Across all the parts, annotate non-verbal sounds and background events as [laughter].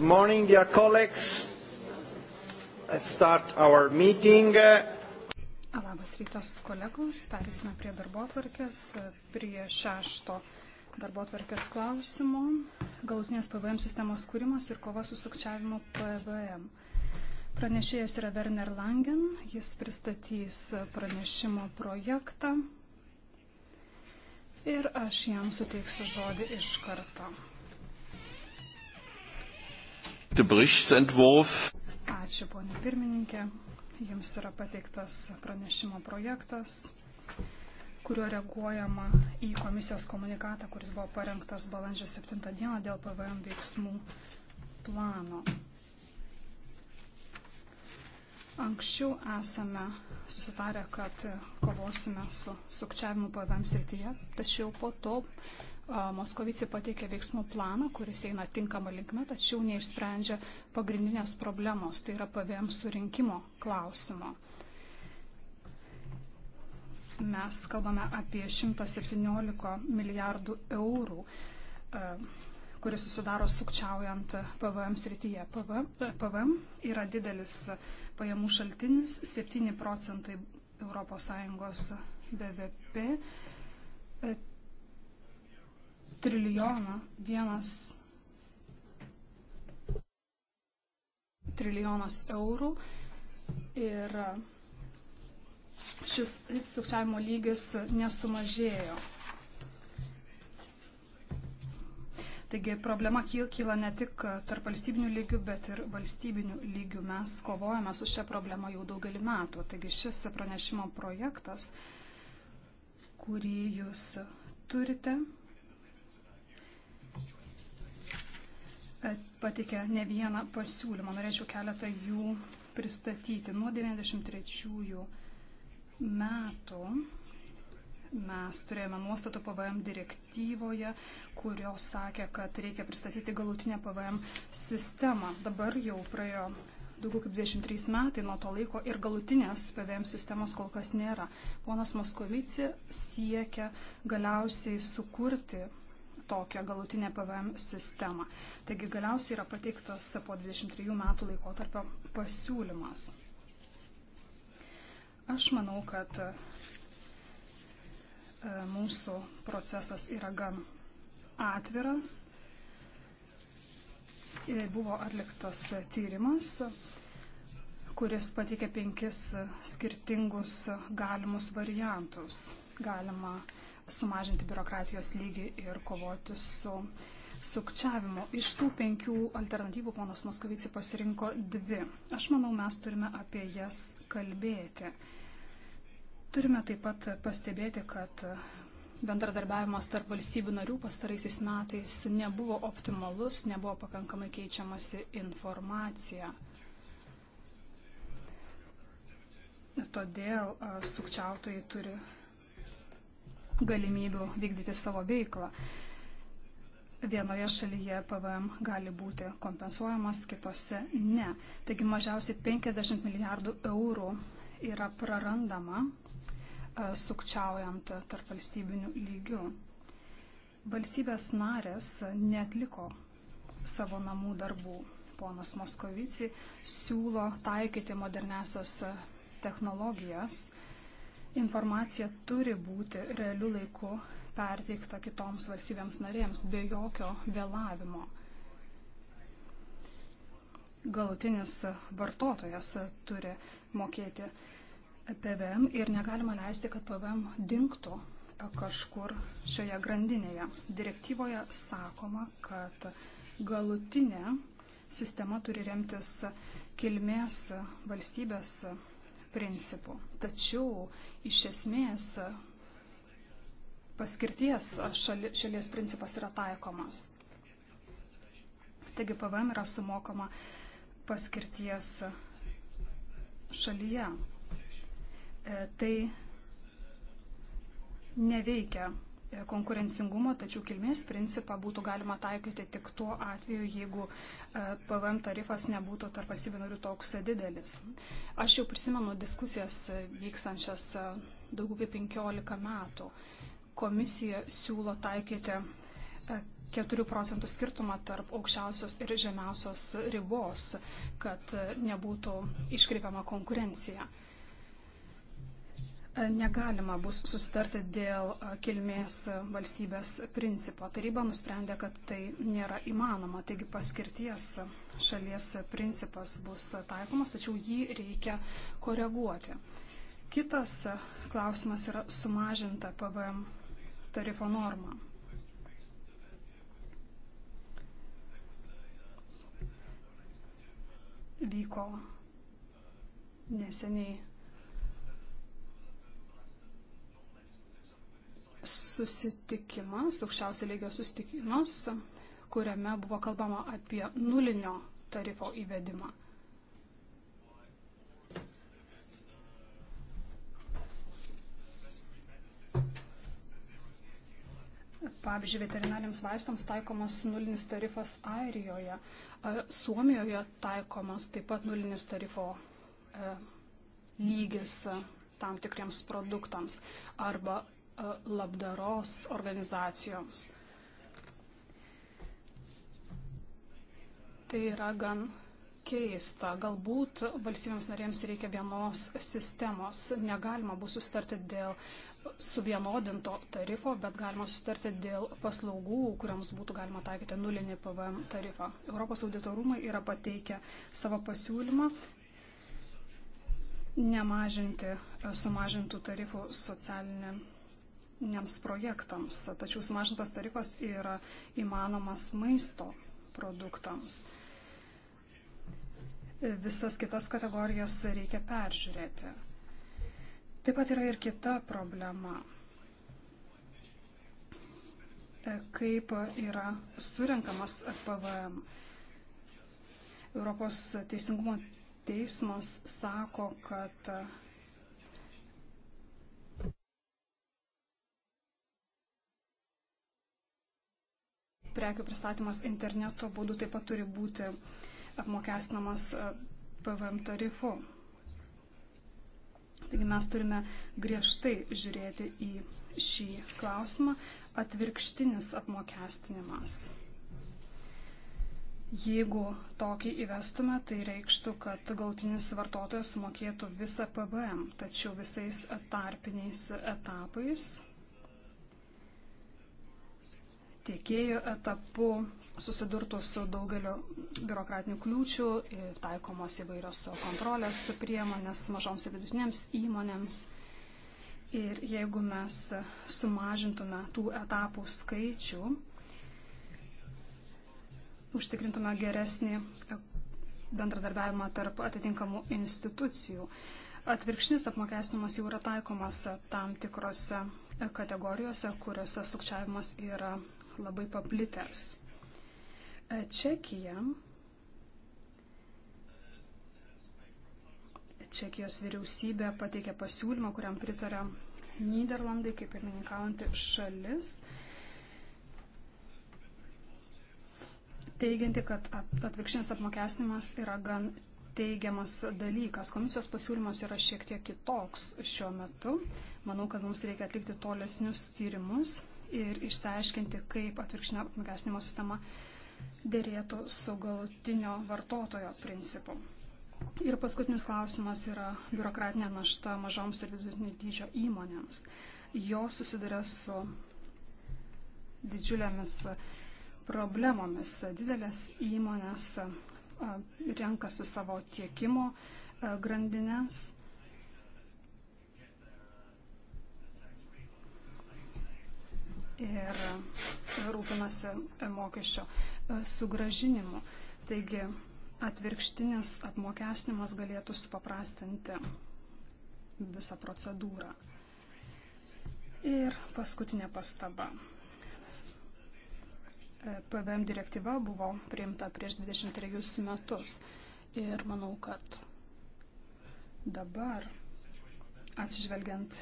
Good morning, dear colleagues. Let's start our meeting. Labas rytas, kolegos. Perėsime prie darbotvarkės, prie šešto darbotvarkės klausimo. Galutinės PVM sistemos kūrimas ir kova su sukčiavimu PVM. Pranešėjas yra Werner Langen. Jis pristatys pranešimo projektą. Ir aš jam suteiksiu žodį iš karto vorliegende Berichtsentwurf. Ačiū, ponė pirmininkė. Jums yra pateiktas pranešimo projektas, kuriuo reaguojama į komisijos komunikatą, kuris buvo parengtas balandžio 7 dieną dėl PVM veiksmų plano. Anksčiau esame susitarę, kad kovosime su sukčiavimu PVM srityje, tačiau po to Moskovici pateikė veiksmų planą, kuris eina tinkama linkme, tačiau neišsprendžia pagrindinės problemos, tai yra PVM surinkimo klausimo. Mes kalbame apie 117 milijardų eurų, e, kuris susidaro sukčiaujant PVM srityje. PVM yra didelis pajamų šaltinis, 7 procentai ES BVP trilijoną, vienas trilijonas eurų ir e, šis sukčiavimo lygis nesumažėjo. Taigi problema kyla ne tik tarp valstybinių lygių, bet ir valstybinių lygių. Mes kovojame su šia problema jau daugelį metų. Taigi šis pranešimo projektas, kurį jūs turite, patikė ne vieną pasiūlymą. Norėčiau keletą jų pristatyti. Nuo 93 metų mes turėjome nuostatų PVM direktyvoje, kurios sakė, kad reikia pristatyti galutinę PVM sistemą. Dabar jau praėjo daugiau kaip 23 metai nuo to laiko ir galutinės PVM sistemos kol kas nėra. Ponas Moskovici siekia galiausiai sukurti tokią galutinę PVM sistemą. Taigi galiausiai yra pateiktas po 23 metų laikotarpio pasiūlymas. Aš manau, kad e, mūsų procesas yra gan atviras. E, buvo atliktas tyrimas kuris pateikė penkis skirtingus galimus variantus. Galima sumažinti biurokratijos lygį ir kovoti su sukčiavimu. Iš tų penkių alternatyvų ponas Moskovici pasirinko dvi. Aš manau, mes turime apie jas kalbėti. Turime taip pat pastebėti, kad bendradarbiavimas tarp valstybių narių pastaraisiais metais nebuvo optimalus, nebuvo pakankamai keičiamasi informacija. Todėl sukčiautojai turi galimybių vykdyti savo veiklą. Vienoje šalyje PVM gali būti kompensuojamas, kitose ne. Taigi mažiausiai 50 milijardų eurų yra prarandama e, sukčiaujant tarp valstybinių lygių. Valstybės narės netliko savo namų darbų. Ponas Moskovici siūlo taikyti modernesias technologijas informacija turi būti realiu laiku perteikta kitoms valstybėms narėms be jokio vėlavimo. Galutinis vartotojas turi mokėti PVM ir negalima leisti, kad PVM dinktų kažkur šioje grandinėje. Direktyvoje sakoma, kad galutinė sistema turi remtis kilmės valstybės principų. Tačiau iš esmės paskirties šali, šalies principas yra taikomas. Taigi PVM yra sumokama paskirties šalyje. E, tai neveikia konkurencingumo, tačiau kilmės principą būtų galima taikyti tik tuo atveju, jeigu e, PVM tarifas nebūtų tarp valstybių narių toks didelis. Aš jau prisimenu diskusijas e, vykstančias e, daugiau kaip 15 metų. Komisija siūlo taikyti 4 procentų skirtumą tarp aukščiausios ir žemiausios ribos, kad nebūtų iškreipiama konkurencija negalima bus susitarti dėl kilmės valstybės principo. Taryba nusprendė, kad tai nėra įmanoma, taigi paskirties šalies principas bus taikomas, tačiau jį reikia koreguoti. Kitas klausimas yra sumažinta PVM tarifo norma. Vyko neseniai susitikimas, aukščiausio lygio susitikimas, kuriame buvo kalbama apie nulinio tarifo įvedimą. Pavyzdžiui, veterinariams vaistams taikomas nulinis tarifas Airijoje, Suomijoje taikomas taip pat nulinis tarifo e, lygis e, tam tikriems produktams arba E, labdaros organizacijoms. Tai yra gan keista. Galbūt valstybėms narėms reikia vienos sistemos. Negalima bus sustarti dėl suvienodinto tarifo, bet galima sustarti dėl paslaugų, kuriams būtų galima taikyti nulinį PVM tarifą. Europos auditorumai yra pateikę savo pasiūlymą nemažinti sumažintų tarifų socialiniam energetiniams projektams, tačiau sumažintas tarifas yra įmanomas maisto produktams. Visas kitas kategorijas reikia peržiūrėti. Taip pat yra ir kita problema. Kaip yra surinkamas PVM. Europos teisingumo teismas sako, kad prekių pristatymas interneto būdu taip pat turi būti apmokestinamas e, PVM tarifu. Taigi mes turime griežtai žiūrėti į šį klausimą atvirkštinis apmokestinimas. Jeigu tokį įvestume, tai reikštų, kad gautinis vartotojas sumokėtų visą PVM, tačiau visais tarpiniais etapais tiekėjų etapu susidurtų su daugeliu biurokratinių kliūčių, taikomos įvairios kontrolės priemonės mažoms ir vidutinėms įmonėms. Ir jeigu mes sumažintume tų etapų skaičių, užtikrintume geresnį bendradarbiavimą tarp atitinkamų institucijų. Atvirkšnis apmokestinimas jau yra taikomas tam tikrose kategorijose, kuriuose sukčiavimas yra labai paplitęs. E, Čekija. Čekijos vyriausybė pateikė pasiūlymą, kuriam pritarė Niderlandai kaip pirmininkaujanti šalis, teiginti, kad atvirkštinis apmokestinimas yra gan teigiamas dalykas. Komisijos pasiūlymas yra šiek tiek kitoks šiuo metu. Manau, kad mums reikia atlikti tolesnius tyrimus ir išsiaiškinti, kaip atvirkštinio apmokestinimo sistema dėrėtų su galutinio vartotojo principu. Ir paskutinis klausimas yra biurokratinė našta mažoms ir vidutinio dydžio įmonėms. Jo susiduria su didžiulėmis problemomis. Didelės įmonės renkasi savo tiekimo grandinės ir rūpinasi mokesčio e, sugražinimu. Taigi atvirkštinis apmokestinimas galėtų supaprastinti visą procedūrą. Ir paskutinė pastaba. E, PVM direktyva buvo priimta prieš 23 metus ir manau, kad dabar atsižvelgiant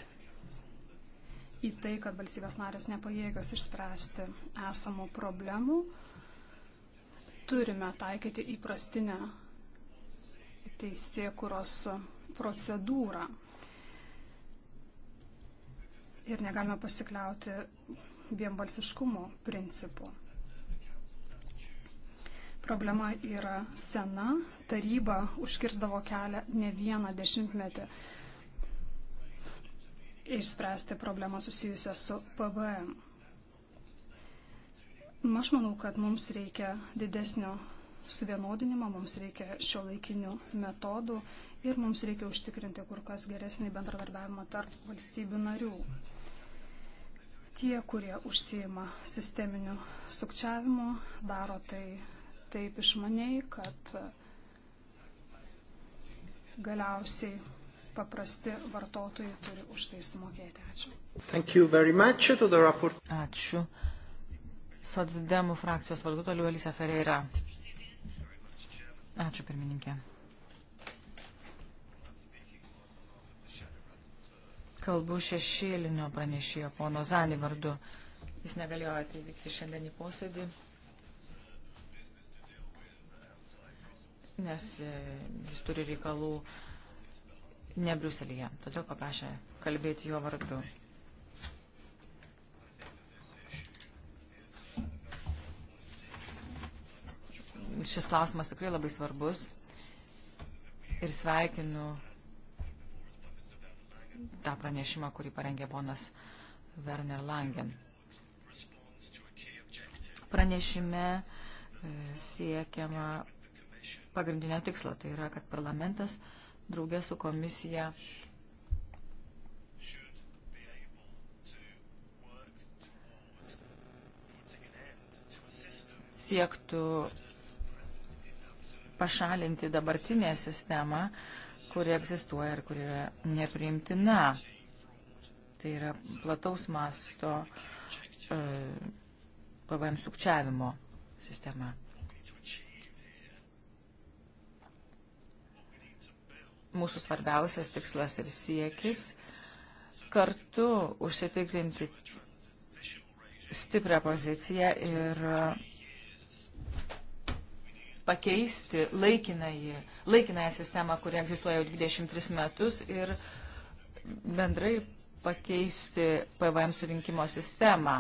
į tai, kad valstybės narės nepajėgios išspręsti esamų problemų. Turime taikyti įprastinę teisėkuros procedūrą. Ir negalime pasikliauti vienbalsiškumo principu. Problema yra sena, taryba užkirstavo kelią ne vieną dešimtmetį išspręsti problemą susijusią su PVM. Aš manau, kad mums reikia didesnio suvienodinimo, mums reikia šio laikinių metodų ir mums reikia užtikrinti kur kas geresnį bendradarbiavimą tarp valstybių narių. Tie, kurie užsijima sisteminiu sukčiavimu, daro tai taip išmaniai, kad galiausiai paprasti vartotojai turi už tai sumokėti. Ačiū. Ačiū. Sotsdemų frakcijos vardu toliau Elisa Ferreira. Ačiū pirmininkė. Kalbu šešėlinio pranešėjo pono Zalį vardu. Jis negalėjo atvykti šiandien į posėdį, nes e, jis turi reikalų uh, ne Briuselėje, todėl paprašė kalbėti jo vardu. Šis klausimas tikrai labai svarbus ir sveikinu tą pranešimą, kurį parengė ponas Werner Langen. Pranešime e, siekiama pagrindinio tikslo, tai yra, kad parlamentas uh, draugė su komisija siektų pašalinti dabartinę sistemą, kuri egzistuoja ir kuri yra nepriimtina. Tai yra plataus masto e, PVM sukčiavimo sistema. mūsų svarbiausias tikslas ir siekis kartu užsitikrinti stiprią poziciją ir uh, pakeisti laikinąją, laikinąją sistemą, kuri egzistuoja jau 23 metus ir bendrai pakeisti PVM surinkimo sistemą,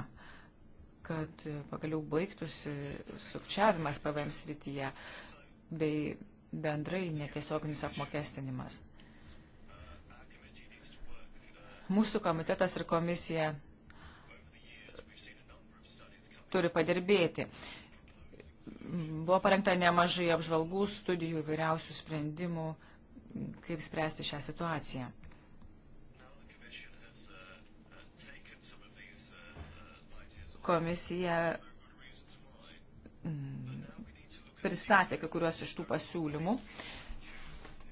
kad uh, pagaliau baigtųsi sukčiavimas PVM srityje bei bendrai netiesioginis apmokestinimas. Mūsų komitetas ir komisija turi padirbėti. Buvo parengta nemažai apžvalgų, studijų, vairiausių sprendimų, kaip spręsti šią situaciją. Komisija pristatė kai kuriuos iš tų pasiūlymų.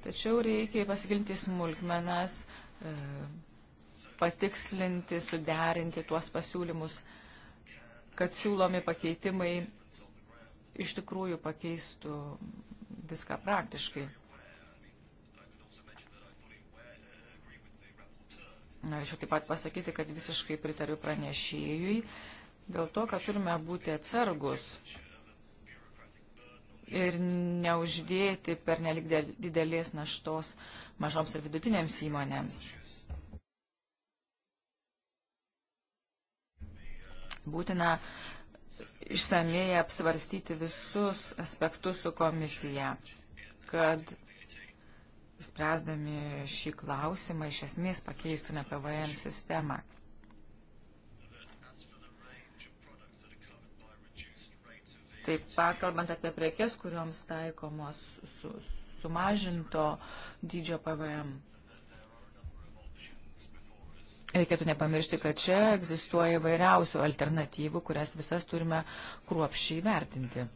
Tačiau reikia pasigilinti smulkmenas, e, patikslinti, suderinti tuos pasiūlymus, kad siūlomi pakeitimai iš tikrųjų pakeistų viską praktiškai. Norėčiau taip pat pasakyti, kad visiškai pritariu pranešėjui dėl to, kad turime būti atsargus ir neuždėti per nelik didelės naštos mažoms ir vidutinėms įmonėms. Būtina išsamei apsvarstyti visus aspektus su komisija, kad spręsdami šį klausimą iš esmės pakeistume PVM sistemą. Taip pat, kalbant apie prekes, kuriuoms taikomos su, sumažinto dydžio PVM. Reikėtų nepamiršti, kad čia egzistuoja įvairiausių alternatyvų, kurias visas turime kruopšiai vertinti.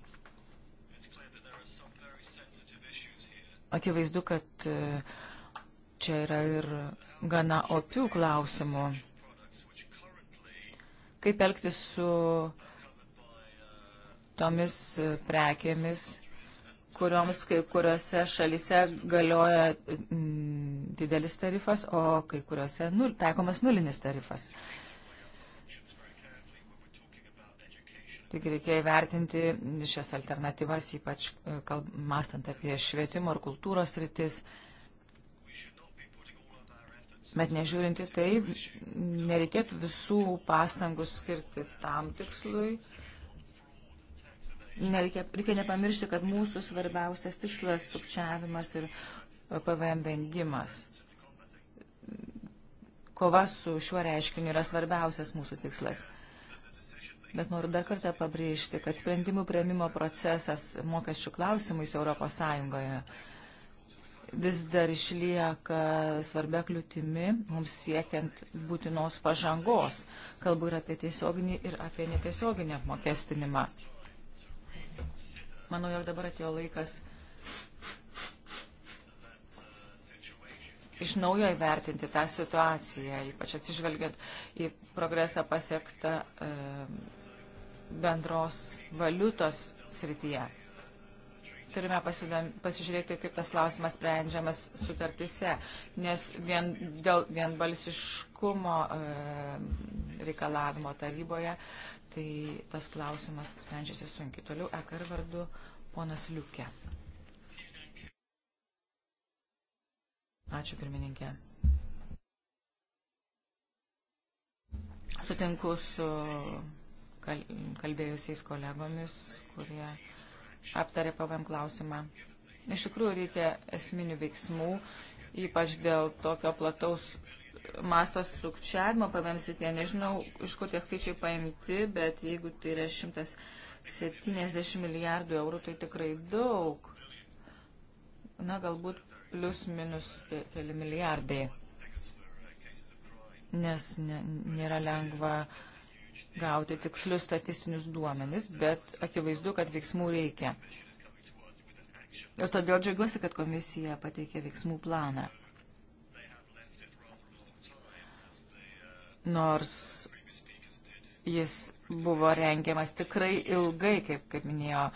Akivaizdu, kad e, čia yra ir gana opių klausimų. Kaip elgtis su uh, tomis e, prekėmis, kurioms kai kuriuose šalise galioja mm, didelis tarifas, o kai kuriuose nul, taikomas nulinis tarifas. Tik reikia įvertinti šias alternatyvas, ypač e, kalb, mastant apie švietimo ir kultūros rytis. Bet nežiūrinti tai, nereikėtų visų pastangų skirti tam tikslui, Nereikia, reikia nepamiršti, kad mūsų svarbiausias tikslas - sukčiavimas ir e, PVM vengimas. Kova su šiuo reiškiniu yra svarbiausias mūsų tikslas. Bet noriu dar kartą pabrėžti, kad sprendimų prieimimo procesas mokesčių klausimais ES vis dar išlieka svarbia kliūtimi mums siekiant būtinos pažangos. Kalbu ir apie tiesioginį, ir apie netiesioginį apmokestinimą. Manau, jog dabar atėjo laikas iš naujo įvertinti tą situaciją, ypač atsižvelgiant į progresą pasiektą e, bendros valiutos srityje. Turime pasižiūrėti, kaip tas klausimas sprendžiamas sutartise, nes vien, dėl vienbalsiškumo e, reikalavimo taryboje tai tas klausimas sprendžiasi sunkiai. Toliau ekar vardu ponas Liukė. Ačiū pirmininkė. Sutinku su kalbėjusiais kolegomis, kurie aptarė PVM klausimą. Iš tikrųjų reikia esminių veiksmų, ypač dėl tokio plataus masto sukčiavimo PVM srityje. Nežinau, iš kur tie skaičiai paimti, bet jeigu tai yra 170 milijardų eurų, tai tikrai daug. Na, galbūt plus minus keli milijardai. Nes ne, nėra lengva gauti tikslius statistinius duomenis, bet akivaizdu, kad veiksmų reikia. Ir todėl džiaugiuosi, kad komisija pateikė veiksmų planą. nors jis buvo rengiamas tikrai ilgai, kaip, kaip minėjo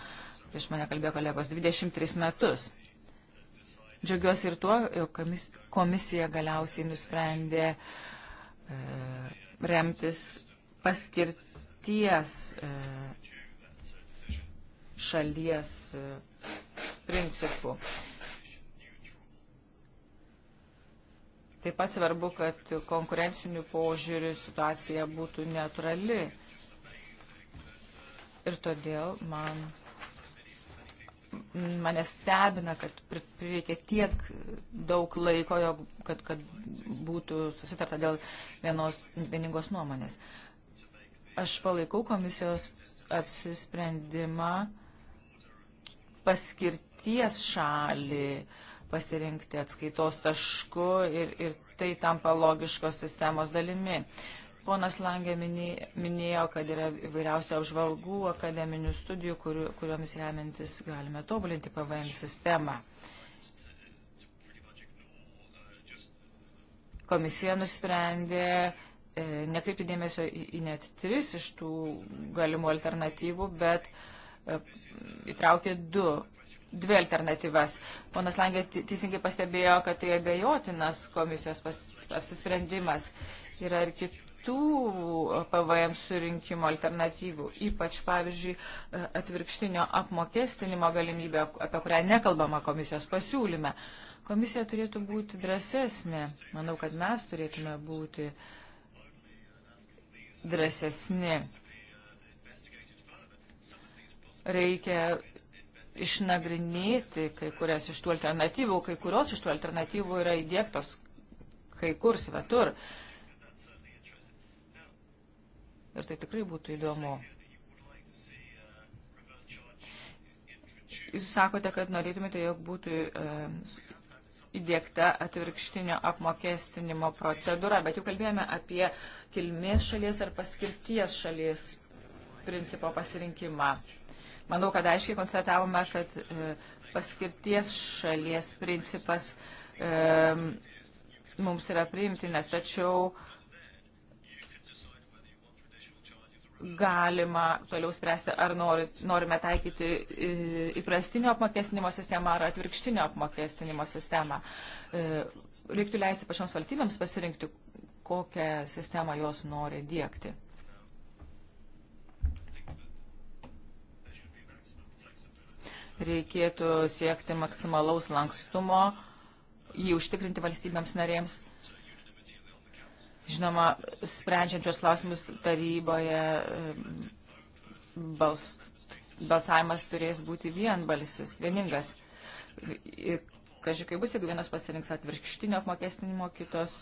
prieš mane kalbėjo kolegos, 23 metus. Džiaugiuosi ir tuo, jog komisija galiausiai nusprendė e, remtis paskirties e, šalies e, principų. E, Taip pat svarbu, kad konkurencinių požiūrių situacija būtų neutrali. Ir todėl man, mane stebina, kad prireikia tiek daug laiko, jog, kad, kad būtų susitarta dėl vienos vieningos nuomonės. Aš palaikau komisijos apsisprendimą paskirties šalį pasirinkti atskaitos tašku ir, ir tai tampa logiškos sistemos dalimi. Ponas Langė minėjo, kad yra įvairiausių apžvalgų, akademinių studijų, kuriu, kuriomis remiantis galime tobulinti PVM sistemą. Komisija nusprendė e, nekreipti dėmesio į, į net tris iš tų galimų alternatyvų, bet e, įtraukė du dvi alternatyvas. Ponas Langė teisingai pastebėjo, kad tai abejotinas komisijos pas, apsisprendimas. Yra ir kitų e, PVM surinkimo alternatyvų, ypač, pavyzdžiui, e, atvirkštinio apmokestinimo galimybė, apie kurią nekalbama komisijos pasiūlyme. Komisija turėtų būti drąsesnė. Manau, kad mes turėtume būti drąsesni. Reikia išnagrinėti kai kurias iš tų alternatyvų, kai kurios iš tų alternatyvų yra įdėktos kai kur svetur. Ir tai tikrai būtų įdomu. Jūs sakote, kad norėtumėte, jog būtų e, įdėkta atvirkštinio apmokestinimo procedūra, bet jau kalbėjome apie kilmės šalies ar paskirties šalies principo pasirinkimą. Manau, kad aiškiai konstatavome, kad e, paskirties šalies principas e, mums yra priimtinas, tačiau galima toliau spręsti, ar nori, norime taikyti e, įprastinio apmokestinimo sistemą ar atvirkštinio apmokestinimo sistemą. Reiktų leisti pačioms valstybėms pasirinkti, kokią sistemą jos nori dėkti. reikėtų siekti maksimalaus lankstumo, jį užtikrinti valstybėms narėms. Žinoma, sprendžiančios klausimus taryboje bals, balsavimas turės būti vienbalsis, vieningas. Kažkai bus, jeigu vienas pasirinks atvirkštinio apmokestinimo, kitos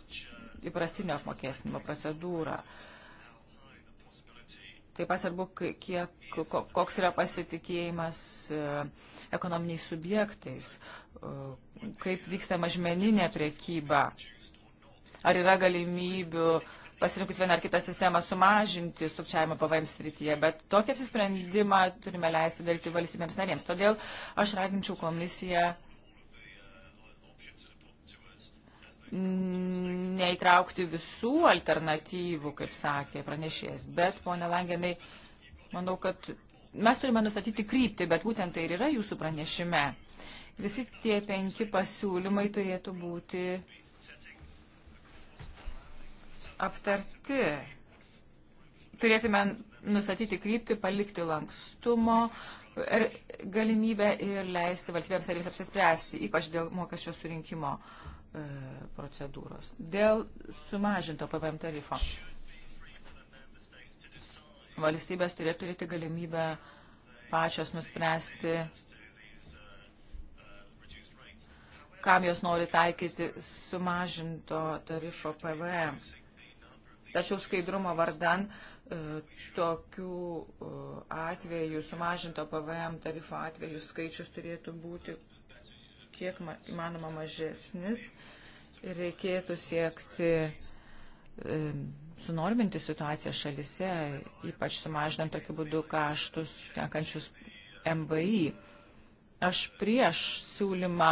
įprastinio apmokestinimo procedūrą. Uh, Taip pat svarbu, kiek, koks yra pasitikėjimas e, ekonominiais subjektais, e, kaip vyksta mažmeninė priekyba, ar yra galimybių pasirinkus vieną ar kitą sistemą sumažinti sukčiavimo PVM srityje, bet tokį apsisprendimą turime leisti daryti valstybėms narėms. Todėl aš raginčiau komisiją neįtraukti visų alternatyvų, kaip sakė pranešėjas. Bet, ponia Langenai, manau, kad mes turime nustatyti kryptį, bet būtent tai ir yra jūsų pranešime. Visi tie penki pasiūlymai turėtų būti aptarti. Turėtume nustatyti kryptį, palikti lankstumo galimybę ir leisti valstybėms ar jis apsispręsti, ypač dėl mokesčio surinkimo. Uh, E, procedūros. Dėl sumažinto PVM tarifo. Valstybės turėtų turėti galimybę pačios nuspręsti, kam jos nori taikyti sumažinto tarifo PVM. Tačiau skaidrumo vardan e, tokių e, atvejų, sumažinto PVM tarifo atvejų skaičius turėtų būti kiek įmanoma mažesnis ir reikėtų siekti e, sunorminti situaciją šalise, ypač sumažinant tokiu būdu kaštus tenkančius MVI. Aš prieš siūlymą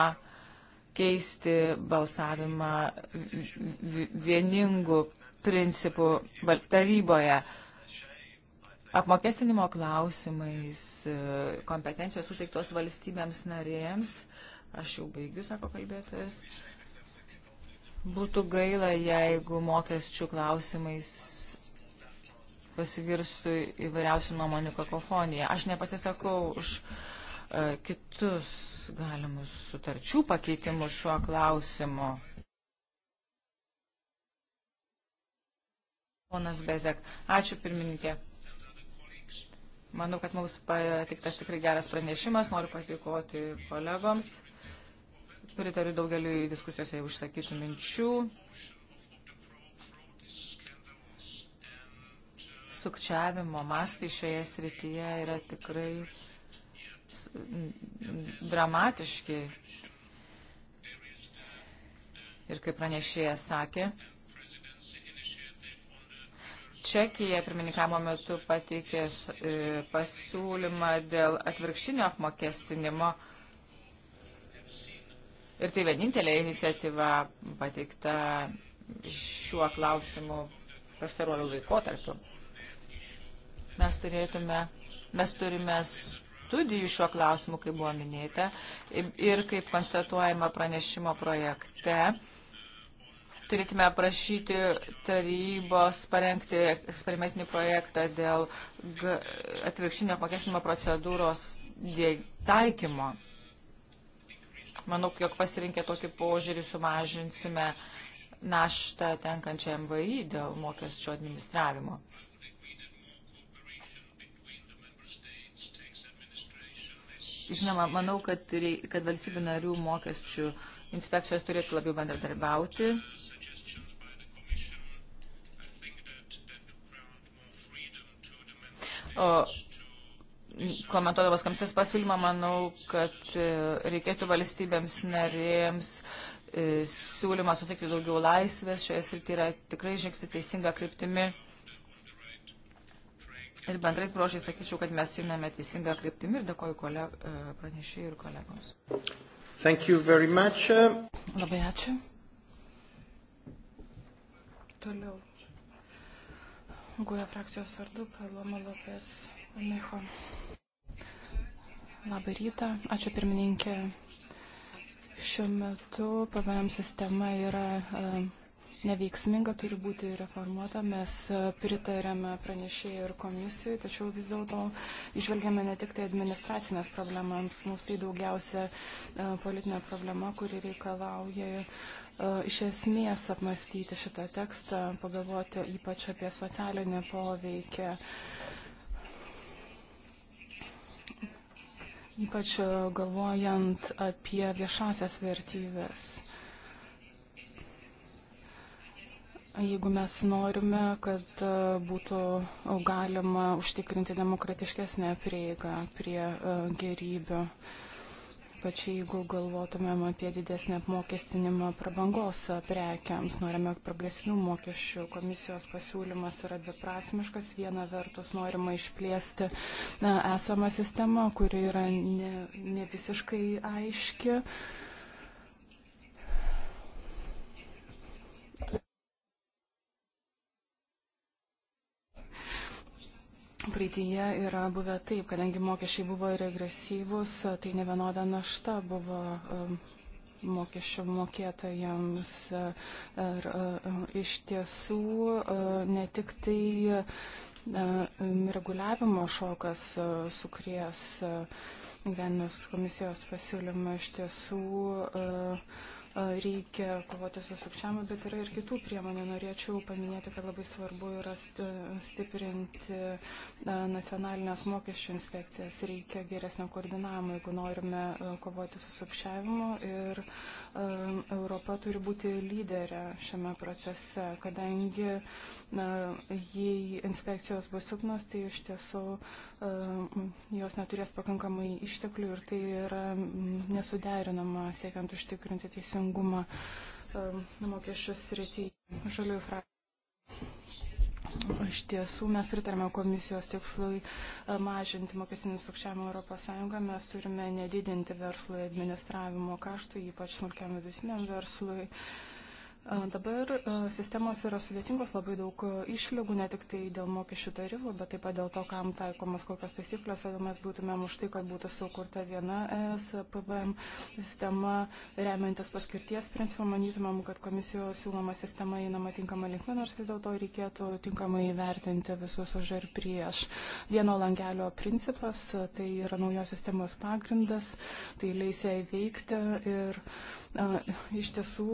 keisti balsavimą vieningų principų taryboje. Apmokestinimo klausimais e, kompetencijos suteiktos valstybėms narėms Aš jau baigiu, sako kalbėtojas. Būtų gaila, jeigu mokesčių klausimais pasivirstų įvairiausių nuomonių kakofonija. Aš nepasisakau už uh, kitus galimus sutarčių pakeitimus šiuo klausimu. Ponas Bezek, ačiū pirmininkė. Manau, kad mums patiktas tikrai geras pranešimas. Noriu patikoti kolegoms. Pritariu daugeliu diskusijose užsakytų minčių. Sukčiavimo mastai šioje srityje yra tikrai dramatiški. Ir kaip pranešėjas sakė, Čekija pirmininkamo metu pateikė e, pasiūlymą dėl atvirkštinio apmokestinimo Ir tai vienintelė iniciatyva pateikta šiuo klausimu pastaruoju laikotarpiu. Mes turėtume, mes turime studijų šiuo klausimu, kaip buvo minėta, ir kaip konstatuojama pranešimo projekte, turėtume prašyti tarybos parengti eksperimentinį projektą dėl atvirkštinio apmokestinimo procedūros taikymo. Manau, jog pasirinkę tokį požiūrį sumažinsime naštą tenkančią MVI dėl mokesčio administravimo. Žinoma, manau, kad, kad valstybių narių mokesčių inspekcijos turėtų labiau bendradarbiauti. O komentuodamas komisijos pasiūlymą, manau, kad e, reikėtų valstybėms narėms e, siūlymą suteikti daugiau laisvės. Šioje srityje yra tikrai žingsni teisinga kryptimi. Ir bendrais brožiais sakyčiau, kad mes einame teisinga kryptimi ir dėkoju koleg... E, pranešėjai ir kolegoms. Labai ačiū. Toliau. Guja frakcijos vardu Paloma Lopes Lecho. Labą rytą, ačiū pirmininkė. Šiuo metu PVM sistema yra. Uh, neveiksminga, turi būti reformuota. Mes e, pritarėme pranešėjai ir komisijai, tačiau vis dėlto išvelgiame ne tik tai administracinės problemams, mums tai daugiausia e, politinė problema, kuri reikalauja iš esmės apmastyti šitą tekstą, pagalvoti ypač apie socialinį poveikį ypač e, galvojant apie viešasias vertybės. Jeigu mes norime, kad e, būtų galima užtikrinti demokratiškesnę prieigą prie e, gerybių. Uh, ypač jeigu galvotumėm apie didesnį apmokestinimą prabangos prekiams. Norime progresyvių mokesčių. Komisijos pasiūlymas yra beprasmiškas. Viena vertus norima išplėsti na, esamą sistemą, kuri yra ne, ne visiškai aiški. Uh, Praeityje yra buvę taip, kadangi mokesčiai buvo regresyvus, tai ne vienoda našta buvo um, mokesčių mokėtojams. Ir iš tiesų ne tik tai reguliavimo šokas sukries Venus komisijos pasiūlymą iš tiesų. Uh, reikia kovoti su sukčiavimu, bet yra ir kitų priemonių. Norėčiau paminėti, kad labai svarbu yra stiprinti nacionalinės mokesčių inspekcijas. Reikia geresnio koordinavimo, jeigu norime kovoti su sukčiavimu. Ir Europa turi būti lyderė šiame procese, kadangi jei inspekcijos bus silpnos, tai iš tiesų Ehm, jos neturės pakankamai išteklių ir tai yra mm, nesuderinama siekiant užtikrinti teisingumą ehm, mokesčių srityje. Žaliųjų frakcijų. Iš tiesų, mes pritarėme komisijos tikslui e, mažinti mokestinį sukčiavimą ES. Mes turime nedidinti verslui administravimo kaštų, ypač smulkiam vidutiniam verslui. Uh, Dabar sistemos yra sudėtingos, labai daug išlygų, ne tik tai dėl mokesčių tarifų, bet taip pat dėl to, kam taikomas kokios taisyklės, jeigu mes būtumėm už tai, kad būtų sukurta viena ES PVM sistema, remiantis paskirties principą, manytumėm, kad komisijos siūloma sistema einama tinkama linkme, nors vis dėlto reikėtų tinkamai įvertinti visus už ir prieš. Vieno langelio principas, tai yra naujos sistemos pagrindas, tai leis ją įveikti ir Iš tiesų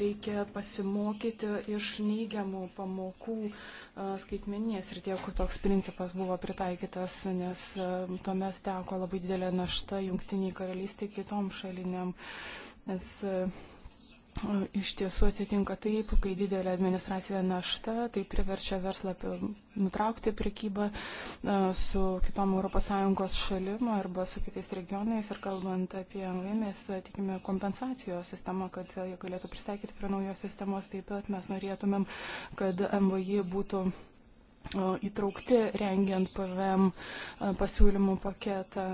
reikia pasimokyti iš neigiamų pamokų skaitmeninės ir tie, kur toks principas buvo pritaikytas, nes tuomet teko labai didelė našta jungtiniai karalystiai kitom šaliniam. Nes Iš tiesų atsitinka taip, kai didelė administracija našta, tai priverčia verslą nutraukti prekybą su kitom ES šalim arba su kitais regionais. Ir kalbant apie MV, mes tikime kompensacijos sistemą, kad jie galėtų pristaikyti prie naujos sistemos. Taip pat mes norėtumėm, kad MVI būtų įtraukti rengiant PVM pasiūlymų paketą.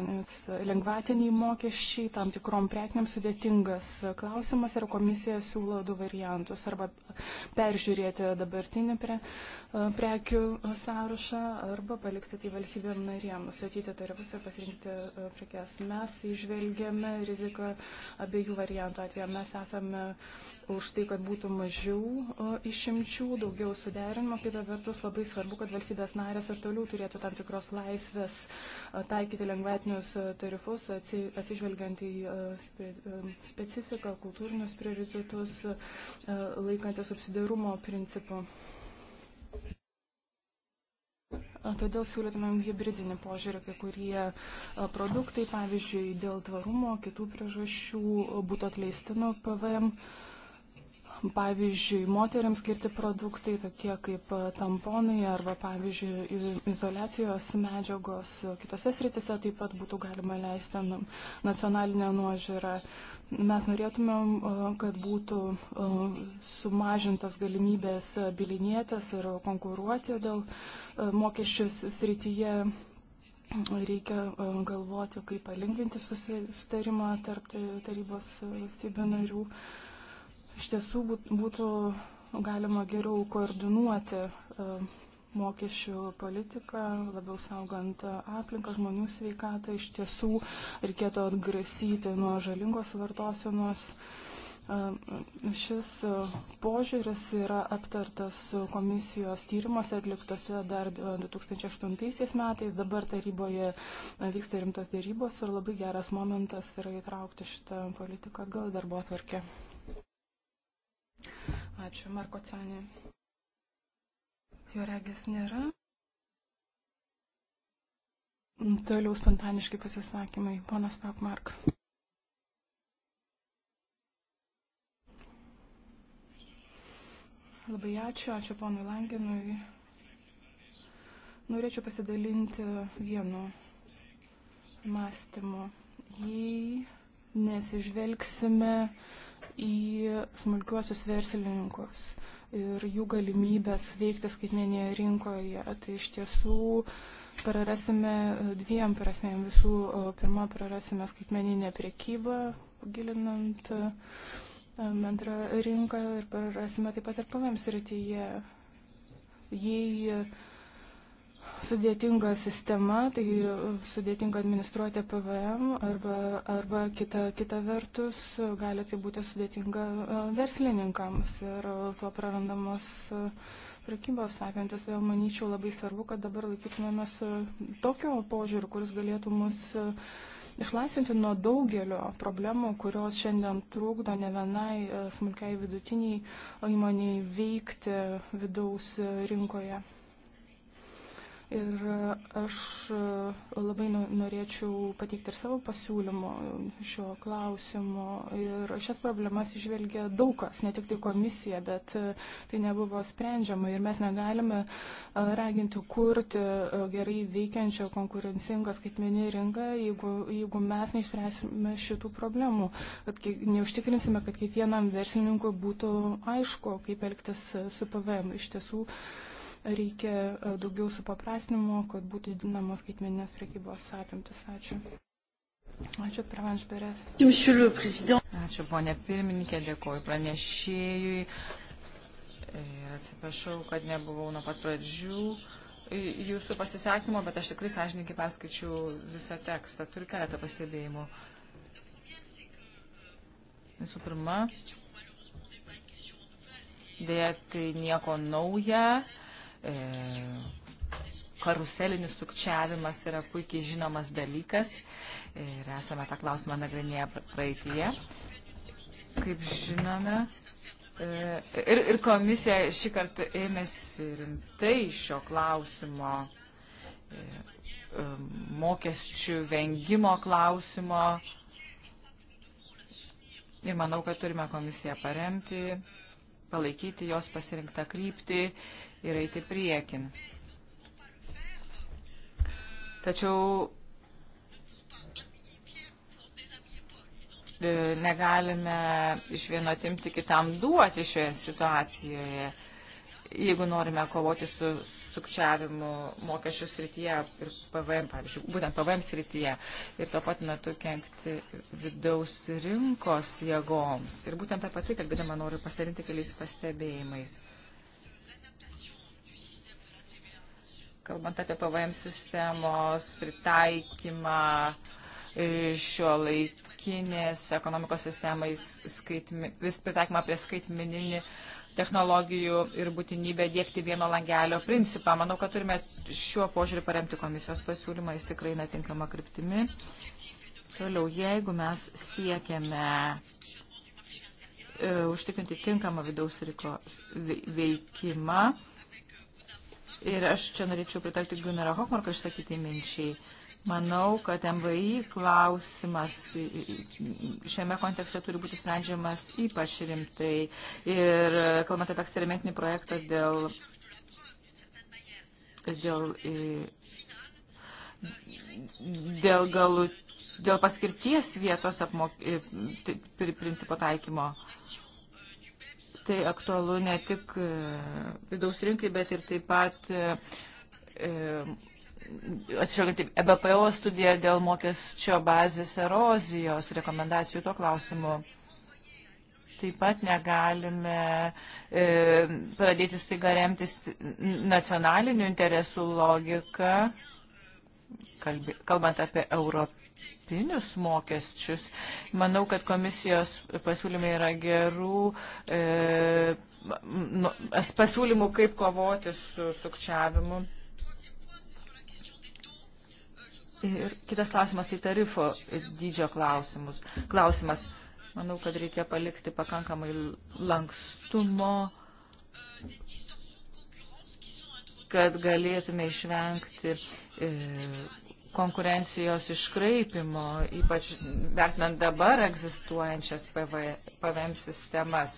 Lengvatiniai mokesčiai tam tikrom prekiniam sudėtingas klausimas ir komisija siūlo du variantus. Arba peržiūrėti dabartinį pre, prekių sąrašą, arba palikti tai valstybėm narėm, nustatyti tarifus ir pasirinkti prekes. Mes išvelgėme riziką abiejų variantų atveju. Mes esame už tai, kad būtų mažiau išimčių, daugiau suderinimo. Kita vertus, labai svarbu, kad valstybės narės ir toliau turėtų tam tikros laisvės e, taikyti lengvetinius e, tarifus, atsižvelgiant į e, specifiką, kultūrinius prioritetus, laikantį subsidiarumo principą. Todėl siūlytumėm hybridinį požiūrį, kai kurie produktai, pavyzdžiui, dėl tvarumo, kitų priežasčių būtų atleisti nuo PVM. Uh, pavyzdžiui, moteriams skirti produktai, tokie kaip e, tamponai arba, pavyzdžiui, izolacijos medžiagos e, kitose sritise taip pat būtų galima leisti nacionalinę nuožiūrą. Mes norėtumėm, e, kad būtų sumažintas galimybės bilinėtis ir konkuruoti dėl mokesčių srityje reikia galvoti, kaip palengvinti susitarimą tarp tarybos valstybių narių. Iš tiesų būtų galima geriau koordinuoti e, mokesčių politiką, labiau saugant aplinką, žmonių sveikatą. Iš tiesų reikėtų atgrasyti nuo žalingos vartosenos. E, šis e, požiūris yra aptartas komisijos tyrimuose atliktose dar 2008 metais, dabar taryboje vyksta rimtos dėrybos ir labai geras momentas yra įtraukti šitą politiką atgal darbo atvarkę. Ačiū, Marko Cenė. Jo regis nėra. Toliau spontaniški pasisakymai. Ponas Pakmark. Labai ačiū, ačiū ponui Langenui. Norėčiau pasidalinti vienu mąstymu. Jei nesižvelgsime į smulkiuosius verslininkus ir jų galimybės veikti skaitmenėje rinkoje. Tai iš tiesų prarasime e, dviem prasmėm. Visų e, pirma, prarasime skaitmeninę priekybą, gilinant e, bendrą rinką ir prarasime taip pat ir pavėms rytyje. Jei sudėtinga sistema, tai sudėtinga administruoti PVM arba, arba kita, kita vertus gali tai būti sudėtinga e, verslininkams ir tuo prarandamos e, prekybos apimtis. Vėl manyčiau labai svarbu, kad dabar laikytumėmės e, tokio požiūrį, kuris galėtų mus išlaisvinti nuo daugelio problemų, kurios šiandien trūkdo ne vienai smulkiai vidutiniai įmoniai veikti vidaus rinkoje. Ir aš e, labai norėčiau pateikti ir savo pasiūlymų šio klausimo. Ir šias problemas išvelgia daug kas, ne tik tai komisija, bet e, tai nebuvo sprendžiama. Ir mes negalime e, raginti kurti gerai veikiančią konkurencingą skaitmenį rinką, jeigu, jeigu mes neišspręsime šitų problemų. Kad neužtikrinsime, kad kiekvienam verslininkui būtų aišku, kaip elgtis su PVM. Iš tiesų, uh, reikia e, daugiau supaprastinimo, kad būtų didinamos skaitmeninės prekybos apimtis. Ačiū. Ačiū, Pravanš Beres. Ačiū, ponė pirmininkė, dėkoju pranešėjui. Ir atsiprašau, kad nebuvau nuo pat pradžių jūsų pasisakymo, bet aš tikrai sąžininkai perskaičiau visą tekstą. Turiu keletą pastebėjimų. Visų pirma, dėja tai nieko nauja, E, karuselinis sukčiavimas yra puikiai žinomas dalykas ir esame tą klausimą nagrinėję praeitie. Kaip žinome, e, ir, ir komisija šį kartą ėmėsi rimtai šio klausimo e, mokesčių vengimo klausimo. Ir manau, kad turime komisiją paremti, palaikyti jos pasirinktą kryptį ir eiti priekin. Tačiau e, negalime iš vieno atimti kitam duoti šioje situacijoje. Jeigu norime kovoti su sukčiavimu mokesčių srityje ir PVM, pavyzdžiui, būtent PVM srityje ir tuo pat metu kenkti vidaus rinkos jėgoms. Ir būtent apie tai kalbėdama noriu pasidalinti keliais pastebėjimais. kalbant apie PVM sistemos pritaikymą e, šio laikinės ekonomikos sistemai, skaitmi, vis pritaikymą prie skaitmininį technologijų ir būtinybę dėkti vieno langelio principą. Manau, kad turime šiuo požiūrį paremti komisijos pasiūlymą, jis tikrai netinkama kryptimi. Toliau, jeigu mes siekiame e, užtikrinti tinkamą vidaus riko veikimą, Ir aš čia norėčiau pritarti Gunero Hokmarko išsakyti minčiai. Manau, kad MVI klausimas šiame kontekste turi būti sprendžiamas ypač rimtai. Ir kalbant apie eksperimentinį projektą dėl, dėl, dėl, galu, dėl paskirties vietos apmok, principo taikymo tai aktualu ne tik e, vidaus rinkai, bet ir taip pat e, e, atsižvelgiant į EBPO studiją dėl mokesčio bazės erozijos rekomendacijų tuo klausimu. Taip pat negalime e, pradėti staiga remtis nacionalinių interesų logiką. E, kalbė, kalbant apie europinius mokesčius, manau, kad komisijos pasiūlymai yra gerų e, nu, pasiūlymų, kaip kovoti su sukčiavimu. Ir kitas klausimas tai tarifo dydžio klausimus. klausimas. Manau, kad reikia palikti pakankamai lankstumo kad galėtume išvengti E, konkurencijos iškraipimo, ypač vertinant dabar egzistuojančias PVM sistemas.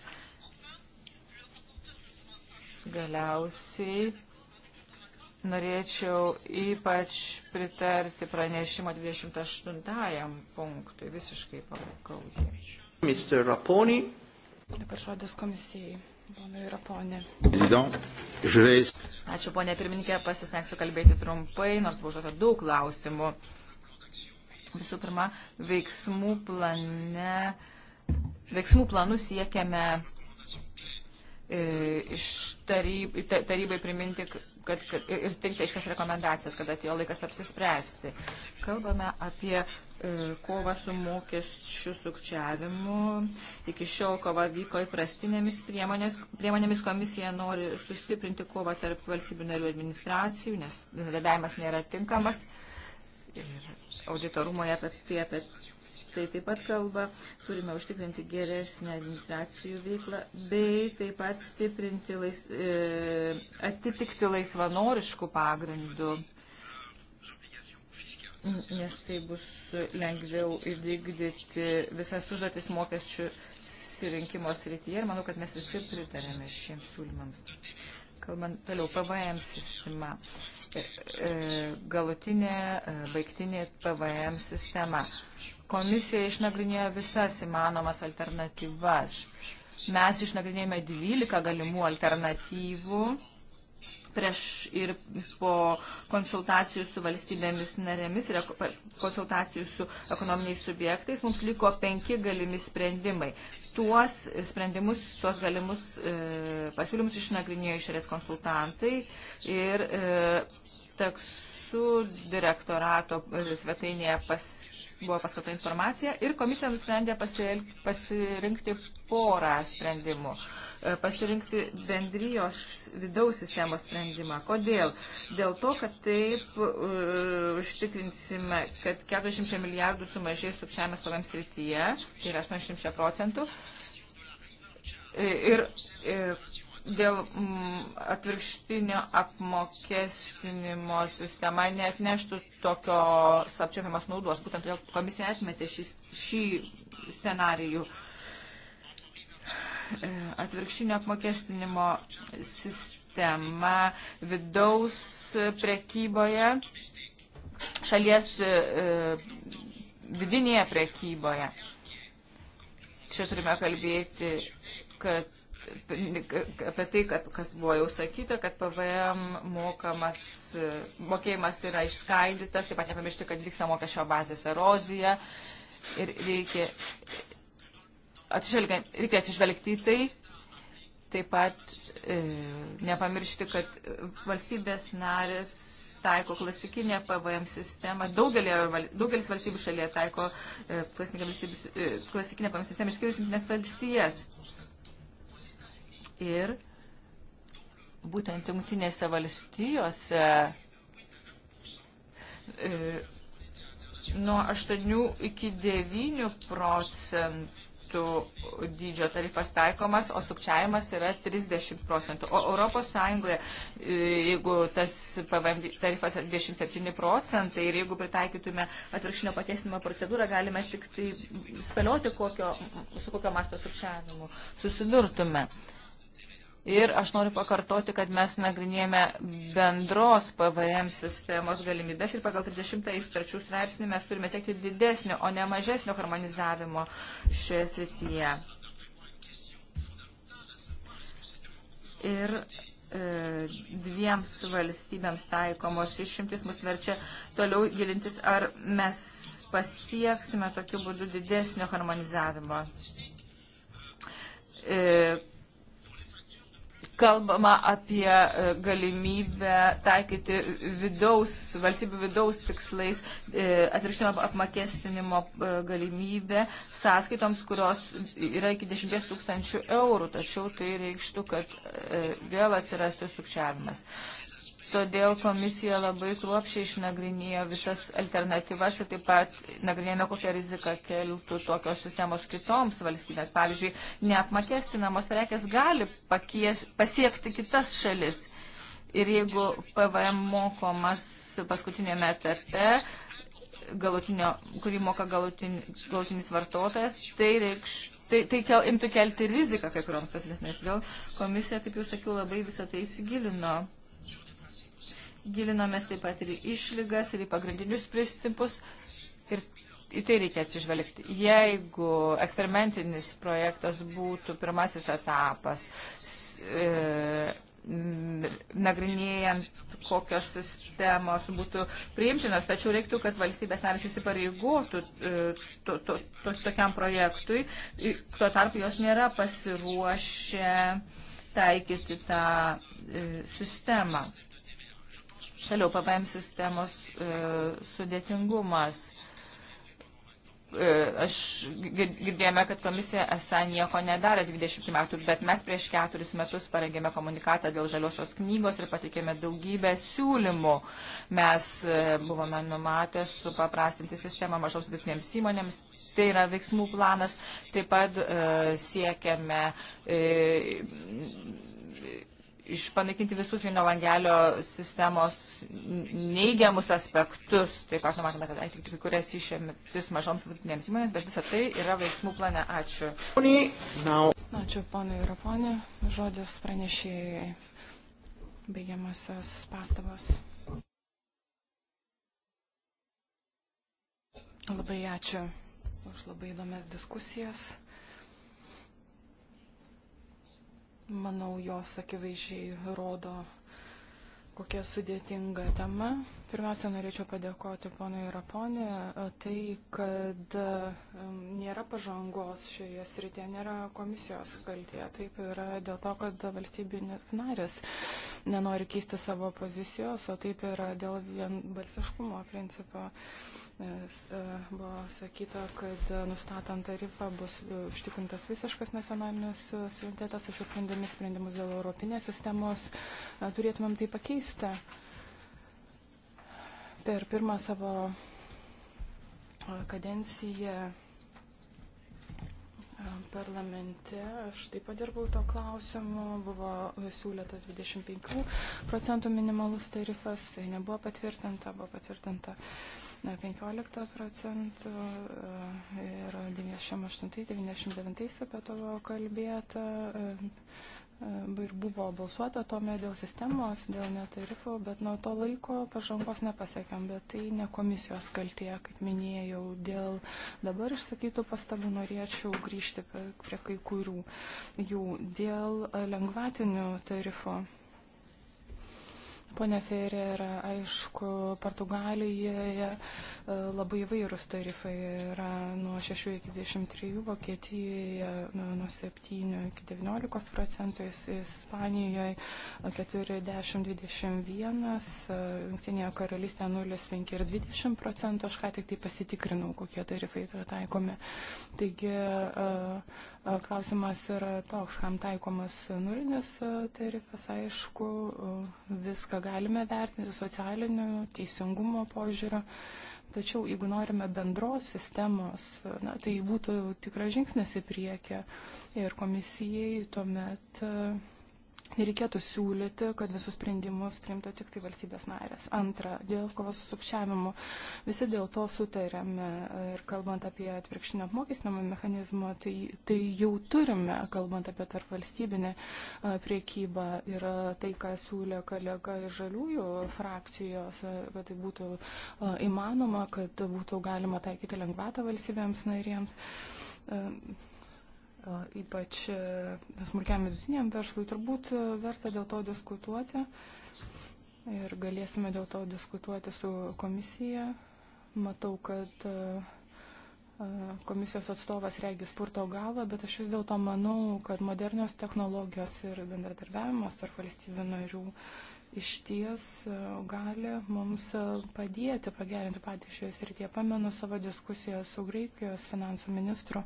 Galiausiai norėčiau ypač pritarti pranešimo 28 punktui. Visiškai palaikau jį. Mr. Raponi. Dabar žodis komisijai. Ponai ir ponė. Ačiū, ponė pirmininkė, pasisneksiu kalbėti trumpai, nors buvo užduota daug klausimų. Visų pirma, veiksmų plane, veiksmų planų siekiame e, iš taryb, tarybai priminti kad, kad, ir teikti aiškias rekomendacijas, kad atėjo laikas apsispręsti. Kalbame apie e, kovą su mokesčių sukčiavimu. Iki šiol kova vyko įprastinėmis priemonės, priemonėmis. Komisija nori sustiprinti kovą tarp valstybių narių administracijų, nes bendradarbiavimas nėra tinkamas. Ir auditorumoje apie, apie tai taip pat kalba, turime užtikrinti geresnę administracijų veiklą, bei taip pat stiprinti, lais, e, atitikti laisvanoriškų pagrindų, nes tai bus lengviau įvykdyti visas užduotis mokesčių surinkimo srityje ir manau, kad mes visi pritarėme šiems siūlymams. Kalbant toliau, PVM sistema. E, E, galutinė e, baigtinė PVM sistema. Komisija išnagrinėjo visas įmanomas alternatyvas. Mes išnagrinėjome 12 galimų alternatyvų prieš ir po konsultacijų su valstybėmis narėmis ir konsultacijų su ekonominiais subjektais mums liko penki galimi sprendimai. Tuos sprendimus, tuos galimus e, pasiūlymus išnagrinėjo išorės konsultantai ir e, taksų direktorato e, svetainėje pas, buvo paskata informacija ir komisija nusprendė pasirinkti porą sprendimų. E, pasirinkti bendrijos vidaus sistemos sprendimą. Kodėl? Dėl to, kad taip e, užtikrinsime, kad 400 milijardų sumažės sukčiavimas pavam srityje, tai yra 80 procentų. E, ir, ir e, dėl mm, atvirkštinio apmokestinimo sistema neatneštų tokios apčiopiamas naudos. Būtent todėl komisija atmetė šį, šį scenarijų. Uh, E, atvirkštinio apmokestinimo sistema vidaus prekyboje, šalies e, e, vidinėje prekyboje. Čia turime kalbėti, kad apie tai, kad, kas buvo jau sakyta, kad PVM mokamas, mokėjimas yra išskaidytas, taip pat nepamiršti, kad vyksta mokesčio bazės erozija ir reikia reikia atsižvelgti į tai, taip pat e, nepamiršti, kad valstybės narės taiko klasikinę PVM sistemą. Daugelį, daugelis valstybių šalyje taiko e, klasikinę e, PVM sistemą, išskyrus jungtinės valstijas. Ir būtent jungtinėse valstijose e, nuo 8 iki 9 procentų procentų dydžio tarifas taikomas, o sukčiavimas yra 30 procentų. O Europos Sąjungoje, e, jeigu tas PVM tarifas 27 procentai ir jeigu pritaikytume atvirkštinio patiesinimo procedūrą, galime tik tai spėlioti, kokio, su kokio masto sukčiavimu susidurtume. Uh, Ir aš noriu pakartoti, kad mes nagrinėjame bendros PVM sistemos galimybės ir pagal 30 starčių straipsnį mes turime siekti didesnio, o ne mažesnio harmonizavimo šioje srityje. Ir e, dviems valstybėms taikomos išimtis mus verčia toliau gilintis, ar mes pasieksime tokiu būdu didesnio harmonizavimo. E, kalbama apie e, galimybę taikyti vidaus, valstybių vidaus tikslais e, atrištinio apmokestinimo e, galimybę sąskaitoms, kurios yra iki 10 tūkstančių eurų, tačiau tai reikštų, kad vėl atsirastų sukčiavimas todėl komisija labai kruopšiai išnagrinėjo visas alternatyvas ir taip pat nagrinėjome, kokią riziką keltų tokios sistemos kitoms valstybės. Pavyzdžiui, neapmokestinamos prekes gali pakies, pasiekti kitas šalis. Ir jeigu PVM mokomas paskutinėme etape, galutinio, kurį moka galutin, galutinis vartotojas, tai, reikš, tai, tai kel, imtų kelti riziką kai kurioms tas nesmės. Todėl komisija, kaip jau sakiau, labai visą tai įsigilino. Gilinomės taip pat ir į išlygas, ir į pagrindinius principus. Ir į tai reikia atsižvelgti. Jeigu eksperimentinis projektas būtų pirmasis etapas, e, nagrinėjant, kokios sistemos būtų priimtinos, tačiau reiktų, kad valstybės narės įsipareigotų e, to, to, to, tokiam projektui, tuo tarpu jos nėra pasiruošę taikyti tą e, sistemą. Toliau PPM sistemos e, sudėtingumas. E, aš girdėjome, kad komisija esą nieko nedarė 20 metų, bet mes prieš keturis metus parengėme komunikatą dėl žaliosios knygos ir patikėme daugybę siūlymų. Mes e, buvome numatę supaprastinti sistemą mažoms vidutinėms įmonėms. Tai yra veiksmų planas. Taip pat e, siekiame. E, išpanaikinti visus vieno langelio sistemos neigiamus aspektus. Taip pat numatome tada atlikti kai kurias išėmtis mažoms vidutinėms įmonėms, bet visą tai yra veiksmų plane. Ačiū. Ačiū, ponai ir ponė. Žodis pranešėjai. Baigiamasios pastabos. Labai ačiū už labai įdomias diskusijas. Manau, jos akivaizdžiai rodo, kokia sudėtinga tema. Pirmiausia, norėčiau padėkoti ponui Raponė. Tai, kad nėra pažangos šioje srityje, nėra komisijos kaltė. Taip yra dėl to, kad valstybinės narės nenori keisti savo pozicijos, o taip yra dėl vienbalsiškumo principo nes e, buvo sakyta, kad nustatant tarifą bus e, užtikrintas visiškas nacionalinis e, suverenitetas, tačiau priimdami sprendimus dėl europinės sistemos turėtumėm tai pakeisti. Per pirmą savo kadenciją parlamente, aš taip pat dirbau to klausimu, buvo siūlytas 25 procentų minimalus tarifas, tai nebuvo patvirtinta, buvo patvirtinta uh, 15 procentų e, ir 98-99 apie to tai kalbėta. E, e, ir buvo balsuota tuomet dėl sistemos, dėl netarifų, bet nuo to laiko pažangos nepasiekėm, bet tai ne komisijos kaltė, kaip minėjau, dėl dabar išsakytų pastabų norėčiau grįžti prie kai kurių jų dėl lengvatinių tarifų. Pone Ferrer, aišku, Portugalijoje e, labai įvairūs tarifai yra nuo 6 iki 23, Vokietijoje e, nuo 7 iki 19 procentų, Ispanijoje 40-21, e, Junktinėje karalystėje 0,5 ir 20 procentų. Aš ką tik tai pasitikrinau, kokie tarifai yra taikomi. Taigi, uh, Klausimas yra toks, kam taikomas nulinis tarifas, aišku, viską galime vertinti socialinio teisingumo požiūrio, tačiau jeigu norime bendros sistemos, na, tai būtų tikras žingsnis į priekį ir komisijai tuomet. Uh, Nereikėtų siūlyti, kad visus sprendimus priimtų tik tai valstybės narės. Antra, dėl kovos su sukčiavimu. Visi dėl to sutarėme ir kalbant apie atvirkštinio apmokestinimo mechanizmo, tai, tai jau turime, kalbant apie tarp valstybinę priekybą. Ir tai, ką siūlė kolega iš žaliųjų frakcijos, kad tai būtų įmanoma, kad būtų galima taikyti lengvatą valstybėms narėms ypač e, smulkiam vidutiniam verslui, turbūt e, verta dėl to diskutuoti ir galėsime dėl to diskutuoti su komisija. Matau, kad e, komisijos atstovas regis spurto galą, bet aš vis dėlto manau, kad modernios technologijos ir bendradarbiavimas tarp valstybių narių iš ties e, gali mums e, padėti pagerinti patį šioje srityje. Pamenu savo diskusiją su Graikijos finansų ministru,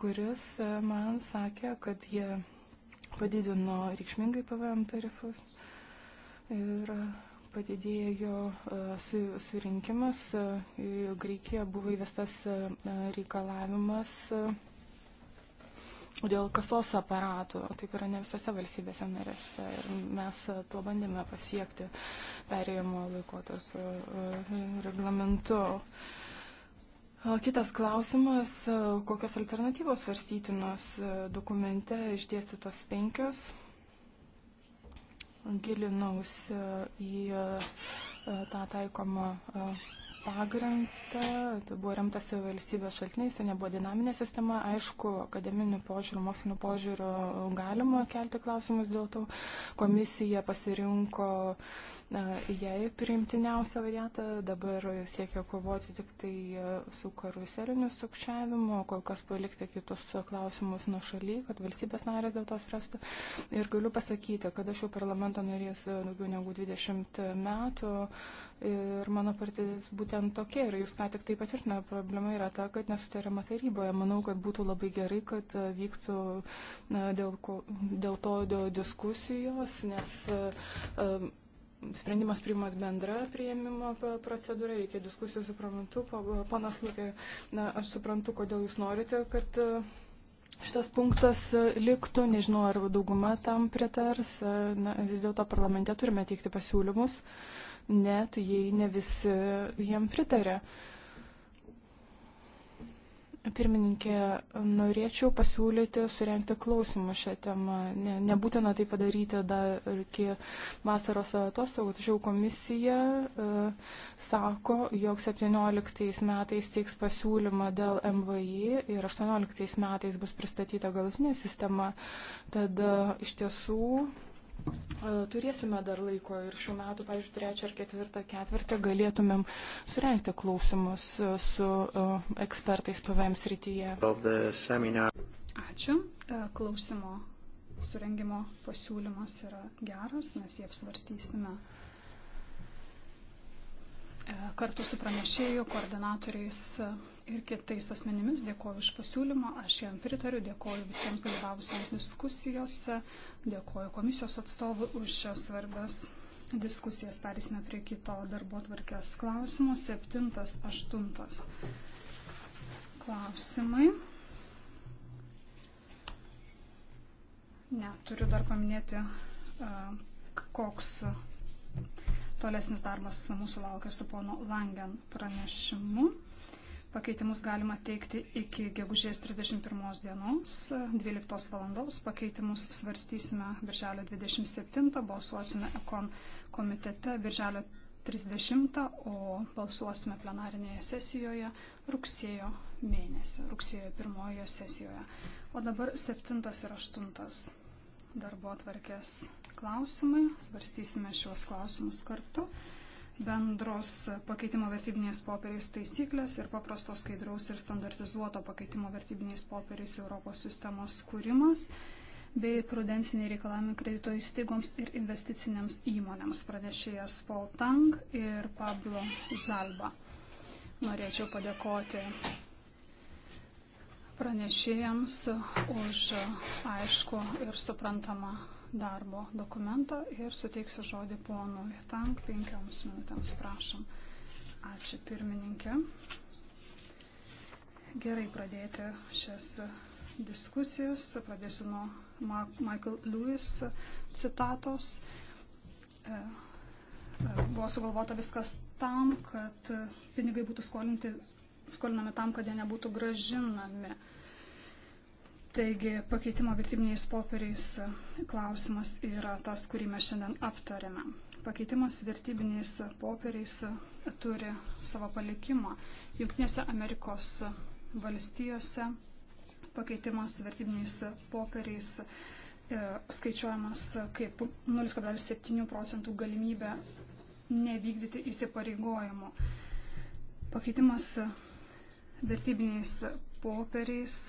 kuris e, man sakė, kad jie padidino reikšmingai PVM tarifus ir padidėjo su, surinkimas. Į Graikiją buvo įvestas reikalavimas dėl kasos aparatų. Taip yra ne visose valstybėse narėse. Ir mes to bandėme pasiekti perėjimo laikotarpio e, reglamentu. Kitas klausimas, e, kokios alternatyvos svarstytinos e, dokumente išdėstytos penkios. Gilinausi į tą taikomą pagrindą, tai buvo remtasi valstybės šaltiniais, tai nebuvo dinaminė sistema. Aišku, akademinių požiūrių, mokslinių požiūrių galima kelti klausimus, dėl to komisija pasirinko e, jai priimtiniausią variantą, dabar siekia kovoti tik tai e, su karuseliniu sukčiavimu, kol kas palikti kitus klausimus nuo šaly, kad valstybės narės dėl to spręstų. Ir galiu pasakyti, kad aš jau parlamento narės e, daugiau negu 20 metų ir mano partijas būtent būtent tokia ir jūs ką tik tai patvirtino, problema yra ta, kad nesutariama taryboje. Manau, kad būtų labai gerai, kad e, vyktų dėl, ko, dėl to dėl diskusijos, nes e, e, sprendimas priimas bendra prieimimo procedūra, reikia diskusijų su pramantu. Panas Lukė, na, aš suprantu, kodėl jūs norite, kad šitas punktas liktų, nežinau, ar dauguma tam pritars, na, vis dėlto parlamente turime teikti pasiūlymus net jei ne visi jam pritarė. Pirmininkė, norėčiau pasiūlyti surenkti klausimą šią temą. Ne, nebūtina tai padaryti dar iki vasaros atostogų, tačiau komisija uh, sako, jog 17 metais teiks pasiūlymą dėl MVI ir 18 metais bus pristatyta galutinė sistema. Tad uh, iš tiesų Turėsime dar laiko ir šių metų, pavyzdžiui, trečią ar ketvirtą ketvirtį galėtumėm surenkti klausimus su ekspertais PVM srityje. Ačiū. Klausimo surengimo pasiūlymas yra geras, mes jį apsvarstysime kartu su pranešėjų, koordinatoriais ir kitais asmenimis. Dėkoju iš pasiūlymą, aš jam pritariu, dėkoju visiems dalyvavusiems diskusijose, dėkoju komisijos atstovui už šias svarbas diskusijas. Perėsime prie kito darbo tvarkės klausimų. Septintas, aštuntas klausimai. Ne, turiu dar paminėti, koks Tolesnis darbas mūsų laukia su pono Langen pranešimu. Pakeitimus galima teikti iki gegužės 31 dienos, 12 valandos. Pakeitimus svarstysime birželio 27, balsuosime ekon komitete birželio 30, o balsuosime plenarinėje sesijoje rugsėjo mėnesį, rugsėjo pirmojoje sesijoje. O dabar 7 ir 8 darbo atvarkės klausimai. Svarstysime šios klausimus kartu. Bendros pakeitimo vertybiniais popieriais taisyklės ir paprastos skaidraus ir standartizuoto pakeitimo vertybiniais popieriais Europos sistemos kūrimas bei prudensiniai reikalavimai kredito įstaigoms ir investiciniams įmonėms. Pranešėjas Paul Tang ir Pablo Zalba. Norėčiau padėkoti pranešėjams už aišku ir suprantamą darbo dokumento ir suteiksiu žodį ponui Tank penkioms minutėms, prašom. Ačiū pirmininkė. Gerai pradėti šias diskusijas. Pradėsiu nuo Michael Lewis citatos. E, e, buvo sugalvota viskas tam, kad pinigai būtų skolinti, skolinami tam, kad jie nebūtų gražinami. Taigi pakeitimo vertybiniais popieriais klausimas yra tas, kurį mes šiandien aptarėme. Pakeitimas vertybiniais popieriais turi savo palikimą. Junktinėse Amerikos valstijose pakeitimas vertybiniais popieriais e, skaičiuojamas kaip 0,7 procentų galimybė nevykdyti įsipareigojimų. Pakeitimas vertybiniais popieriais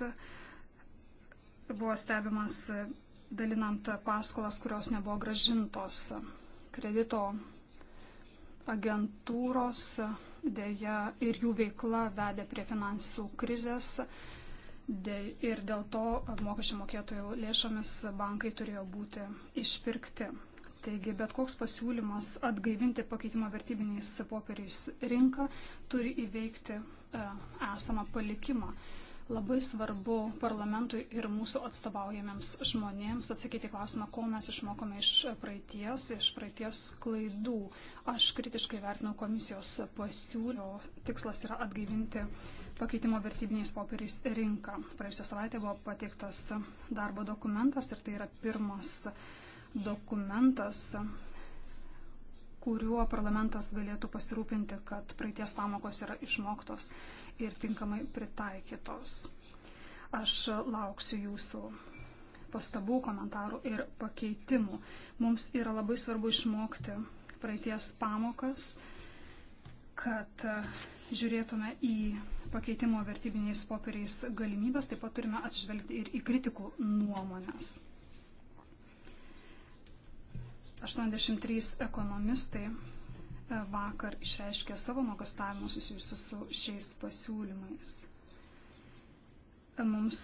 buvo stebimas e, dalinant paskolas, kurios nebuvo gražintos. Kredito agentūros e, dėja ir jų veikla vedė prie finansų krizės. Dėja, ir dėl to mokesčių mokėtojų lėšomis bankai turėjo būti išpirkti. Taigi bet koks pasiūlymas atgaivinti pakeitimo vertybiniais popieriais rinką turi įveikti e, esamą palikimą. Labai svarbu parlamentui ir mūsų atstovaujamiems žmonėms atsakyti klausimą, ko mes išmokome iš praeities, iš praeities klaidų. Aš kritiškai vertinau komisijos pasiūlio. Tikslas yra atgaivinti pakeitimo vertybiniais popieriais rinką. Praėjusią savaitę buvo pateiktas darbo dokumentas ir tai yra pirmas dokumentas kuriuo parlamentas galėtų pasirūpinti, kad praeities pamokos yra išmoktos ir tinkamai pritaikytos. Aš lauksiu jūsų pastabų, komentarų ir pakeitimų. Mums yra labai svarbu išmokti praeities pamokas, kad e, žiūrėtume į pakeitimo vertybiniais popieriais galimybės, taip pat turime atžvelgti ir į kritikų nuomonės. 83 ekonomistai e, vakar išreiškė savo nuogastavimus susijusius su šiais pasiūlymais. E, mums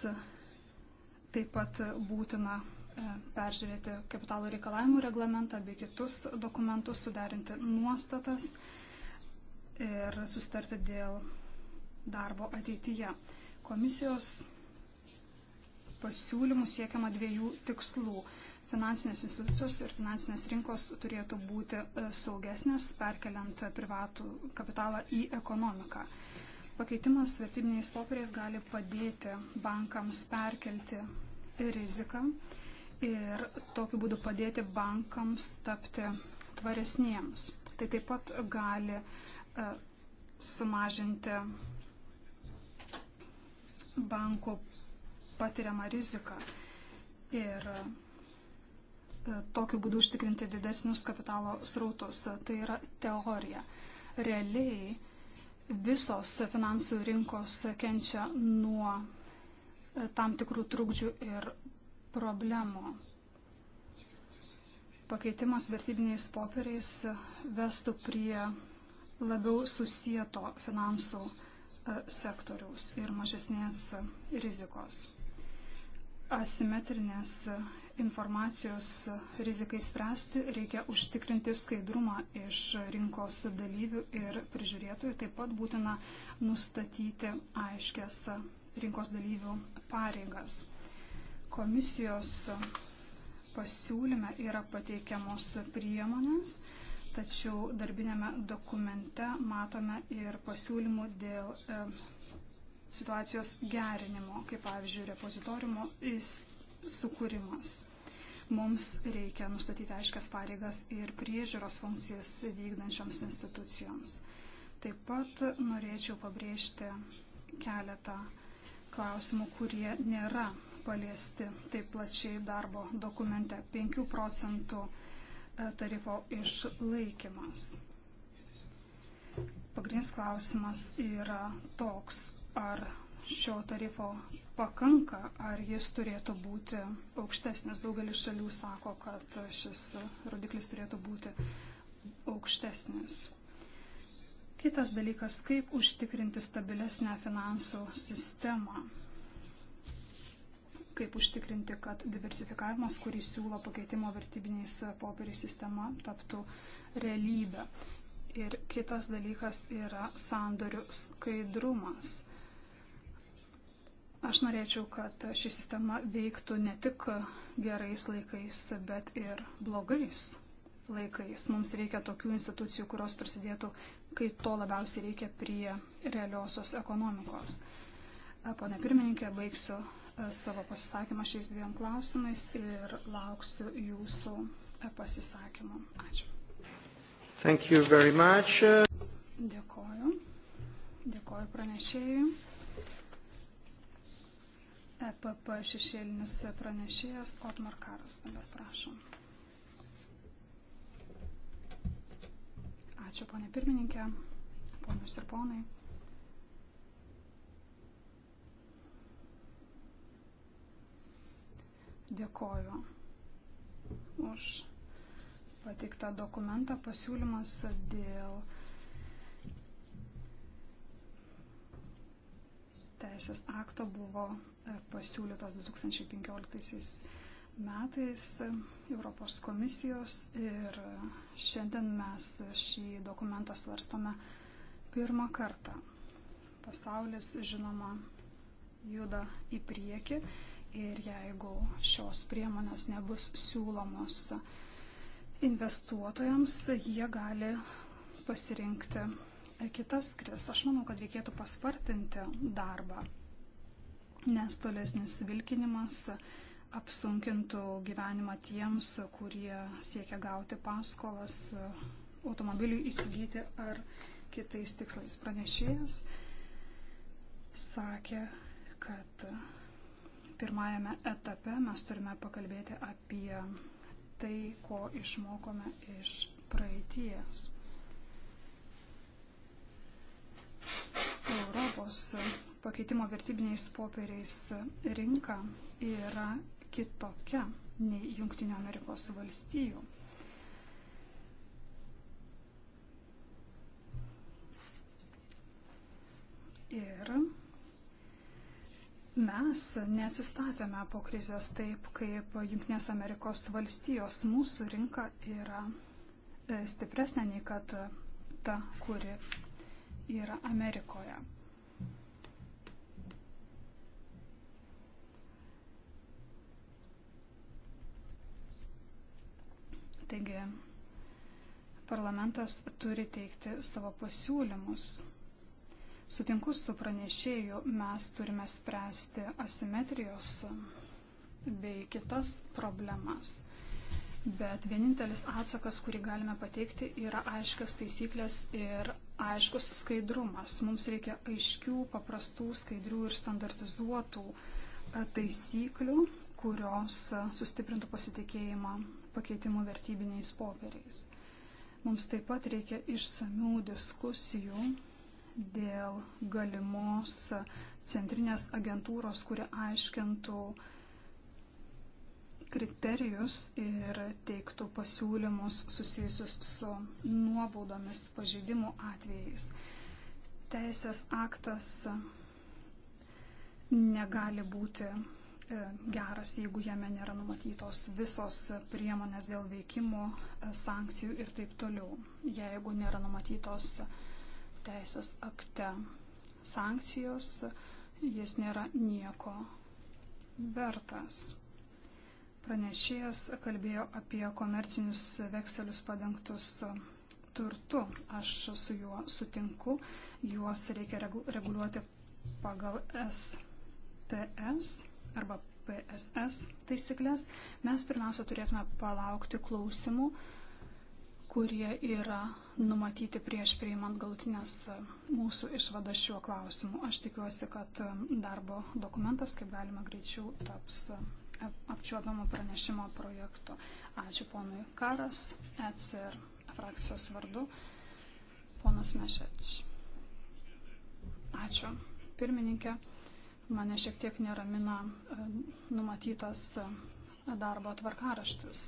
taip pat būtina e, peržiūrėti kapitalo reikalavimų reglamentą bei kitus dokumentus, suderinti nuostatas ir sustarti dėl darbo ateityje. Komisijos pasiūlymų siekiama dviejų tikslų finansinės institucijos ir finansinės rinkos turėtų būti e, saugesnės, perkeliant privatų kapitalą į ekonomiką. Pakeitimas vertybiniais popieriais gali padėti bankams perkelti riziką ir tokiu būdu padėti bankams tapti tvaresniems. Tai taip pat gali e, sumažinti bankų patiriamą riziką ir E, tokiu būdu užtikrinti didesnius kapitalo srautus. Tai yra teorija. Realiai visos finansų rinkos kenčia nuo e, tam tikrų trukdžių ir problemų. Pakeitimas vertybiniais popieriais vestų prie labiau susieto finansų e, sektoriaus ir mažesnės rizikos. Asimetrinės informacijos rizikai spręsti, reikia užtikrinti skaidrumą iš rinkos dalyvių ir prižiūrėtojų. Taip pat būtina nustatyti aiškias rinkos dalyvių pareigas. Komisijos pasiūlyme yra pateikiamos priemonės, tačiau darbinėme dokumente matome ir pasiūlymų dėl e, situacijos gerinimo, kaip pavyzdžiui, repozitoriumo sukūrimas. Mums reikia nustatyti aiškias pareigas ir priežiūros funkcijas vykdančioms institucijoms. Taip pat norėčiau pabrėžti keletą klausimų, kurie nėra paliesti taip plačiai darbo dokumente. 5 procentų e, tarifo išlaikimas. Pagrindinis klausimas yra toks, ar šio tarifo pakanka, ar jis turėtų būti aukštesnis. Daugelis šalių sako, kad šis rodiklis turėtų būti aukštesnis. Kitas dalykas, kaip užtikrinti stabilesnę finansų sistemą. Kaip užtikrinti, kad diversifikavimas, kurį siūlo pakeitimo vertybiniais popieriais sistema, taptų realybę. Ir kitas dalykas yra sandorių skaidrumas Aš norėčiau, kad ši sistema veiktų ne tik gerais laikais, bet ir blogais laikais. Mums reikia tokių institucijų, kurios prisidėtų, kai to labiausiai reikia prie realiosios ekonomikos. Pone pirmininkė, baigsiu e, savo pasisakymą šiais dviem klausimais ir lauksiu jūsų e, pasisakymų. Ačiū. Thank you very much. Dėkoju. Dėkoju pranešėjui. EPP šešėlinis pranešėjas Otmar Karas. Dabar prašom. Ačiū, ponė pirmininkė, ponios ir ponai. Dėkoju už pateiktą dokumentą pasiūlymas dėl teisės akto buvo pasiūlytas 2015 metais Europos komisijos ir šiandien mes šį dokumentą svarstome pirmą kartą. Pasaulis, žinoma, juda į priekį ir jeigu šios priemonės nebus siūlomos investuotojams, jie gali pasirinkti kitas kris. Aš manau, kad reikėtų paspartinti darbą nes tolesnis vilkinimas apsunkintų gyvenimą tiems, kurie siekia gauti paskolas automobiliui įsigyti ar kitais tikslais. Pranešėjas sakė, kad pirmajame etape mes turime pakalbėti apie tai, ko išmokome iš praeities. Europos pakeitimo vertybiniais popieriais rinka yra kitokia nei Junktinio Amerikos valstijų. Ir mes neatsistatėme po krizės taip, kaip Junktinės Amerikos valstijos. Mūsų rinka yra e, stipresnė nei kad ta, kuri yra Amerikoje. Taigi parlamentas turi teikti savo pasiūlymus. Sutinku su pranešėju, mes turime spręsti asimetrijos bei kitas problemas. Bet vienintelis atsakas, kurį galime pateikti, yra aiškios taisyklės ir aiškus skaidrumas. Mums reikia aiškių, paprastų, skaidrių ir standartizuotų e, taisyklių, kurios e, sustiprintų pasitikėjimą pakeitimų vertybiniais popieriais. Mums taip pat reikia išsamių diskusijų dėl galimos centrinės agentūros, kuri aiškintų kriterijus ir teiktų pasiūlymus susijusius su nuobaudomis pažeidimų atvejais. Teisės aktas negali būti E, geras, jeigu jame nėra numatytos visos priemonės dėl veikimo, e, sankcijų ir taip toliau. Jeigu nėra numatytos teisės akte sankcijos, jis nėra nieko vertas. Pranešėjas kalbėjo apie komercinius vekselius padengtus turtu. Aš su juo sutinku, juos reikia reguliuoti pagal STS arba PSS taisyklės, mes pirmiausia turėtume palaukti klausimų, kurie yra numatyti prieš priimant galutinės e, mūsų išvadas šiuo klausimu. Aš tikiuosi, kad e, darbo dokumentas kaip galima greičiau taps e, apčiuopiamo pranešimo projektu. Ačiū ponui Karas, ECR frakcijos vardu, ponas Mešeč. Ačiū. Pirmininkė mane šiek tiek neramina e, numatytas e, darbo tvarkaraštis.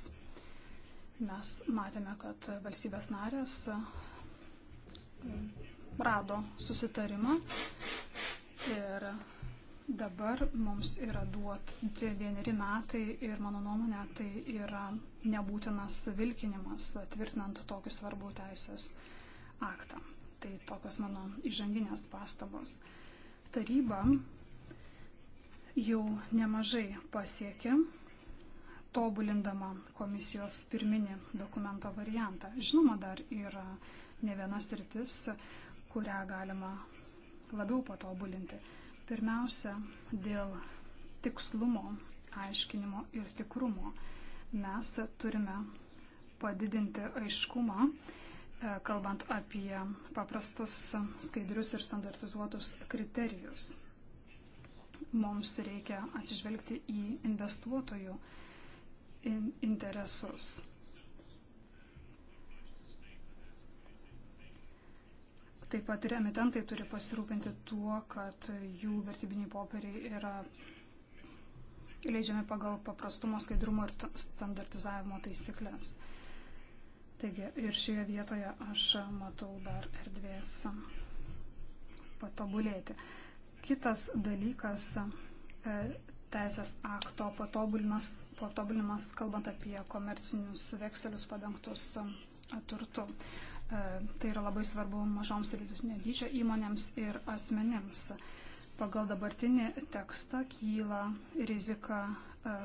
Mes matėme, kad valstybės narės e, rado susitarimą ir dabar mums yra duoti vieneri metai ir mano nuomonė tai yra nebūtinas vilkinimas tvirtinant tokį svarbų teisės aktą. Tai tokios mano įžanginės pastabos. Taryba jau nemažai pasiekė, tobulindama komisijos pirminį dokumento variantą. Žinoma, dar yra ne vienas rytis, kurią galima labiau patobulinti. Pirmiausia, dėl tikslumo, aiškinimo ir tikrumo mes turime padidinti aiškumą, e, kalbant apie paprastus, skaidrius ir standartizuotus kriterijus mums reikia atsižvelgti į investuotojų interesus. Taip pat ir emitentai turi pasirūpinti tuo, kad jų vertybiniai popieriai yra leidžiami pagal paprastumo, skaidrumo ir standartizavimo taisyklės. Taigi ir šioje vietoje aš matau dar erdvės patobulėti. Kitas dalykas e, teisės akto patobulinimas, patobulinimas kalbant apie komercinius vekselius padengtus e, turtu. E, tai yra labai svarbu mažoms ir vidutinio dydžio įmonėms ir asmenims. Pagal dabartinį tekstą kyla rizika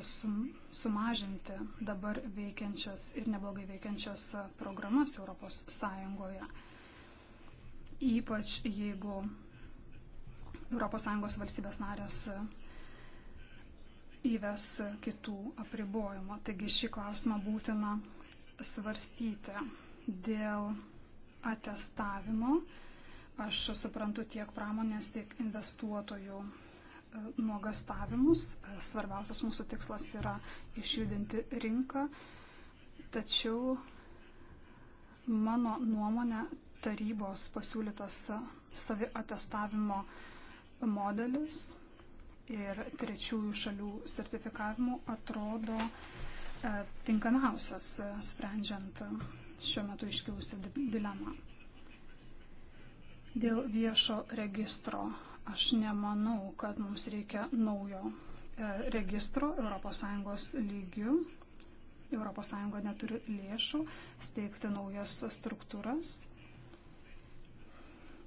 sumažinti dabar veikiančias ir neblogai veikiančias programas ES. Ypač jeigu ES valstybės narės e, įves kitų apribojimų. Taigi šį klausimą būtina svarstyti dėl atestavimo. Aš suprantu tiek pramonės, tiek investuotojų e, nuogastavimus. E, svarbiausias mūsų tikslas yra išjudinti rinką. Tačiau mano nuomonė tarybos pasiūlytas savi atestavimo modelis ir trečiųjų šalių sertifikavimo atrodo e, tinkamiausias e, sprendžiant šiuo metu iškilusią dilemą. Dėl viešo registro aš nemanau, kad mums reikia naujo e, registro ES lygių. ES neturi lėšų steigti naujas struktūras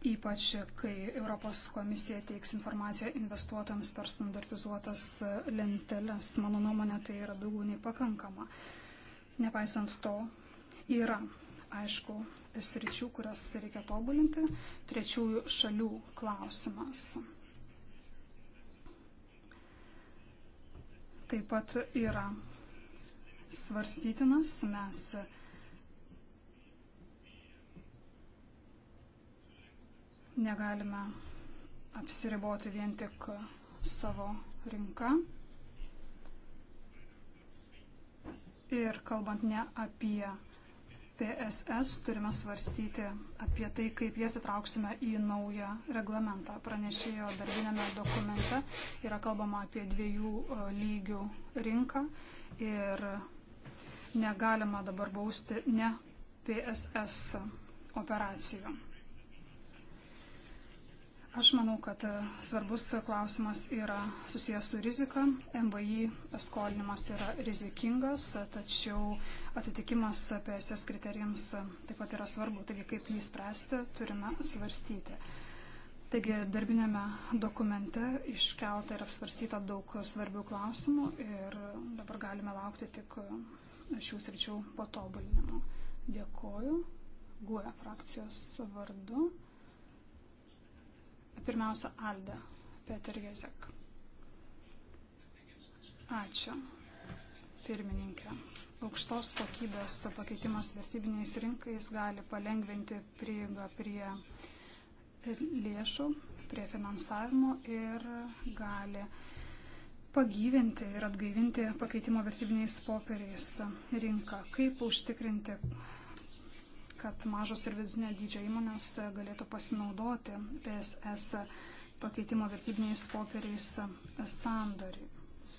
ypač kai Europos komisija teiks informaciją investuotojams per standartizuotas lenteles. Mano nuomonė, tai yra daugiau nei pakankama. Nepaisant to, yra, aišku, sričių, kurias reikia tobulinti, trečiųjų šalių klausimas. Taip pat yra svarstytinas, mes Negalime apsiriboti vien tik savo rinką. Ir kalbant ne apie PSS, turime svarstyti apie tai, kaip jas įtrauksime į naują reglamentą. Pranešėjo darbinėme dokumente yra kalbama apie dviejų e, lygių rinką ir negalima dabar bausti ne PSS operacijų. Aš manau, kad e, svarbus klausimas yra susijęs su rizika. MVI skolinimas yra rizikingas, tačiau atitikimas PSS kriterijams taip pat yra svarbu. Taigi, kaip jį spręsti, turime svarstyti. Taigi, darbinėme dokumente iškelta ir apsvarstyta daug svarbių klausimų ir dabar galime laukti tik šių sričių patobulinimo. Dėkoju. GUE frakcijos vardu. Pirmiausia, Alde, Peter Jezek. Ačiū, pirmininkė. Aukštos kokybės pakeitimas vertybiniais rinkais gali palengventi prieigą prie lėšų, prie finansavimo ir gali pagyvinti ir atgaivinti pakeitimo vertybiniais popieriais rinką. Kaip užtikrinti kad mažos ir vidutinio dydžio įmonės galėtų pasinaudoti PSS pakeitimo vertybiniais popieriais sandoriais.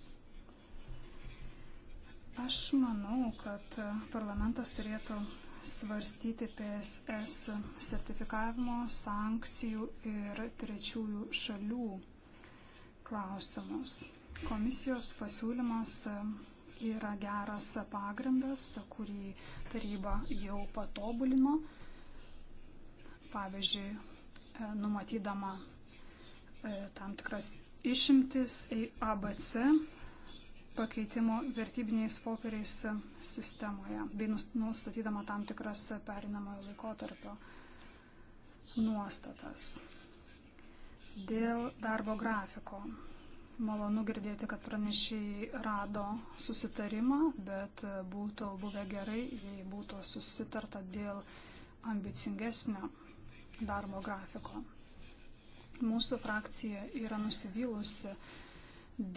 Aš manau, kad parlamentas turėtų svarstyti PSS sertifikavimo, sankcijų ir trečiųjų šalių klausimus. Komisijos pasiūlymas Tai yra geras pagrindas, kurį taryba jau patobulino. Pavyzdžiui, e, numatydama e, tam tikras išimtis ABC pakeitimo vertybiniais popieriais sistemoje bei nustatydama tam tikras perinamojo laikotarpio nuostatas. Dėl darbo grafiko Malonu girdėti, kad pranešėjai rado susitarimą, bet būtų buvę gerai, jei būtų susitarta dėl ambicingesnio darbo grafiko. Mūsų frakcija yra nusivylusi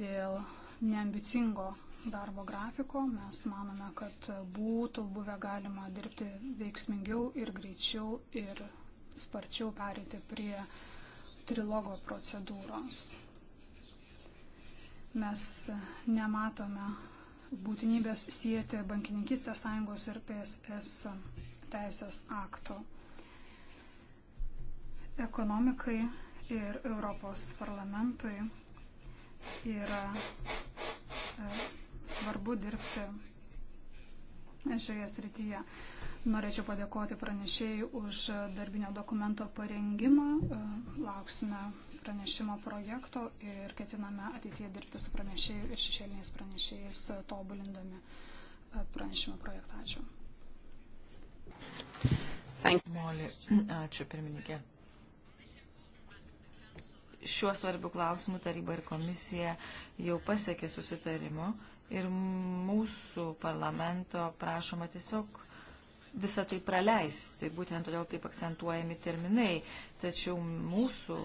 dėl neambicingo darbo grafiko. Mes manome, kad būtų buvę galima dirbti veiksmingiau ir greičiau ir sparčiau pereiti prie trilogo procedūros Mes nematome būtinybės sieti bankininkistės sąjungos ir PSS teisės akto ekonomikai ir Europos parlamentui yra e, svarbu dirbti šioje srityje. Norėčiau padėkoti pranešėjai už darbinio dokumento parengimą. E, lauksime pranešimo projekto ir ketiname ateityje dirbti su pranešėjų ir šešėliniais pranešėjais, tobulindami e, pranešimo projektą. Ačiū. Moli, ačiū pirmininkė. Šiuo svarbiu klausimu taryba ir komisija jau pasiekė susitarimo ir mūsų parlamento prašoma tiesiog visą tai praleisti, būtent todėl taip akcentuojami terminai. Tačiau mūsų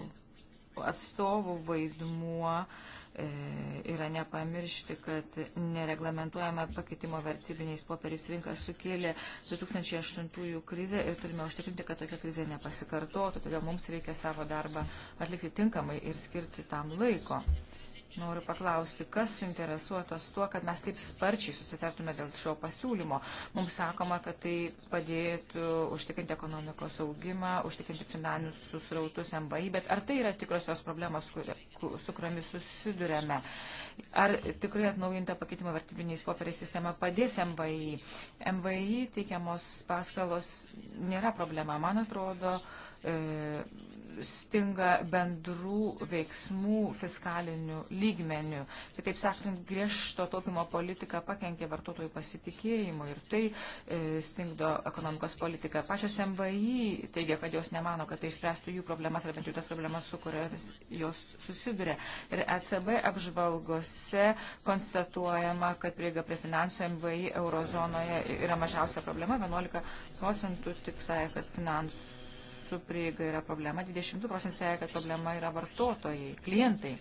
atstovų vaidmuo e, yra nepamiršti, kad nereglamentuojama pakeitimo vertybiniais popieriais rinka sukėlė 2008 krizę ir turime užtikrinti, kad tokia krizė nepasikartotų. Todėl mums reikia savo darbą atlikti tinkamai ir skirti tam laiko. Noriu paklausti, kas suinteresuotas tuo, kad mes taip sparčiai susitartume dėl šio pasiūlymo. Mums sakoma, kad tai padėtų užtikrinti ekonomikos augimą, užtikrinti finansinius srautus MBI, bet ar tai yra tikrosios problemos, kuria, su kuriomis susidurėme? Ar tikrai atnaujinta pakeitimo vertybiniais popieriais sistema padės MBI? MBI teikiamos paskalos nėra problema. Man atrodo, e, stinga bendrų veiksmų fiskalinių lygmenių. Kitaip sakant, griežto taupimo politika pakenkia vartotojų pasitikėjimui ir tai e, stingdo ekonomikos politiką. Pačios MVI teigia, kad jos nemano, kad tai spręstų jų problemas ar bent jau tas problemas, su kuriomis jos susiduria. Ir ECB apžvalgose konstatuojama, kad prieiga prie finansų MVI eurozonoje yra mažiausia problema. 11 procentų tik sąja, kad finansų su prieiga yra problema, 22 procentai sąja, kad problema yra vartotojai, klientai.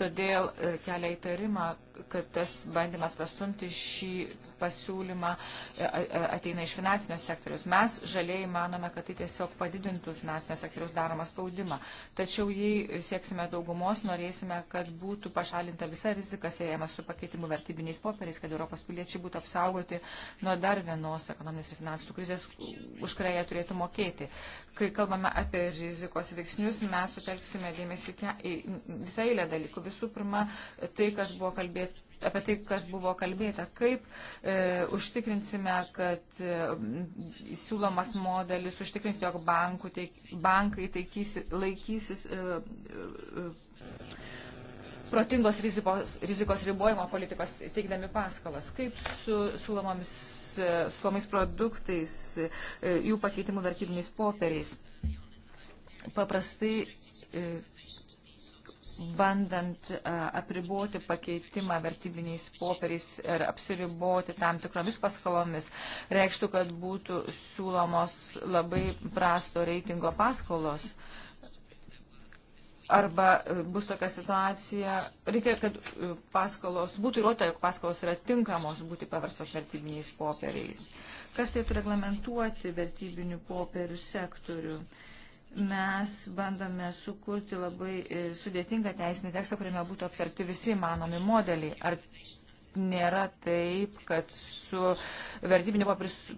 Todėl e, kelia įtarimą, kad tas bandymas pastumti šį pasiūlymą e, ateina iš finansinio sektorius. Mes žaliai manome, kad tai tiesiog padidintų finansinio sektorius daromą spaudimą. Tačiau jei sieksime daugumos, norėsime, kad būtų pašalinta visa rizika siejama su pakeitimu vertybiniais popieriais, kad Europos piliečiai būtų apsaugoti nuo dar vienos ekonominės ir finansų krizės, už kurią jie turėtų mokėti. Kai kalbame apie rizikos veiksnius, mes sutelksime dėmesį į visą eilę dalykų. Visų pirma, tai, kas buvo kalbėta apie tai, kas buvo kalbėta, kaip e, užtikrinsime, kad e, siūlomas modelis užtikrins, jog teik, bankai taikysi, laikysis e, e, protingos rizikos, rizikos ribojimo politikos teikdami paskalas, kaip su siūlomomis, e, siūlomais produktais, e, jų pakeitimų vertybiniais popieriais paprastai e, bandant e, apriboti pakeitimą vertybiniais popieriais ir apsiriboti tam tikromis paskolomis, reikštų, kad būtų siūlomos labai prasto reitingo paskolos. Arba e, bus tokia situacija, reikia, kad paskolos būtų įrodyta, jog paskolos yra tinkamos būti paverstos vertybiniais popieriais. Kas taip reglamentuoti vertybinių popierių sektorių? Uh, mes bandome sukurti labai e, sudėtingą teisinį tekstą, kuriame būtų aptarti visi manomi modeliai. Ar nėra taip, kad su vertybiniu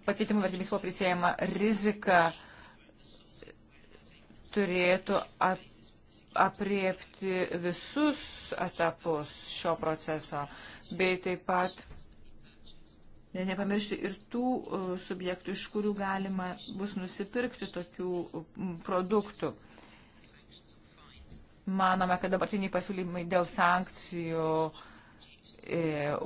pakeitimu vertybės buvo prisėjama rizika turėtų ap, apriepti visus etapus šio proceso, bei taip pat ne, nepamiršti ir tų e, subjektų, iš kurių galima bus nusipirkti tokių produktų. Manome, kad dabartiniai pasiūlymai dėl sankcijų e,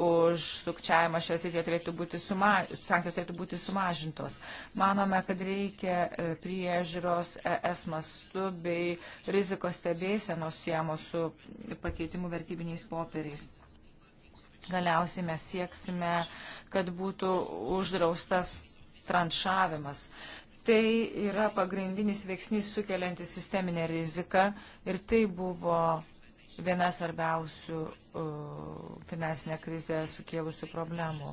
už sukčiavimą šios srityje turėtų būti, suma, sankcijos turėtų būti sumažintos. Manome, kad reikia e, priežiūros ES mastu bei rizikos stebėsenos siemos su pakeitimų vertybiniais popieriais. Galiausiai mes sieksime, kad būtų uždraustas tranšavimas. Tai yra pagrindinis veiksnys sukeliantis sisteminę riziką ir tai buvo viena svarbiausių uh, finansinę krizę sukėlusių problemų.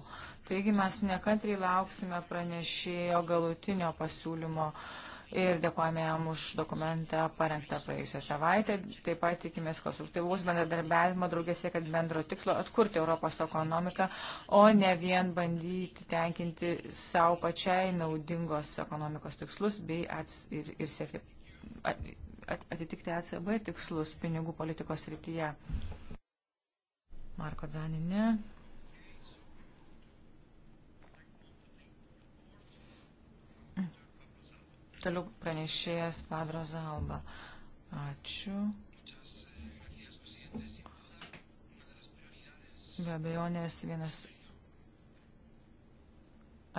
Taigi mes nekantriai lauksime pranešėjo galutinio pasiūlymo uh, ir dėkojame jam už dokumentą parengtą praėjusią savaitę. Taip pat tikimės konstruktyvaus bendradarbiavimo draugėse, kad bendro tikslo atkurti Europos ekonomiką, o ne vien bandyti tenkinti savo pačiai naudingos ekonomikos tikslus bei ats, ir, ir siekti at, at, atitikti ECB tikslus pinigų politikos rytyje. Marko Zaninė. Toliau pranešėjas Padro Zalba. Ačiū. Be abejonės vienas.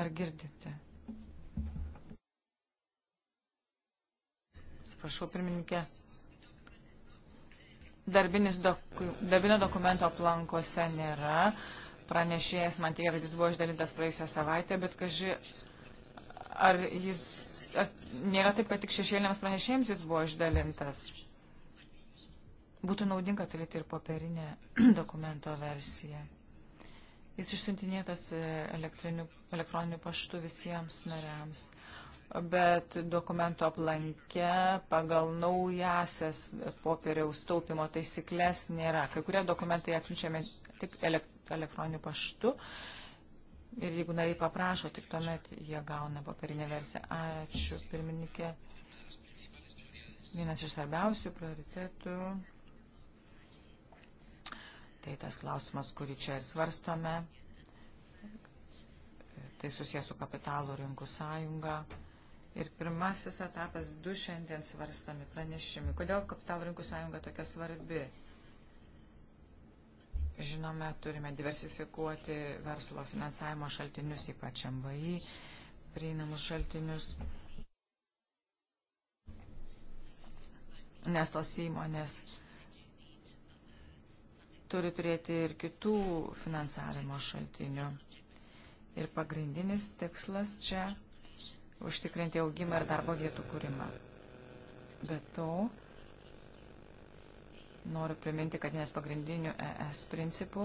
Ar girdite? Atsiprašau, pirmininkė. Darbinis doku, darbinio dokumento aplankose nėra. Pranešėjas man teigia, kad jis buvo išdalintas praėjusią savaitę, bet kaži, ar jis nėra taip, kad tik šešėlėms pranešėjams jis buvo išdalintas. Būtų naudinga turėti ir popierinę [clears throat] dokumento versiją. Jis išsiuntinėtas e, elektroniniu paštu visiems nariams bet dokumento aplankę pagal naujasias popieriaus taupimo taisyklės nėra. Kai kurie dokumentai atsiunčiami tik elektroniniu paštu, Ir jeigu nariai paprašo, tik tuomet jie gauna papirinę versiją. Ačiū, pirmininkė. Vienas iš svarbiausių prioritetų. Tai tas klausimas, kurį čia ir svarstome. Tai susijęs su kapitalų rinkų sąjunga. Ir pirmasis etapas du šiandien svarstami pranešimi. Kodėl kapitalų rinkų sąjunga tokia svarbi? Žinome, turime diversifikuoti verslo finansavimo šaltinius, ypač MVI, prieinamus šaltinius, nes tos įmonės turi turėti ir kitų finansavimo šaltinių. Ir pagrindinis tikslas čia užtikrinti augimą ir darbo vietų kūrimą. Be to, Noriu priminti, kad vienas pagrindinių ES principų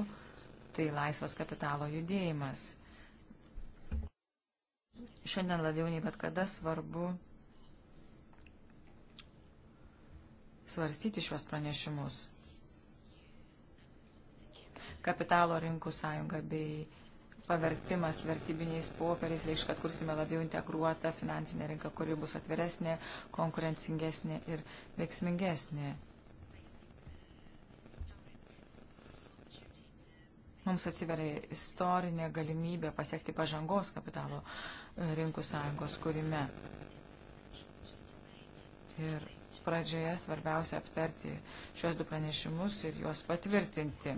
tai laisvas kapitalo judėjimas. Šiandien labiau nei bet kada svarbu svarstyti šios pranešimus. Kapitalo rinkų sąjunga bei pavertimas vertybiniais popieriais reikš, kad kursime labiau integruotą finansinę rinką, kuri bus atviresnė, konkurencingesnė ir veiksmingesnė. Mums atsiveria istorinė galimybė pasiekti pažangos kapitalo e, rinkų sąjungos kūrime. Ir pradžioje svarbiausia aptarti šios du pranešimus ir juos patvirtinti.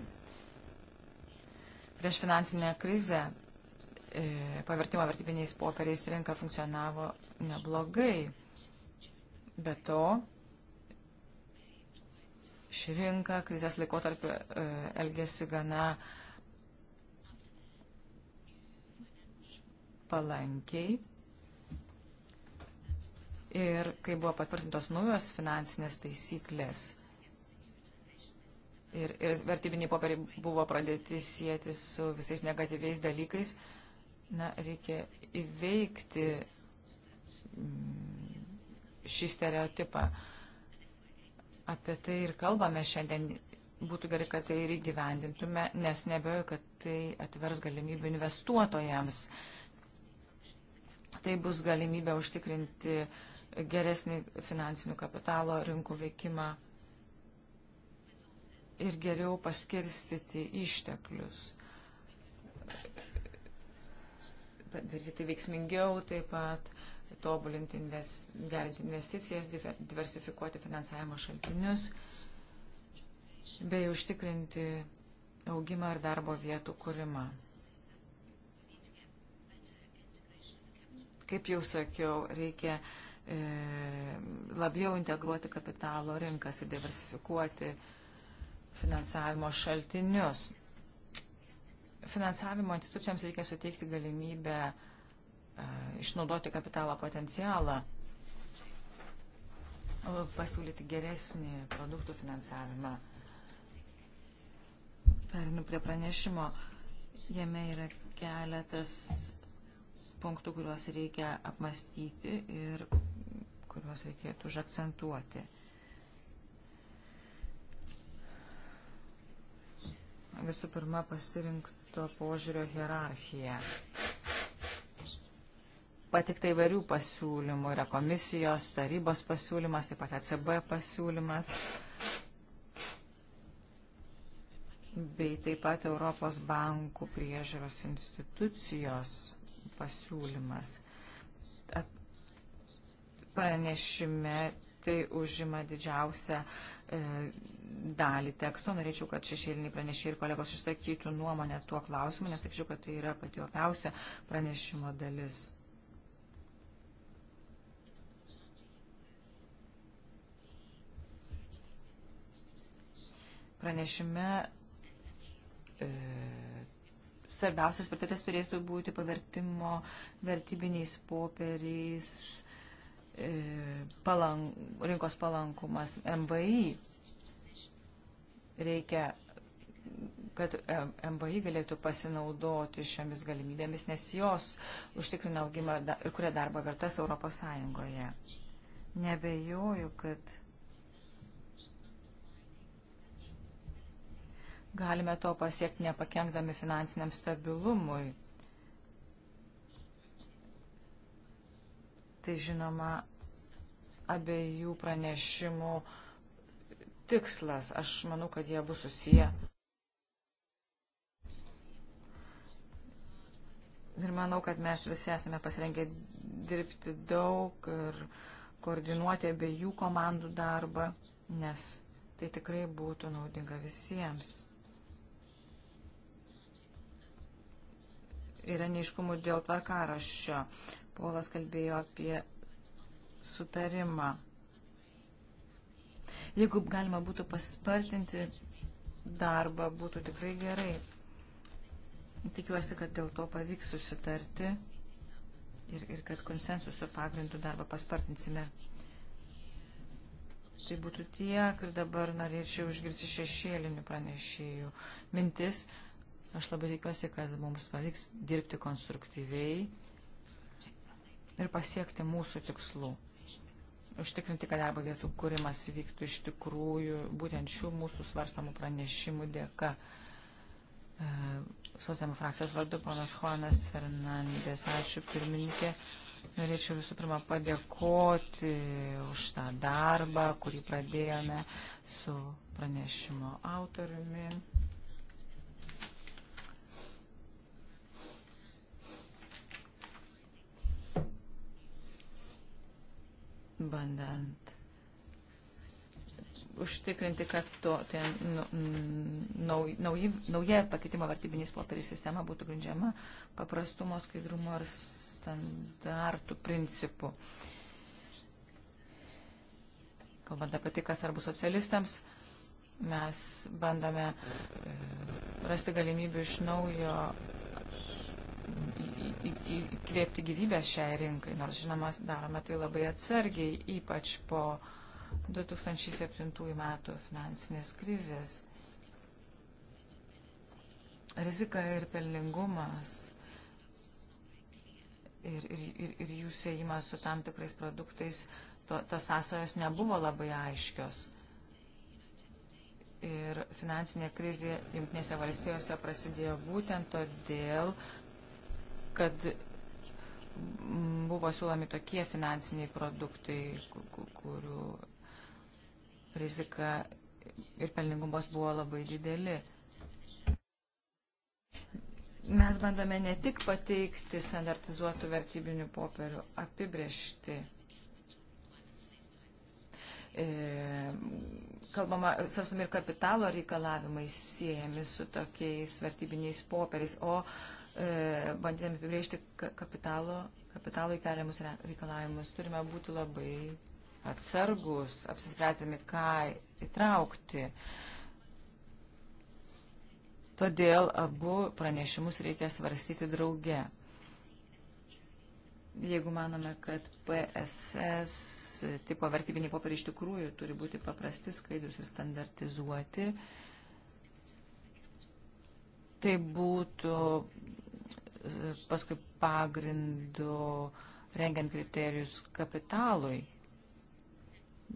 Prieš finansinę krizę e, pavertimo vertybiniais popieriais rinka funkcionavo neblogai. Be to, ši rinka krizės laikotarpiu e, elgėsi gana e, palankiai. Ir kai buvo patvirtintos naujos finansinės taisyklės ir, ir vertybiniai popieriai buvo pradėti sieti su visais negatyviais dalykais, na, reikia įveikti mm, šį stereotipą. Apie tai ir kalbame šiandien. Būtų gerai, kad tai ir įgyvendintume, nes nebejoju, kad tai atvers galimybių investuotojams. Uh, Tai bus galimybė užtikrinti geresnį finansinių kapitalo rinkų veikimą ir geriau paskirstyti išteklius. Daryti veiksmingiau taip pat, tobulinti, invest, gerinti investicijas, diversifikuoti finansavimo šaltinius bei užtikrinti augimą ir darbo vietų kūrimą. Kaip jau sakiau, reikia e, labiau integruoti kapitalo rinkas ir diversifikuoti finansavimo šaltinius. Finansavimo institucijams reikia suteikti galimybę e, išnaudoti kapitalo potencialą, pasiūlyti geresnį produktų finansavimą. Perinu prie pranešimo. Jame yra keletas punktų, kuriuos reikia apmastyti ir kuriuos reikėtų užakcentuoti. Visų pirma, pasirinkto požiūrio hierarchija. Patikta įvairių pasiūlymų yra komisijos, tarybos pasiūlymas, taip pat ECB pasiūlymas bei taip pat Europos bankų priežiūros institucijos pasiūlymas. Pranešime tai užima didžiausią e, dalį teksto. Norėčiau, kad šešėliniai pranešiai ir kolegos išsakytų nuomonę tuo klausimu, nes sakyčiau, kad tai yra pati opiausia pranešimo dalis. Pranešime e, svarbiausias paketas turėtų būti pavertimo vertybiniais popieriais e, palank, rinkos palankumas MVI. Reikia, kad e, MVI galėtų pasinaudoti šiomis galimybėmis, nes jos užtikrina augimą ir kuria darbo vertas Europos Sąjungoje. Nebejoju, kad Galime to pasiekti nepakengdami finansiniam stabilumui. Tai žinoma, abiejų pranešimų tikslas. Aš manau, kad jie bus susiję. Ir manau, kad mes visi esame pasirengę dirbti daug ir koordinuoti abiejų komandų darbą, nes tai tikrai būtų naudinga visiems. yra neiškumų dėl tvarkaraščio. Polas kalbėjo apie sutarimą. Jeigu galima būtų paspartinti darbą, būtų tikrai gerai. Tikiuosi, kad dėl to pavyks susitarti ir, ir kad konsensusų pagrindų darbą paspartinsime. Tai būtų tiek ir dabar norėčiau išgirsti šešėlinių pranešėjų mintis. Uh, Aš labai tikiuosi, kad mums pavyks dirbti konstruktyviai ir pasiekti mūsų tikslų. Užtikrinti, kad darbo vietų kūrimas vyktų iš tikrųjų būtent šių mūsų svarstamų pranešimų dėka. E, Sosdemų frakcijos vardu ponas Juanas Fernandės. Ačiū pirmininkė. Norėčiau visų pirma padėkoti už tą darbą, kurį pradėjome su pranešimo autoriumi. bandant užtikrinti, kad to, tai, nau, nauji, nauja pakeitimo vertybiniais popieriais sistema būtų grindžiama paprastumo, skaidrumo ir standartų principų. Kalbant apie tai, kas svarbu socialistams, mes bandome e, rasti galimybių iš naujo įkvėpti gyvybės šiai rinkai, nors žinoma, darome tai labai atsargiai, ypač po 2007 metų finansinės krizės. Rizika ir pelningumas ir, ir, ir, ir jų siejimas su tam tikrais produktais, to, tos sąsojos nebuvo labai aiškios. Ir finansinė krizė Junktinėse valstijose prasidėjo būtent todėl, kad buvo siūlomi tokie finansiniai produktai, kurių rizika ir pelningumas buvo labai dideli. Mes bandome ne tik pateikti standartizuotų vertybinių popierių, apibriešti. E, kalbama, svarstum ir kapitalo reikalavimai siejami su tokiais vertybiniais popieriais, o E, bandydami apibriežti kapitalo, kapitalo įkeliamus reikalavimus, turime būti labai atsargus, apsispręstami, ką įtraukti. Todėl abu pranešimus reikia svarstyti drauge. Jeigu manome, kad PSS tipo vertybiniai popieriai iš tikrųjų turi būti paprasti, skaidrus ir standartizuoti, tai būtų paskui pagrindu rengiant kriterijus kapitalui.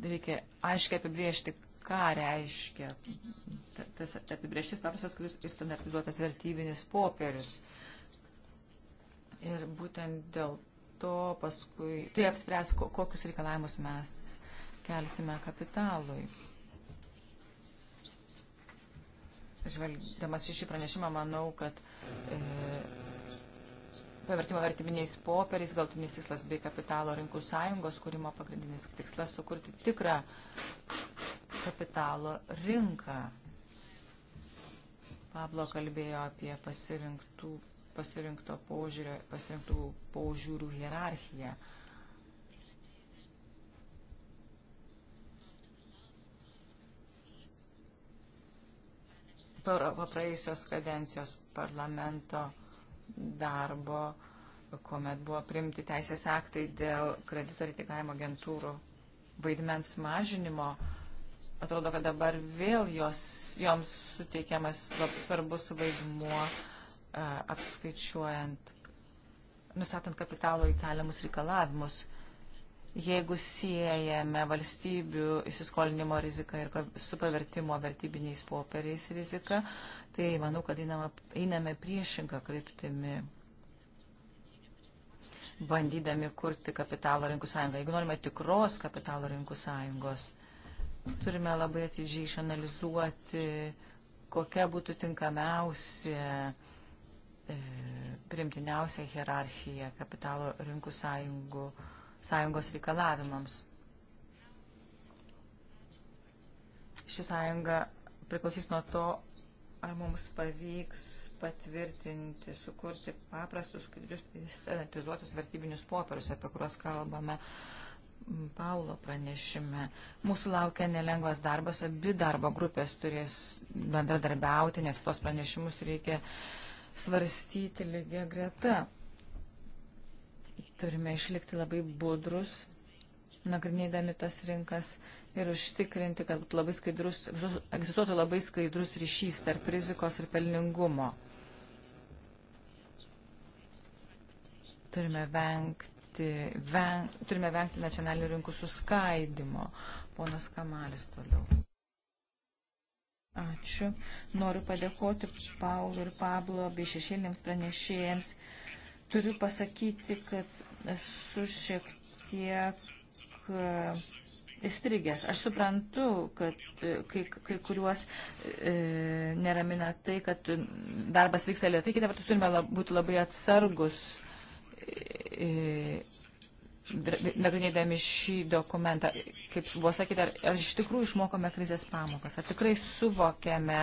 Reikia aiškiai apibriežti, ką reiškia tas apibriežtis paprastas ir standartizuotas vertybinis popierius. Ir būtent dėl to paskui, tai apspręs, kokius reikalavimus mes kelsime kapitalui. Žvelgdamas į šį pranešimą, manau, kad e, pavertimo vertiminiais popieriais, galtinis tikslas bei kapitalo rinkų sąjungos kūrimo pagrindinis tikslas sukurti tikrą kapitalo rinką. Pablo kalbėjo apie pasirinktų, pasirinkto požiūrio, pasirinktų požiūrių hierarchiją. praėjusios kadencijos parlamento darbo, kuomet buvo primti teisės aktai dėl kredito reitikavimo agentūrų vaidmens mažinimo. Atrodo, kad dabar vėl jos, joms suteikiamas labai svarbus vaidmuo e, apskaičiuojant, nustatant kapitalo įkeliamus reikalavimus jeigu siejame valstybių įsiskolinimo riziką ir su pavertimo vertybiniais popieriais riziką, tai manau, kad einame priešingą kryptimį bandydami kurti kapitalo rinkų sąjungą. Jeigu norime tikros kapitalo rinkų sąjungos, turime labai atidžiai išanalizuoti, kokia būtų tinkamiausia, e, primtiniausia hierarchija kapitalo rinkų sąjungų sąjungos reikalavimams. Ši sąjunga priklausys nuo to, ar mums pavyks patvirtinti, sukurti paprastus, skaidrius, standartizuotus vertybinius popierius, apie kuriuos kalbame Paulo pranešime. Mūsų laukia nelengvas darbas, abi darbo grupės turės bendradarbiauti, nes tuos pranešimus reikia svarstyti lygia greta. Turime išlikti labai budrus, nagrinėdami tas rinkas ir užtikrinti, kad labai skaidrus, egzistuotų labai skaidrus ryšys tarp rizikos ir pelningumo. Turime vengti, veng, turime vengti nacionalinių rinkų suskaidimo. Ponas Kamalis toliau. Ačiū. Noriu padėkoti Pauliu ir Pablo bei šešėlėms pranešėjams. Turiu pasakyti, kad esu šiek tiek e, įstrigęs. Aš suprantu, kad e, kai, kai kuriuos e, neramina tai, kad darbas vyksta lietai, kitą vertus turime lab, būti labai atsargus. E, nagrinėdami šį dokumentą, kaip buvo sakyta, ar, ar iš tikrųjų išmokome krizės pamokas, ar tikrai suvokėme,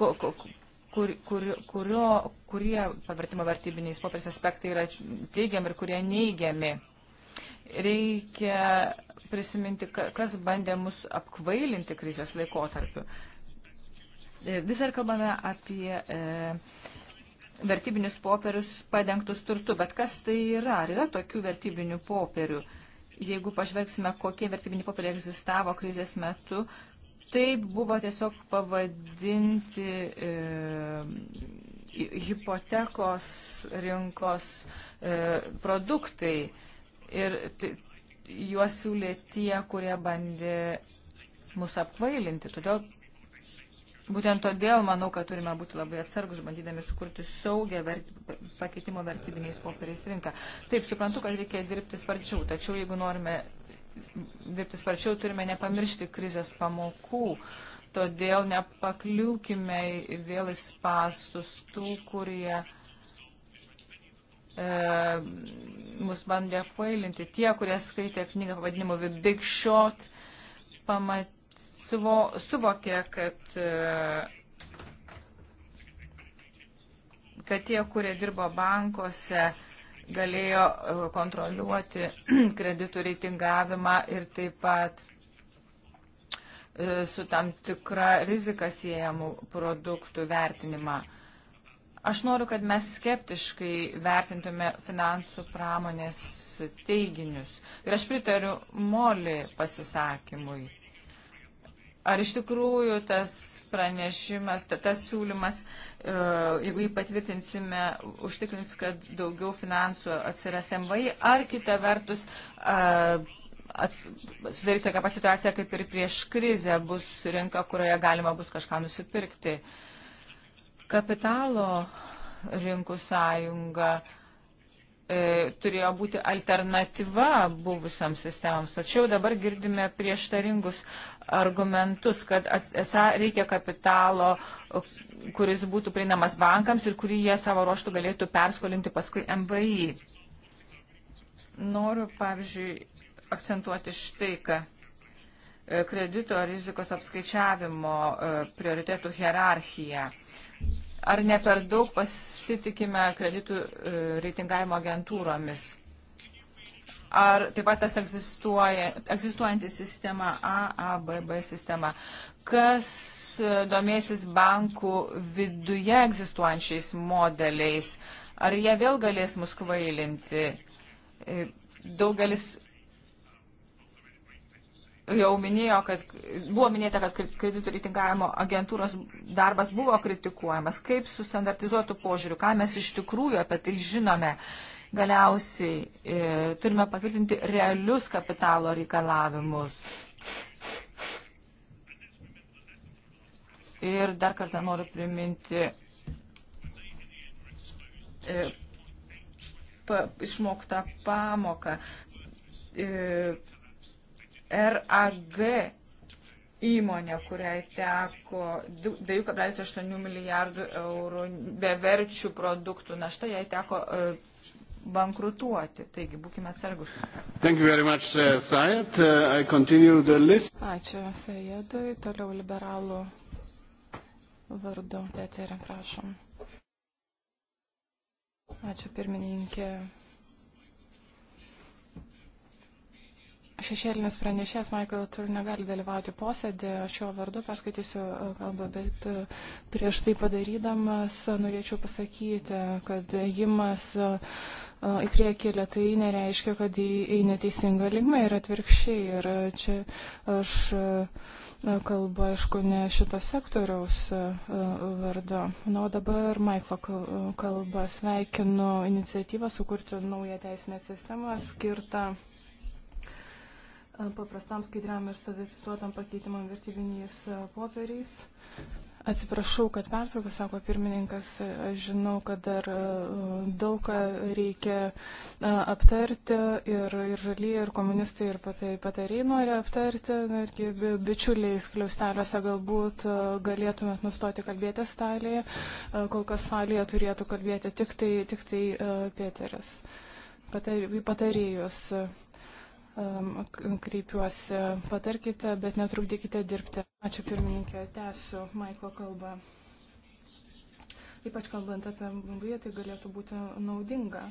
ko, ko, kur, kur, kurio, kurie pavertimo vertybiniais popieriais aspektai yra teigiami ir kurie neigiami. Reikia prisiminti, kas bandė mus apkvailinti krizės laikotarpiu. E, vis dar kalbame apie e, vertybinius popierius padengtus turtu, bet kas tai yra? Ar yra tokių vertybinių popierių? Jeigu pažvelgsime, kokie vertybiniai popieriai egzistavo krizės metu, e, Taip buvo tiesiog pavadinti e, hipotekos rinkos e, produktai ir juos siūlė tie, kurie bandė mus apvailinti. Todėl Būtent todėl manau, kad turime būti labai atsargus, bandydami sukurti saugę vert, pakeitimo vertybiniais popieriais rinką. Taip, suprantu, kad reikia dirbti sparčiau, tačiau jeigu norime dirbti sparčiau, turime nepamiršti krizės pamokų. Todėl nepakliūkime vėl į spastus tų, kurie e, mus bandė kvailinti. Tie, kurie skaitė knygą pavadinimu The Big Shot, pamat, suvo, suvokė, kad, e, kad tie, kurie dirbo bankuose, e, galėjo e, kontroliuoti [clears throat] kreditų reitingavimą ir taip pat e, su tam tikra rizika siejamų produktų vertinimą. Aš noriu, kad mes skeptiškai vertintume finansų pramonės teiginius. Ir aš pritariu Moli pasisakymui ar iš tikrųjų tas pranešimas, tas siūlymas, e, jeigu jį patvirtinsime, užtikrins, kad daugiau finansų atsiras MVI, ar kita vertus e, sudarys tokią pat situaciją, kaip ir prieš krizę bus rinka, kurioje galima bus kažką nusipirkti. Kapitalo rinkų sąjunga. Uh, e, turėjo būti alternatyva buvusiams sistemams. Tačiau dabar girdime prieštaringus argumentus, kad esą reikia kapitalo, kuris būtų prieinamas bankams ir kurį jie savo ruoštų galėtų perskolinti paskui MVI. Noriu, pavyzdžiui, akcentuoti štai, kad e, kredito rizikos apskaičiavimo e, prioritetų hierarchija. Ar ne per daug pasitikime kreditų e, reitingavimo agentūromis? Ar taip pat tas egzistuojanti sistema AABB sistema? Kas e, domėsis bankų viduje egzistuojančiais modeliais? Ar jie vėl galės mus kvailinti? E, daugelis jau minėjo, kad buvo minėta, kad kreditų reitingavimo agentūros darbas buvo kritikuojamas. Kaip su standartizuotu požiūriu, ką mes iš tikrųjų apie tai žinome, galiausiai e, turime patvirtinti realius kapitalo reikalavimus. Ir dar kartą noriu priminti. E, Pa, išmokta pamoka. E, RAG įmonė, kuriai teko 2,8 milijardų eurų beverčių produktų našta, jai teko e, bankrutuoti. Taigi būkime atsargus. Much, uh, Sayed. Uh, Ačiū Sajedui. Toliau liberalų vardu. Peterė, prašom. Ačiū pirmininkė. šešėlinis pranešėjas Michael Tur negali dalyvauti posėdį, aš jo vardu perskaitysiu e, kalbą, bet e, prieš tai padarydamas e, norėčiau pasakyti, kad ėjimas į priekį lietai nereiškia, kad eini teisinga linkme ir atvirkščiai. Ir čia aš kalbu, aišku, ne šito sektoriaus vardu. Na, o dabar Michaelo kalba sveikinu iniciatyvą sukurti naują teisinę sistemą skirtą paprastam skaidriam ir savicizuotam pakeitimam vertybiniais e, popieriais. Atsiprašau, kad pertrauką, sako pirmininkas, e, aš žinau, kad dar e, daug ką reikia aptarti ir, ir žalyje, ir komunistai, ir patariai nori aptarti, irgi bičiuliais kliausteliuose galbūt galėtumėt nustoti kalbėti salėje, kol kas salėje turėtų kalbėti tik tai, tik tai Pėteris, patarėjus. Patar, kreipiuosi, patarkite, bet netrukdykite dirbti. Ačiū pirmininkė, tęsiu Maiklo kalbą. Ypač kalbant apie Bangladešą, tai galėtų būti naudinga.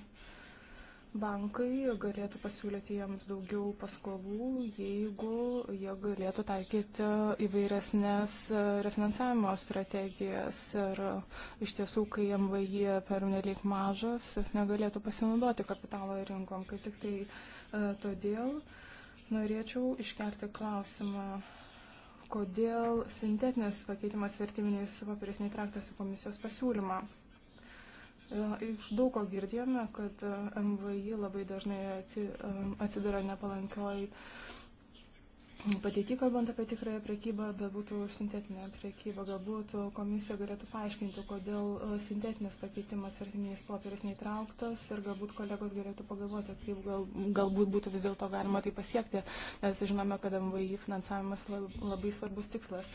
Bankai galėtų pasiūlyti jiems daugiau paskolų, jeigu jie galėtų taikyti įvairesnės e, refinansavimo strategijas. Ir iš tiesų, kai MVI per nelik mažas, jis negalėtų pasinaudoti kapitalo rinkom, kai tik tai E, todėl norėčiau iškelti klausimą, kodėl sintetinės pakeitimas vertybiniais popieriais neįtrauktas į komisijos pasiūlymą. E, iš daug ko girdėjome, kad e, MVI labai dažnai atsiduria nepalankioj pateikti, kalbant apie tikrąją prekybą, bet būtų sintetinė prekyba. Galbūt komisija galėtų paaiškinti, kodėl e, sintetinis pakeitimas vertiminis popieris neįtrauktas ir galbūt kolegos galėtų pagalvoti, kaip gal, galbūt būtų vis dėlto galima tai pasiekti, nes žinome, kad MVI finansavimas labai svarbus tikslas.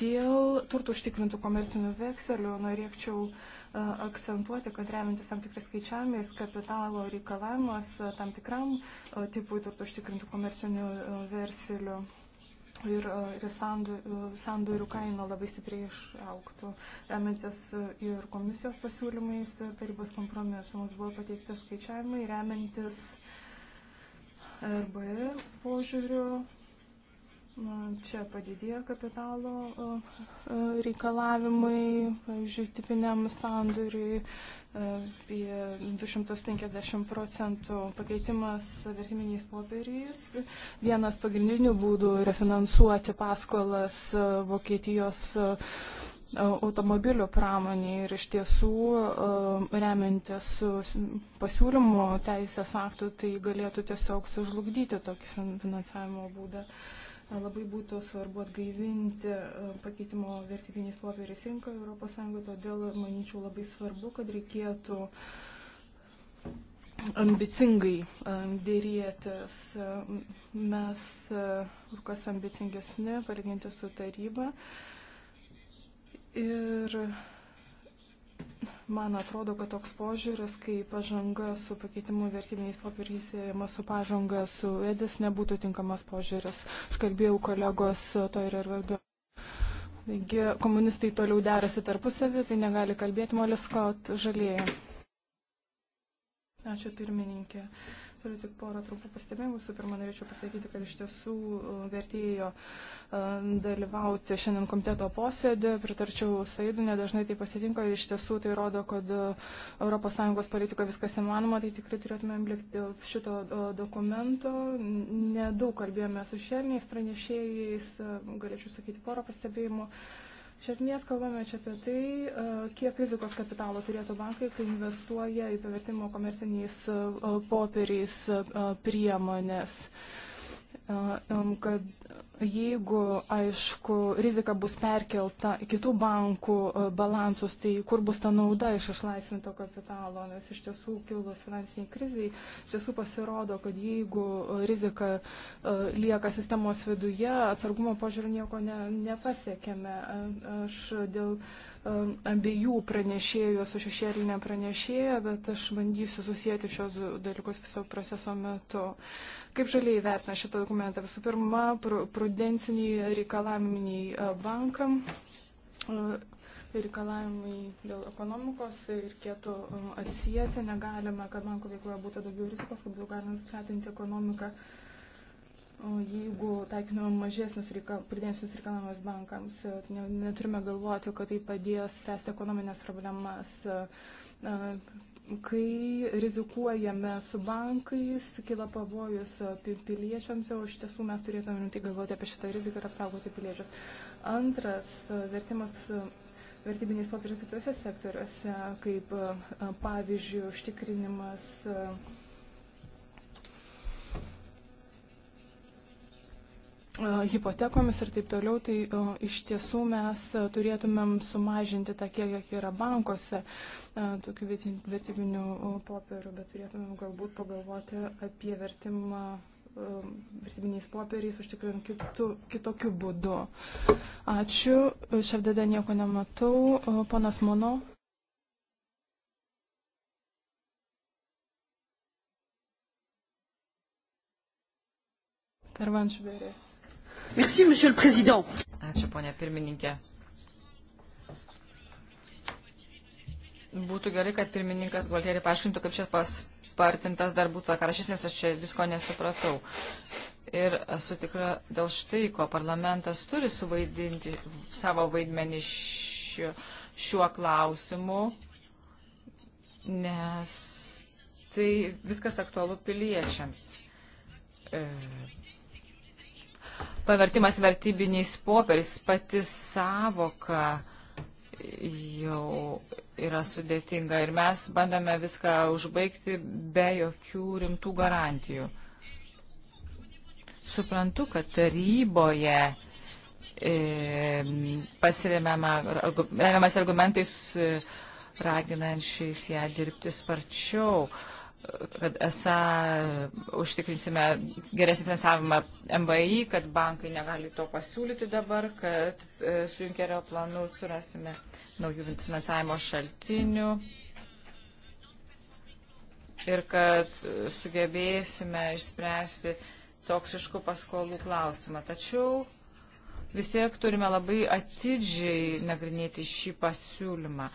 Dėl turtų užtikrintų komercinių vekselių norėčiau. Nu, akcentuoti, kad remintis tam tikrais skaičiavimais kapitalo reikalavimas tam tikram tipui turtų užtikrintų komercinių versilių ir, ir sandorių kaina labai stipriai išauktų. Remiantis ir komisijos pasiūlymais, ir tarybos kompromisu, mums buvo pateikti skaičiavimai, remiantis RBR požiūriu Čia padidėjo kapitalo reikalavimai, pavyzdžiui, tipiniam sandoriui e, apie 250 procentų pakeitimas vertiminiais popieriais. Vienas pagrindinių būdų refinansuoti paskolas e, Vokietijos e, automobilių pramonė ir iš tiesų remiantis pasiūlymo teisės aktų, tai galėtų tiesiog sužlugdyti tokį finansavimo būdą. Uh, Labai būtų svarbu atgaivinti e, pakeitimo vertybiniais popieriais rinką ES, todėl manyčiau labai svarbu, kad reikėtų ambicingai e, dėrėtis. E, mes kur kas ambicingesni, palyginti su taryba. Ir Man atrodo, kad toks požiūris, kai pažanga su pakeitimu vertybiniais popieriais siejama su pažanga su edis, nebūtų tinkamas požiūris. Aš kalbėjau kolegos to ir vardu. Taigi komunistai toliau derasi tarpusavį, tai negali kalbėti molis, kad žalėja. Ačiū pirmininkė. Uh, turiu tik porą trumpų pastebėjimų. Visų pirma, norėčiau pasakyti, kad iš tiesų e, vertėjo e, dalyvauti šiandien komiteto posėdį. Pritarčiau Saidų, nedažnai tai pasitinka. Iš tiesų tai rodo, kad ES politiko viskas įmanoma. Tai tikrai turėtumėm likti šito e, dokumento. Nedaug kalbėjome su šelniais pranešėjais. Galėčiau sakyti porą pastebėjimų. Uh, Iš esmės kalbame čia apie tai, e, kiek rizikos kapitalo turėtų bankai, kai investuoja į pavertimo komerciniais e, popieriais e, priemonės. Uh, kad jeigu, aišku, rizika bus perkelta į kitų bankų balansus, tai kur bus ta nauda iš išlaisvinto kapitalo, nes iš tiesų kilus finansiniai kriziai, iš tiesų pasirodo, kad jeigu rizika lieka sistemos viduje, atsargumo požiūrį nieko ne, nepasiekėme. Aš dėl abiejų pranešėjų, esu šešėlinė pranešėja, bet aš bandysiu susijęti šios dalykus viso proceso metu. Kaip žaliai vertina šitą dokumentą? Visų pirma, prudenciniai reikalaviminiai e, bankam e, reikalavimai dėl ekonomikos reikėtų e, atsijėti, negalime, kad banko veikloje būtų daugiau rizikos, labiau galime skatinti ekonomiką uh, jeigu taikiname mažesnius pridėsnius reikalavimus bankams, e, tai neturime galvoti, kad tai padės spręsti ekonominės problemas. E, e, kai rizikuojame su bankais, kila pavojus piliečiams, o iš tiesų mes turėtume tik galvoti apie šitą riziką ir apsaugoti piliečius. Antras vertimas vertybiniais popieriais kitose sektoriuose, kaip pavyzdžiui, užtikrinimas E, hipotekomis ir taip toliau, tai e, iš tiesų mes e, turėtumėm sumažinti tą kiekį, kiek yra bankose tokių vertybinių popierių, bet turėtumėm galbūt pagalvoti apie vertimą vertybiniais popieriais užtikrinant kitu, kitokiu būdu. Ačiū, šiandien nieko nematau. Panas Mono. Pervanšberė. Merci, monsieur le président. Ačiū, ponė pirmininkė. Būtų gerai, kad pirmininkas Gualtieri paaiškintų, kaip čia paspartintas darbų tvarkarašys, nes aš čia visko nesupratau. Ir esu tikra dėl štai, ko parlamentas turi suvaidinti savo vaidmenį šiuo, šiuo klausimu, nes tai viskas aktualu piliečiams. E, pavertimas vertybiniais popieriais, pati savoka jau yra sudėtinga ir mes bandome viską užbaigti be jokių rimtų garantijų. Suprantu, kad taryboje e, pasiremiamas argumentais e, raginančiais ją dirbti sparčiau. E, kad esą užtikrinsime geresnį finansavimą MVI, kad bankai negali to pasiūlyti dabar, kad e, su Junkerio planu surasime naujų finansavimo šaltinių ir kad sugebėsime išspręsti toksiškų paskolų klausimą. Tačiau vis tiek turime labai atidžiai nagrinėti šį pasiūlymą.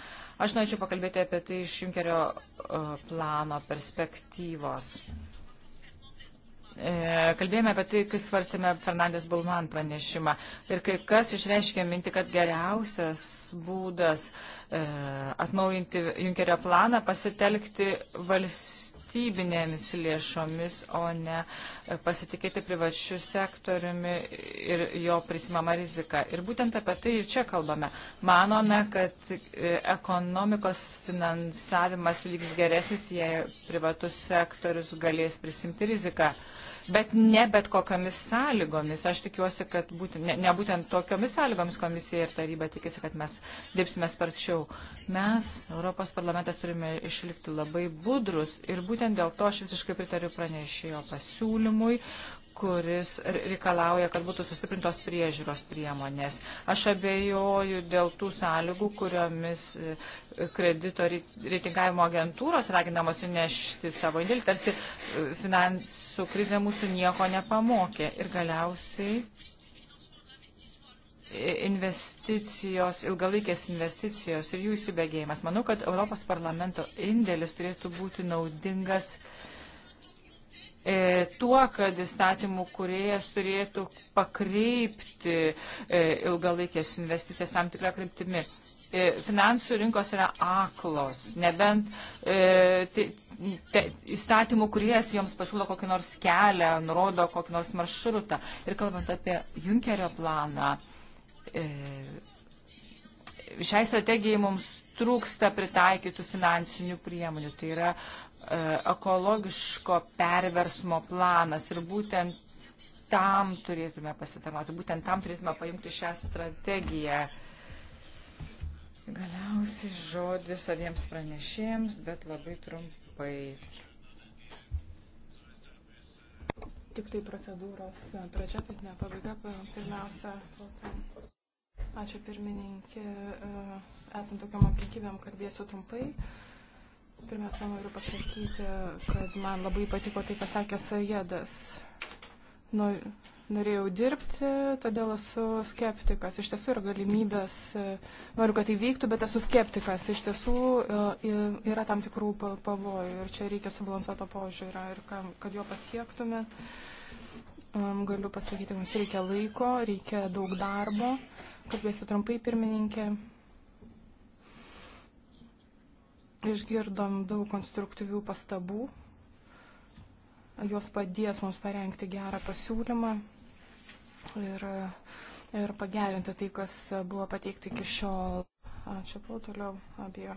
Aš norėčiau pakalbėti apie tai iš Junkerio e, plano perspektyvos. E, kalbėjome apie tai, kai svarstėme Fernandės Bulman pranešimą. Ir kai kas išreiškė minti, kad geriausias būdas e, atnaujinti Junkerio planą pasitelkti valstybės valstybinėmis lėšomis, o ne e, pasitikėti privačiu sektoriumi ir jo prisimama rizika. Ir būtent apie tai ir čia kalbame. Manome, kad e, ekonomikos finansavimas lygs geresnis, jei privatus sektorius galės prisimti riziką bet ne bet kokiamis sąlygomis. Aš tikiuosi, kad būtent, ne, ne būtent tokiomis sąlygomis komisija ir taryba tikisi, kad mes dirbsime sparčiau. Mes, Europos parlamentas, turime išlikti labai budrus ir būtent dėl to aš visiškai pritariu pranešėjo pasiūlymui, kuris reikalauja, kad būtų sustiprintos priežiūros priemonės. Aš abejoju dėl tų sąlygų, kuriomis e, kredito reitingavimo agentūros raginamos įnešti savo indėlį, tarsi e, finansų krizė mūsų nieko nepamokė. Ir galiausiai investicijos, ilgalaikės investicijos ir jų įsibėgėjimas. Manau, kad Europos parlamento indėlis turėtų būti naudingas uh, e, tuo, kad įstatymų kuriejas turėtų pakreipti e, ilgalaikės investicijas tam tikrą kryptimi. E, finansų rinkos yra aklos, nebent e, te, te, įstatymų kuriejas joms pasiūlo kokį nors kelią, nurodo kokį nors maršrutą. Ir kalbant apie Junkerio planą, e, šiai strategijai mums trūksta pritaikytų finansinių priemonių. Tai yra e, E, ekologiško perversmo planas ir būtent tam turėtume pasitarnauti, būtent tam turėtume pajungti šią strategiją. Galiausiai žodis abiems pranešėjams, bet labai trumpai. Tik tai procedūros pradžia, bet ne pabaiga. Pirmiausia, ačiū pirmininkė, e, esant tokiam aplinkybėm kalbėsiu trumpai. Uh, Pirmiausia, noriu pasakyti, kad man labai patiko tai, ką sakė Sajedas. Nu, norėjau dirbti, todėl esu skeptikas. Iš tiesų yra galimybės, noriu, kad tai vyktų, bet esu skeptikas. Iš tiesų yra tam tikrų pavojų ir čia reikia subalansuoto požiūrio ir kad jo pasiektume. Um, galiu pasakyti, mums reikia laiko, reikia daug darbo. Kalbėsiu trumpai, pirmininkė. Išgirdom daug konstruktyvių pastabų. Jos padės mums parengti gerą pasiūlymą ir, ir pagerinti tai, kas buvo pateikti iki šiol. Ačiū, plau toliau abie.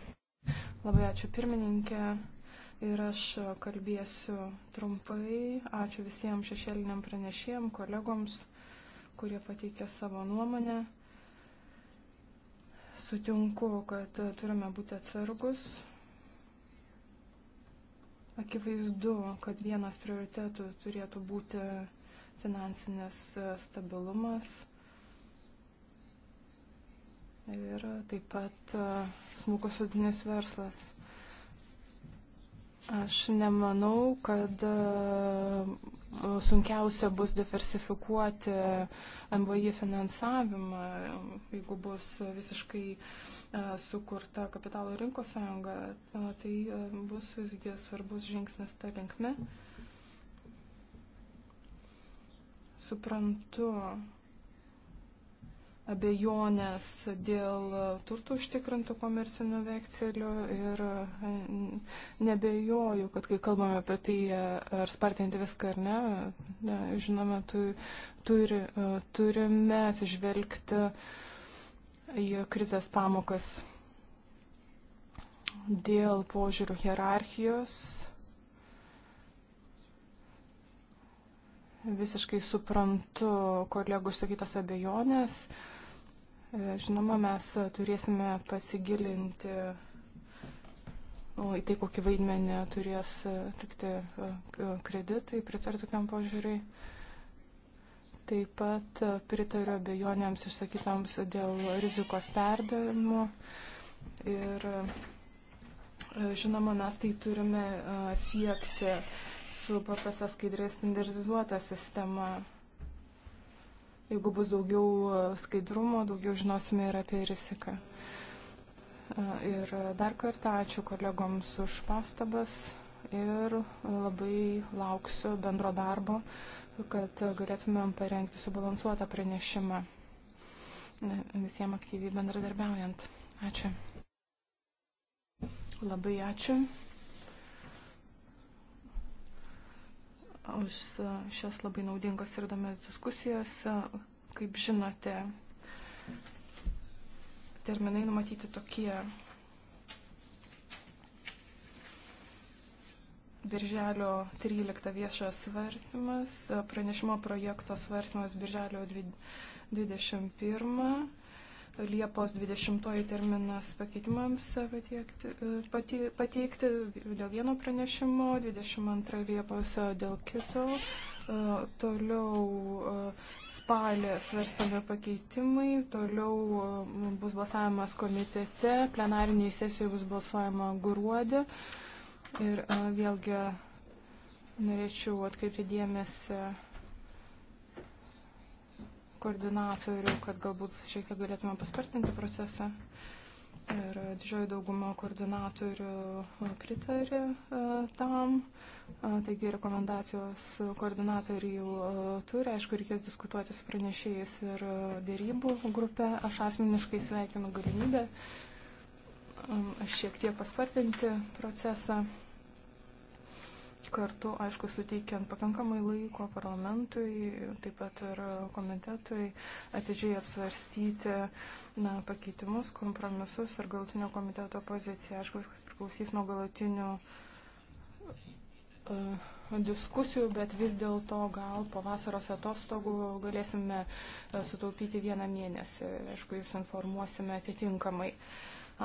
Labai ačiū pirmininkė ir aš kalbėsiu trumpai. Ačiū visiems šešėliniam pranešėjim, kolegoms, kurie pateikė savo nuomonę. Sutinku, kad turime būti atsargus Akivaizdu, kad vienas prioritetų turėtų būti finansinis e, stabilumas ir taip pat e, smulkus vidinis verslas. Aš nemanau, kad e, sunkiausia bus diversifikuoti MVI finansavimą, jeigu bus visiškai e, sukurta kapitalo rinkos sąjunga. E, tai bus visgi svarbus žingsnis tą linkme. Suprantu, abejonės dėl turtų užtikrintų komercinių vekcelių ir e, nebejoju, kad kai kalbame apie tai, e, ar spartinti viską ar ne, ne žinome, tu, turi, e, turime atsižvelgti į krizės pamokas dėl požiūrių hierarchijos. Visiškai suprantu kolegų išsakytas abejonės. Uh, E, žinoma, mes turėsime pasigilinti o, į tai, kokį vaidmenį turės e, atlikti e, kreditai, pritarti tokiam požiūriui. Taip pat pritariu abejonėms išsakytoms dėl rizikos perdavimo. Ir žinoma, mes tai turime siekti su paprasta skaidrės standartizuota sistema. Jeigu bus daugiau e, skaidrumo, daugiau žinosime ir apie riziką. E, ir dar kartą ačiū kolegoms už pastabas ir e, labai lauksiu bendro darbo, kad galėtumėm parengti subalansuotą pranešimą visiems aktyviai bendradarbiaujant. Ačiū. Labai ačiū. už e, šias labai naudingas ir įdomias diskusijas. E, kaip žinote, terminai numatyti tokie. Birželio 13 viešas svarstymas, e, pranešimo projekto svarstymas Birželio 21 Liepos 20 terminas pakeitimams pateikti, e, pati, pateikti dėl vieno pranešimo, 22 Liepos dėl kito, e, toliau e, spalį svarstami pakeitimai, toliau bus balsavimas komitete, plenariniai sesijoje bus balsuojama gruodį ir vėlgi norėčiau atkreipti dėmesį koordinatorių, kad galbūt šiek tiek galėtume paspartinti procesą. Ir didžioji dauguma koordinatorių pritarė e, tam. E, taigi rekomendacijos koordinatoriai jau e, turi, aišku, reikės diskutuoti su pranešėjais ir dėrybų grupė. Aš asmeniškai sveikinu galimybę šiek tiek paspartinti procesą kartu, aišku, suteikiant pakankamai laiko parlamentui, taip pat ir komitetui atidžiai apsvarstyti na, pakeitimus, kompromisus ir galutinio komiteto poziciją. Aišku, viskas priklausys nuo galutinių uh, diskusijų, bet vis dėlto gal po vasaros atostogų galėsime e, sutaupyti vieną mėnesį. Aišku, jūs informuosime atitinkamai.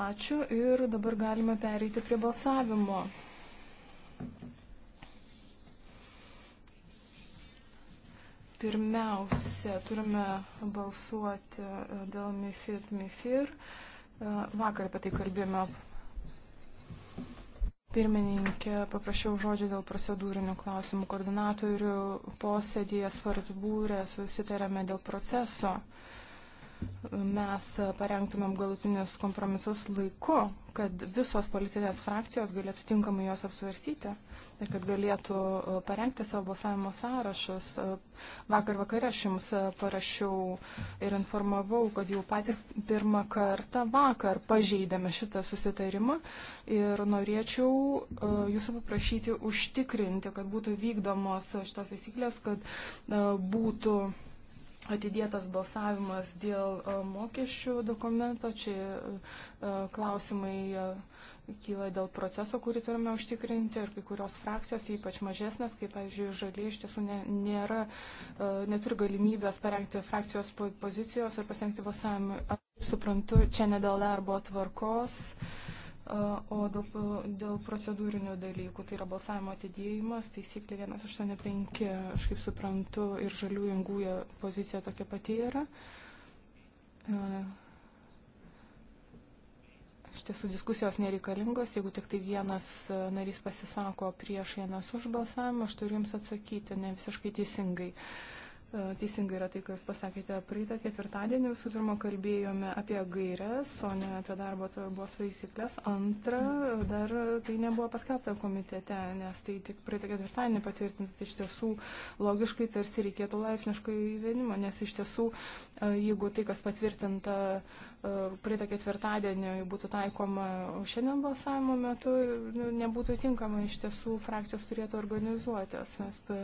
Ačiū ir dabar galime pereiti prie balsavimo. Pirmiausia, turime balsuoti e, dėl MIFID, MIFIR. E, vakar apie tai kalbėjome. Pirmininkė, paprašiau žodžio dėl procedūrinių klausimų koordinatorių posėdėje svarbu, susitarėme dėl proceso. Uh, mes parengtumėm galutinius kompromisus laiku, kad visos politinės frakcijos galėtų tinkamai juos apsvarstyti ir kad galėtų uh, parengti savo balsavimo sąrašus. Uh, vakar vakare aš jums uh, parašiau ir informavau, kad jau patį pirmą kartą vakar pažeidėme šitą susitarimą ir norėčiau jūsų paprašyti užtikrinti, kad būtų vykdomos šitos taisyklės, kad būtų atidėtas balsavimas dėl e, mokesčių dokumento. Čia e, klausimai e, kyla dėl proceso, kurį turime užtikrinti ir kai kurios frakcijos, ypač mažesnės, kaip, pavyzdžiui, žaliai iš tiesų ne, nėra, neturi galimybės parengti frakcijos pozicijos ir pasirinkti balsavimą. Suprantu, čia ne dėl darbo tvarkos. Uh, O dėl, dėl procedūrinių dalykų, tai yra balsavimo atidėjimas, taisyklė 185, aš kaip suprantu, ir žaliųjų ingųje pozicija tokia pati yra. Iš tiesų diskusijos nereikalingos, jeigu tik tai vienas narys pasisako prieš vienas už balsavimą, aš turiu jums atsakyti, ne visiškai teisingai. Uh, E, teisingai yra tai, ką Jūs pasakėte. Praeitą ketvirtadienį visų pirma kalbėjome apie gairias, o ne apie darbo tvarkos taisyklės. Antra, dar tai nebuvo paskelbta komitete, nes tai tik praeitą ketvirtadienį patvirtinta. Tai iš tiesų logiškai tarsi reikėtų laipsniško įvedimo, nes iš tiesų, e, jeigu tai, kas patvirtinta E, praeitą ketvirtadienį būtų taikoma šiandien balsavimo metu, nu, nebūtų tinkama iš tiesų frakcijos turėtų organizuotis, nes, e,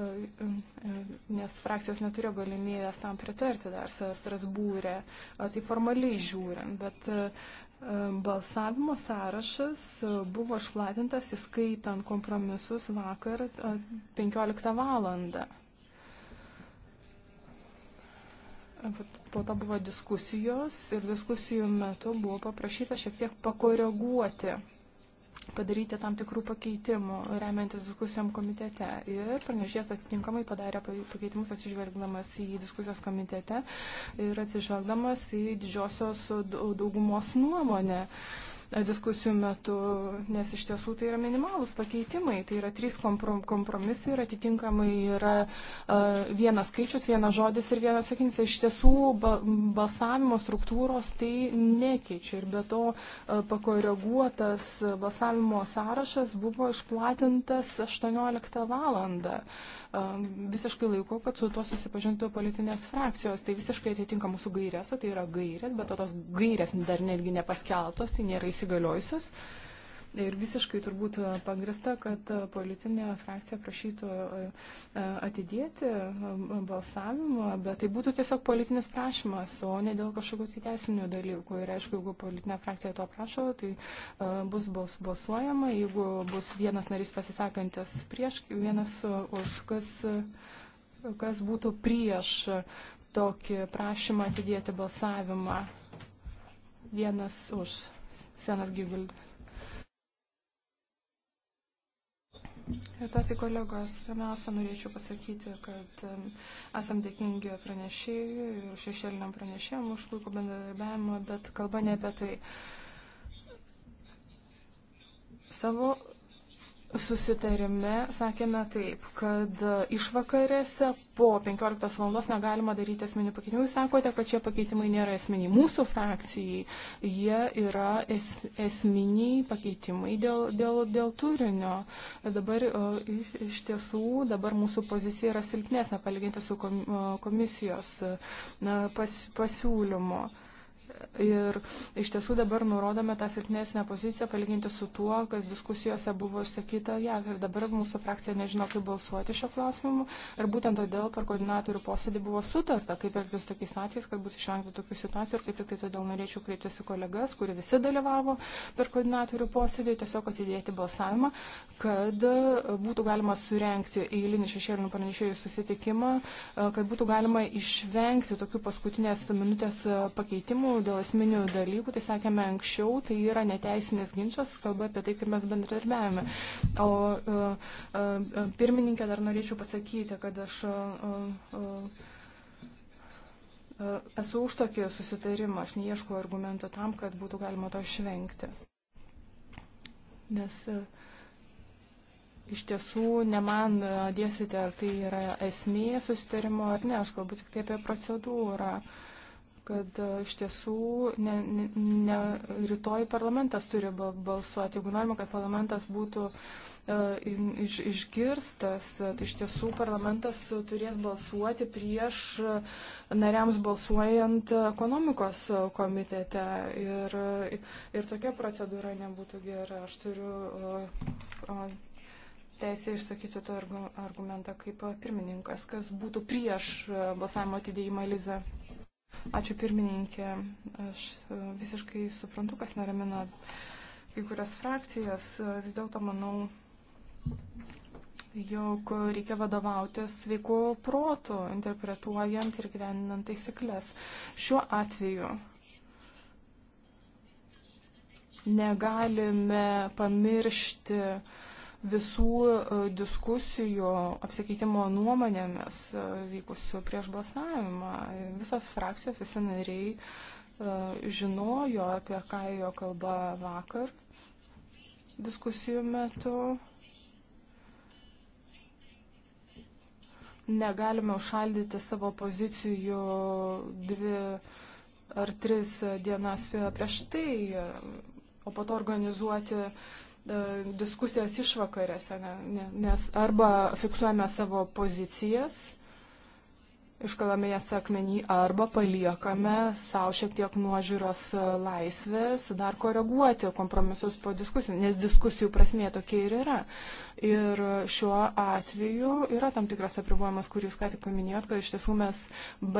e, nes frakcijos neturėjo galimybės tam pritarti dar Strasbūrė, tai formaliai žiūrint, bet balsavimo sąrašas buvo išplatintas, įskaitant kompromisus vakar 15 valandą. po to buvo diskusijos ir diskusijų metu buvo paprašyta šiek tiek pakoreguoti, padaryti tam tikrų pakeitimų, remiantis diskusijom komitete. Ir pranešėjas atitinkamai padarė pakeitimus atsižvelgdamas į diskusijos komitete ir atsižvelgdamas į didžiosios daugumos nuomonę. Uh, diskusijų metu, nes iš tiesų tai yra minimalus pakeitimai, tai yra trys kompromisai ir atitinkamai yra vienas skaičius, vienas žodis ir vienas sakinys. Iš tiesų balsavimo struktūros tai nekeičia ir be to pakoreguotas balsavimo sąrašas buvo išplatintas 18 valandą. Visiškai laiku, kad su to susipažintų politinės frakcijos. Tai visiškai atitinka mūsų gairės, o tai yra gairės, bet tos gairės dar netgi nepaskeltos, tai nėra įsigaliojusios. Ir visiškai turbūt pagrista, kad politinė frakcija prašytų e, atidėti e, balsavimą, bet tai būtų tiesiog politinis prašymas, o ne dėl kažkokių tai teisinių dalykų. Ir aišku, jeigu politinė frakcija to prašo, tai e, bus bals, balsuojama, jeigu bus vienas narys pasisakantis prieš, vienas už, kas, kas būtų prieš tokį prašymą atidėti balsavimą. Vienas už senas gyvulys. Ir pati kolegos, pirmiausia, norėčiau pasakyti, kad esam dėkingi pranešėjui ir šešėliniam pranešėjim už puikų bendradarbiavimą, bet kalba ne apie tai. Savo Susitarime sakėme taip, kad išvakarėse po 15 valandos negalima daryti esminių pakeitimų. Jūs sakote, kad šie pakeitimai nėra esminiai. Mūsų frakcijai jie yra es, esminiai pakeitimai dėl, dėl, dėl turinio. Dabar iš tiesų dabar mūsų pozicija yra silpnesnė palyginti su komisijos pasiūlymu. Ir iš tiesų dabar nurodome tą silpnesnę poziciją palyginti su tuo, kas diskusijose buvo išsakyta JAV. Ir dabar mūsų frakcija nežino, kaip balsuoti šio klausimu. Ir būtent todėl per koordinatorių posėdį buvo sutarta, kaip elgtis tokiais atvejais, kad būtų išvengta tokių situacijų. Ir kaip tik tai todėl norėčiau kreiptis į kolegas, kurie visi dalyvavo per koordinatorių posėdį, tiesiog atidėti balsavimą, kad e, būtų galima surenkti eilinį šešėlinių pranešėjų susitikimą, e, kad būtų galima išvengti tokių paskutinės minutės e, pakeitimų nemanau dėl esminių dalykų, tai sakėme anksčiau, tai yra neteisinis ginčas, kalba apie tai, kaip mes bendradarbiavame. O e, e, e, pirmininkė dar norėčiau pasakyti, kad aš. Esu už tokį susitarimą, aš neieškau argumentų tam, kad būtų galima to išvengti. Nes uh, iš tiesų ne man dėsite, ar tai yra esmė susitarimo ar ne, aš kalbu tik tai apie procedūrą. Uh, kad e, iš tiesų ne, ne, rytoj parlamentas turi balsuoti. Jeigu norime, kad parlamentas būtų e, iš, išgirstas, e, tai iš tiesų parlamentas turės balsuoti prieš nariams balsuojant ekonomikos komitete. Ir, ir tokia procedūra nebūtų gera. Aš turiu teisę išsakyti to argumentą kaip pirmininkas, kas būtų prieš balsavimo atidėjimą Elizą. Ačiū pirmininkė. Aš e, visiškai suprantu, kas neramina kai kurias frakcijas. E, vis dėlto manau, jog reikia vadovautis sveiku protu, interpretuojant ir gyveninant taisyklės. Šiuo atveju negalime pamiršti uh, visų e, diskusijų, apsikeitimo nuomonėmis e, vykusių prieš balsavimą. Visos frakcijos, visi nariai e, žinojo, apie ką jo kalba vakar diskusijų metu. Negalime užšaldyti savo pozicijų dvi ar tris dienas prieš tai, o po to organizuoti uh, E, diskusijos išvakarėse, ne, ne, nes arba fiksuojame savo pozicijas, iškalame jas akmenį, arba paliekame savo šiek tiek nuožiūros e, laisvės dar koreguoti kompromisus po diskusijų, nes diskusijų prasmė tokia ir yra. Ir šiuo atveju yra tam tikras apribojimas, kurį jūs ką tik paminėjot, kad iš tiesų mes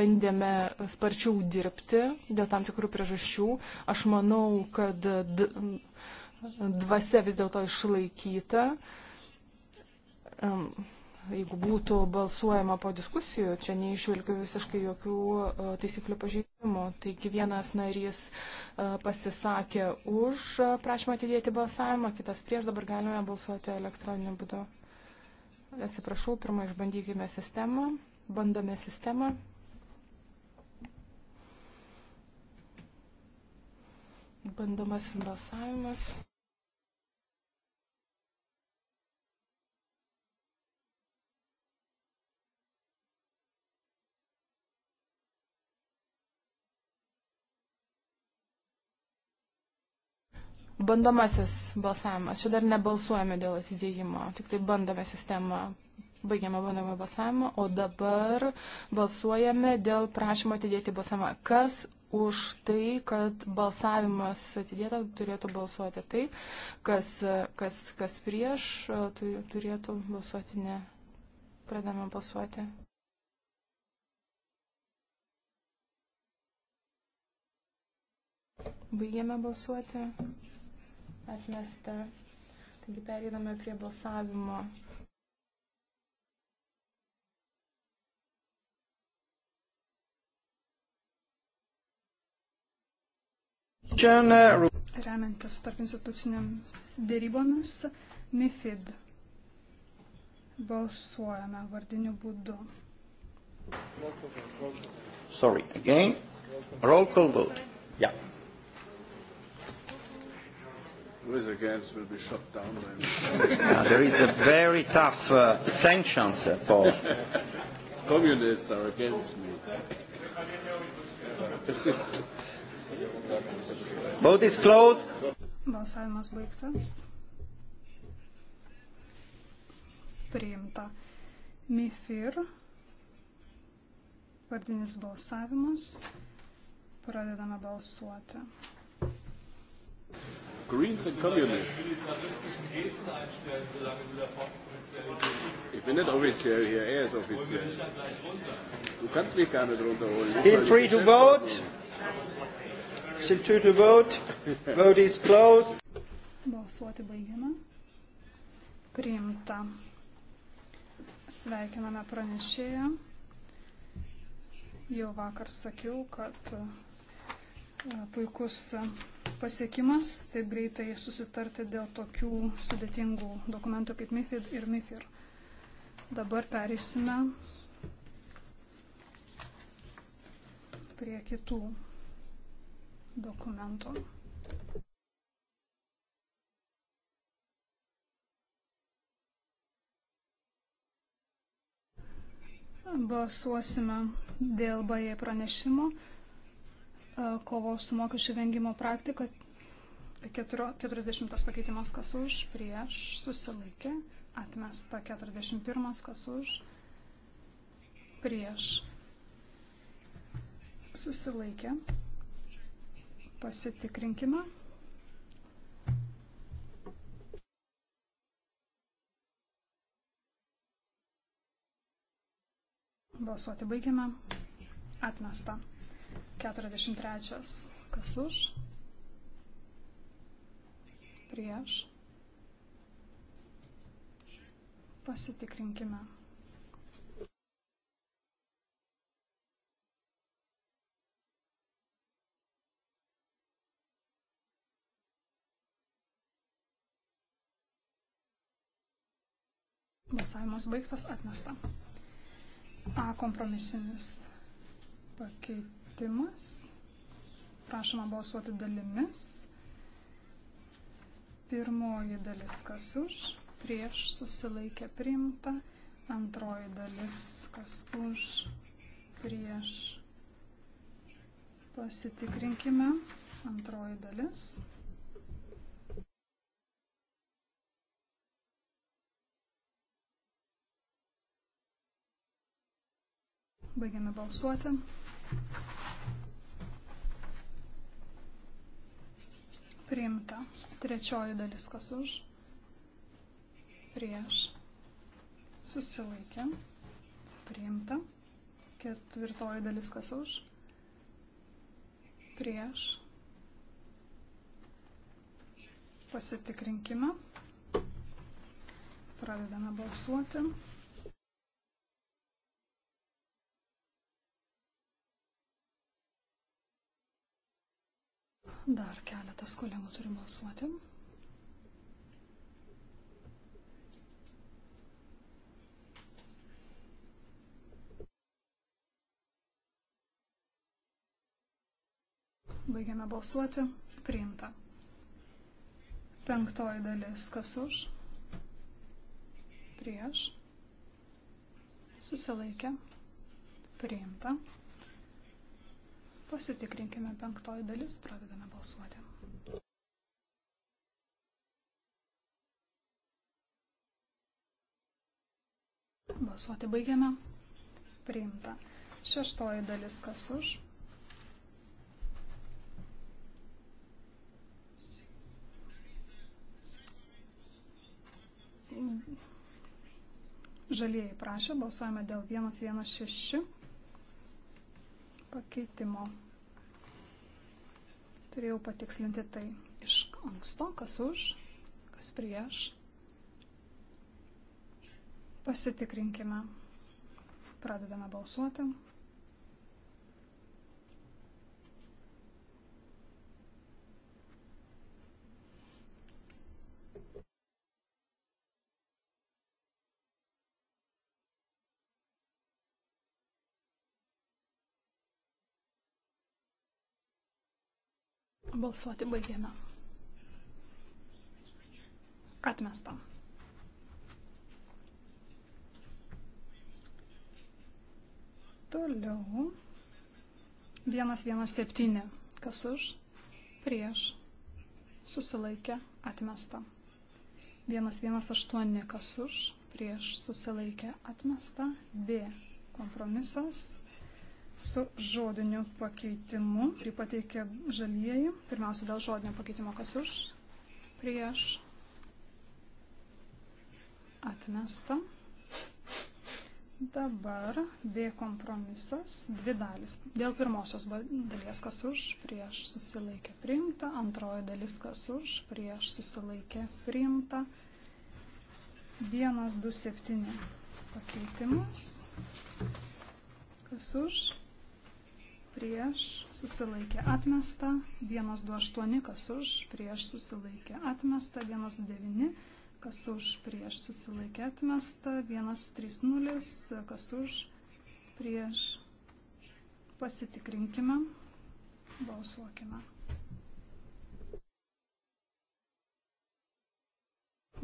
bandėme sparčiau dirbti dėl tam tikrų priežasčių. Aš manau, kad dvasia vis dėlto išlaikyta. Jeigu būtų balsuojama po diskusijų, čia neišvilgiu visiškai jokių e, taisyklių pažeidimų. Taigi vienas narys e, pasisakė už e, prašymą atidėti balsavimą, kitas prieš, dabar galime balsuoti elektroniniu būdu. Atsiprašau, pirmą išbandykime sistemą, bandome sistemą. bandomas balsavimas. Bandomasis balsavimas. Čia dar nebalsuojame dėl atidėjimo, tik tai bandome sistemą baigiame bandomą balsavimą, o dabar balsuojame dėl prašymo atidėti balsavimą. Kas už tai, kad balsavimas atidėtas turėtų balsuoti taip, kas, kas, kas prieš e, turėtų balsuoti ne. Pradame balsuoti. Baigėme balsuoti. Atmesta. Taigi pereiname prie balsavimo Remiantis tarp institucinėms dėrybomis, MIFID balsuojame vardiniu būdu. Sorry, again. Roll call vote. Yeah. Who is against will be shut down. now, [laughs] uh, there is a very tough uh, sanctions uh, for. [laughs] Communists are against me. [laughs] Vote is closed. Balsavimas baigtas. Priimta. MIFIR. Vardinis balsavimas. Pradedame balsuoti. Greens and Communists. Ich bin nicht offiziell hier, er ist offiziell. Du kannst mich gar nicht runterholen. Feel free to vote. Still two to vote. Vote is closed. Balsuoti baigiame. Priimta. Sveikiname pranešėją. Jau vakar sakiau, kad e, puikus pasiekimas taip greitai susitarti dėl tokių sudėtingų dokumentų kaip MIFID ir MIFIR. Dabar pereisime prie kitų dokumento. Balsuosime dėl BAE pranešimo e, kovos su mokesčių vengimo praktika. 40 pakeitimas kas už, prieš, susilaikė, atmesta 41 kas už, prieš, susilaikė. Pasitikrinkime. Balsuoti baigiame. Atmesta. 43. Kas už? Prieš. Pasitikrinkime. Balsavimas baigtas, atmesta. A kompromisinis pakeitimas. Prašoma balsuoti dalimis. Pirmoji dalis kas už, prieš susilaikė priimta. Antroji dalis kas už, prieš pasitikrinkime. Antroji dalis. Baigiame balsuoti. Priimta. Trečioji dalis kas už. Prieš. Susilaikė. Priimta. Ketvirtoji dalis kas už. Prieš. Pasitikrinkime. Pradedame balsuoti. Dar keletas kolegų turi balsuoti. Baigiame balsuoti. Priimta. Penktoji dalis. Kas už? Prieš. Susilaikė. Priimta. Pasitikrinkime penktoji dalis, pradedame balsuoti. Balsuoti baigiame. Priimta. Šeštoji dalis kas už. Žalieji prašė, balsuojame dėl 116 pakeitimo. Turėjau patikslinti tai iš anksto, kas už, kas prieš. Pasitikrinkime. Pradedame balsuoti. Balsuoti baigėme. Atmesta. Toliau. 117. Kas už? Prieš. Susilaikė. Atmesta. 118. Kas už? Prieš. Susilaikė. Atmesta. B. Kompromisas su žodiniu pakeitimu, kurį pateikė žalieji. Pirmiausia, dėl žodinio pakeitimo, kas už, prieš, atmesta. Dabar B kompromisas, dvi dalis. Dėl pirmosios dalies, kas už, prieš, susilaikė priimta. Antroji dalis, kas už, prieš, susilaikė priimta. 1, 2, 7 pakeitimas. Kas už? prieš susilaikė atmesta, 128 kas už, prieš susilaikė atmesta, 129 kas už, prieš susilaikė atmesta, 130 kas už, prieš pasitikrinkime, balsuokime.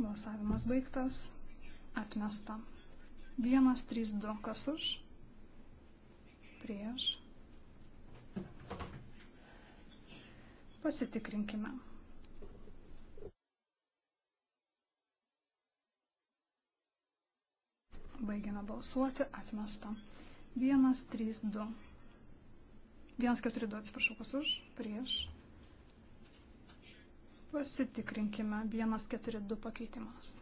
Balsavimas baigtas, atmesta. 132 kas už, prieš Pasitikrinkime. Baigiame balsuoti. Atmesta. 1, 3, 2. 1, 4, 2, atsiprašau, kas už, prieš. Pasitikrinkime. 1, 4, 2 pakeitimas.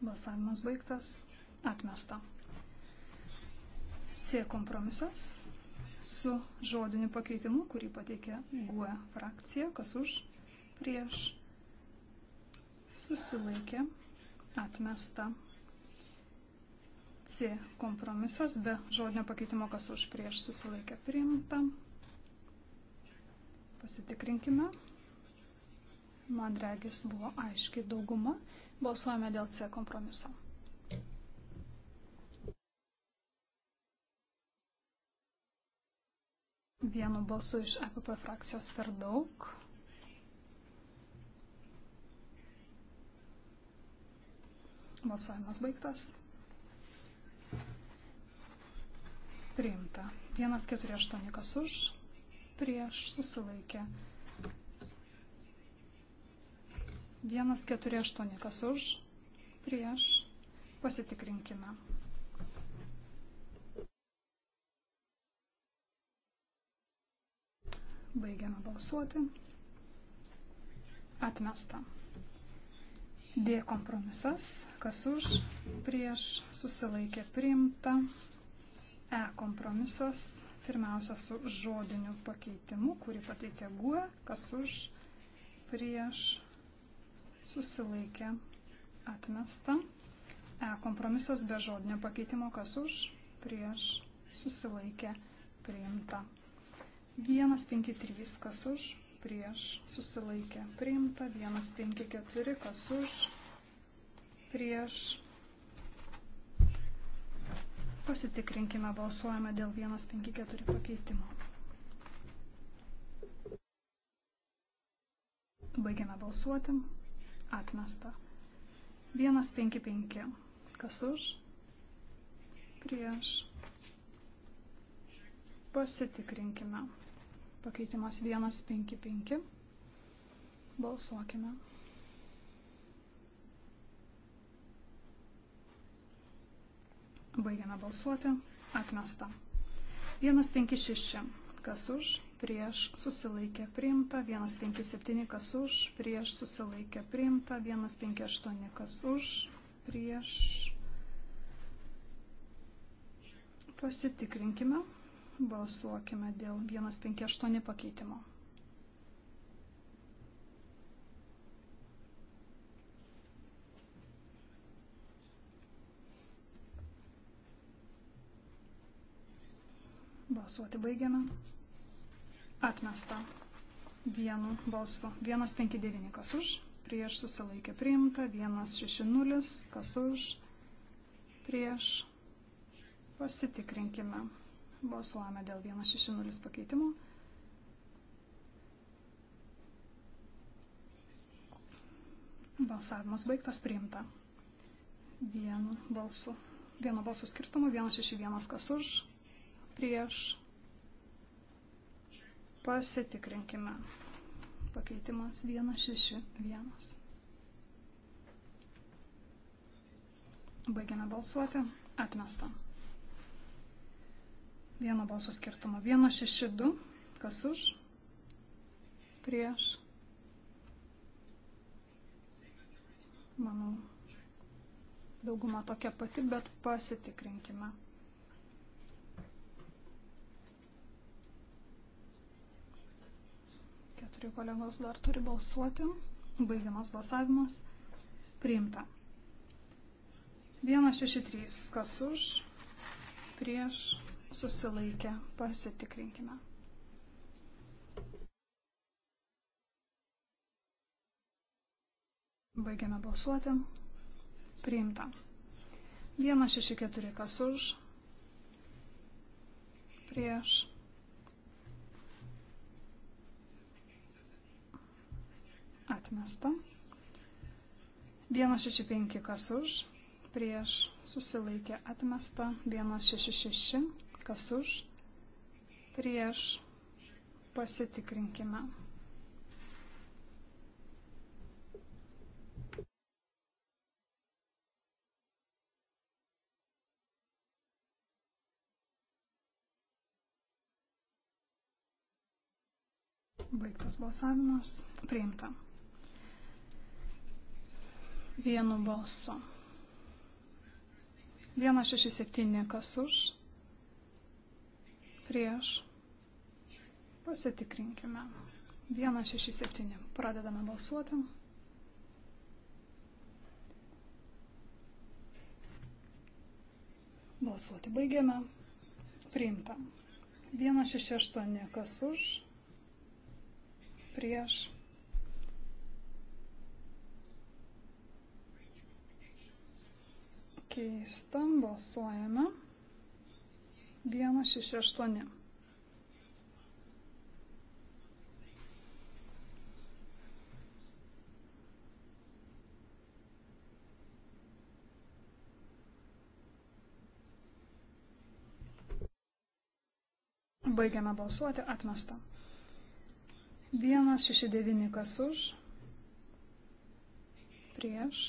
Balsavimas baigtas. Atmesta. C kompromisas su žodiniu pakeitimu, kurį pateikė GUE frakcija, kas už, prieš, susilaikė, atmesta. C kompromisas be žodinio pakeitimo, kas už, prieš, susilaikė, priimta. Pasitikrinkime. Man regis buvo aiškiai dauguma. Balsuojame dėl C kompromiso. Vienu balsu iš EPP frakcijos per daug. Balsavimas baigtas. Priimta. 148 kas už, prieš susilaikė. 148 kas už, prieš pasitikrinkime. Baigiame balsuoti. Atmesta. D kompromisas. Kas už, prieš, susilaikė priimta. E kompromisas. Pirmiausia, su žodiniu pakeitimu, kurį pateikė GUE. Kas už, prieš, susilaikė atmesta. E kompromisas be žodinio pakeitimo. Kas už, prieš, susilaikė priimta. 153 kas už, prieš susilaikė priimta, 154 kas už, prieš pasitikrinkime, balsuojame dėl 154 pakeitimo. Baigiame balsuoti. Atmesta. 155. Kas už? Prieš Pasitikrinkime. Pakeitimas 155. Balsuokime. Baigiame balsuoti. Atmesta. 156. Kas už, prieš, susilaikė, priimta. 157. Kas už, prieš, susilaikė, priimta. 158. Kas už, prieš. Pasitikrinkime. Balsuokime dėl 158 pakeitimo. Balsuoti baigiame. Atmesta vienu balsu. 159 kas už, prieš susilaikė priimta, 160 kas už, prieš pasitikrinkime. Balsuojame dėl 160 pakeitimo. Balsavimas baigtas priimta. Vienu balsu, vienu balsu skirtumu 161 kas už, prieš. Pasitikrinkime. Pakeitimas 161. Baigiame balsuoti. Atmesta. Vieno balso skirtumo. 162. Kas už? Prieš. Manau, dauguma tokia pati, bet pasitikrinkime. Keturi kolegos dar turi balsuoti. Baigiamas balsavimas. Priimta. 163. Kas už? Prieš susilaikė, pasitikrinkime. Baigiame balsuoti. Priimta. 164 kas už. Prieš. Atmesta. 165 kas už. Prieš. Susilaikė atmesta. 166 kas už, prieš, pasitikrinkime. Baigtas balsavimas. Priimta. Vienu balsu. 167 kas už prieš. Pasitikrinkime. 167. Pradedame balsuoti. Balsuoti baigiame. Priimta. 168. Kas už? Prieš. Keista. Balsuojame. 168. Baigiame balsuoti, atmesta. 169 kas už, prieš.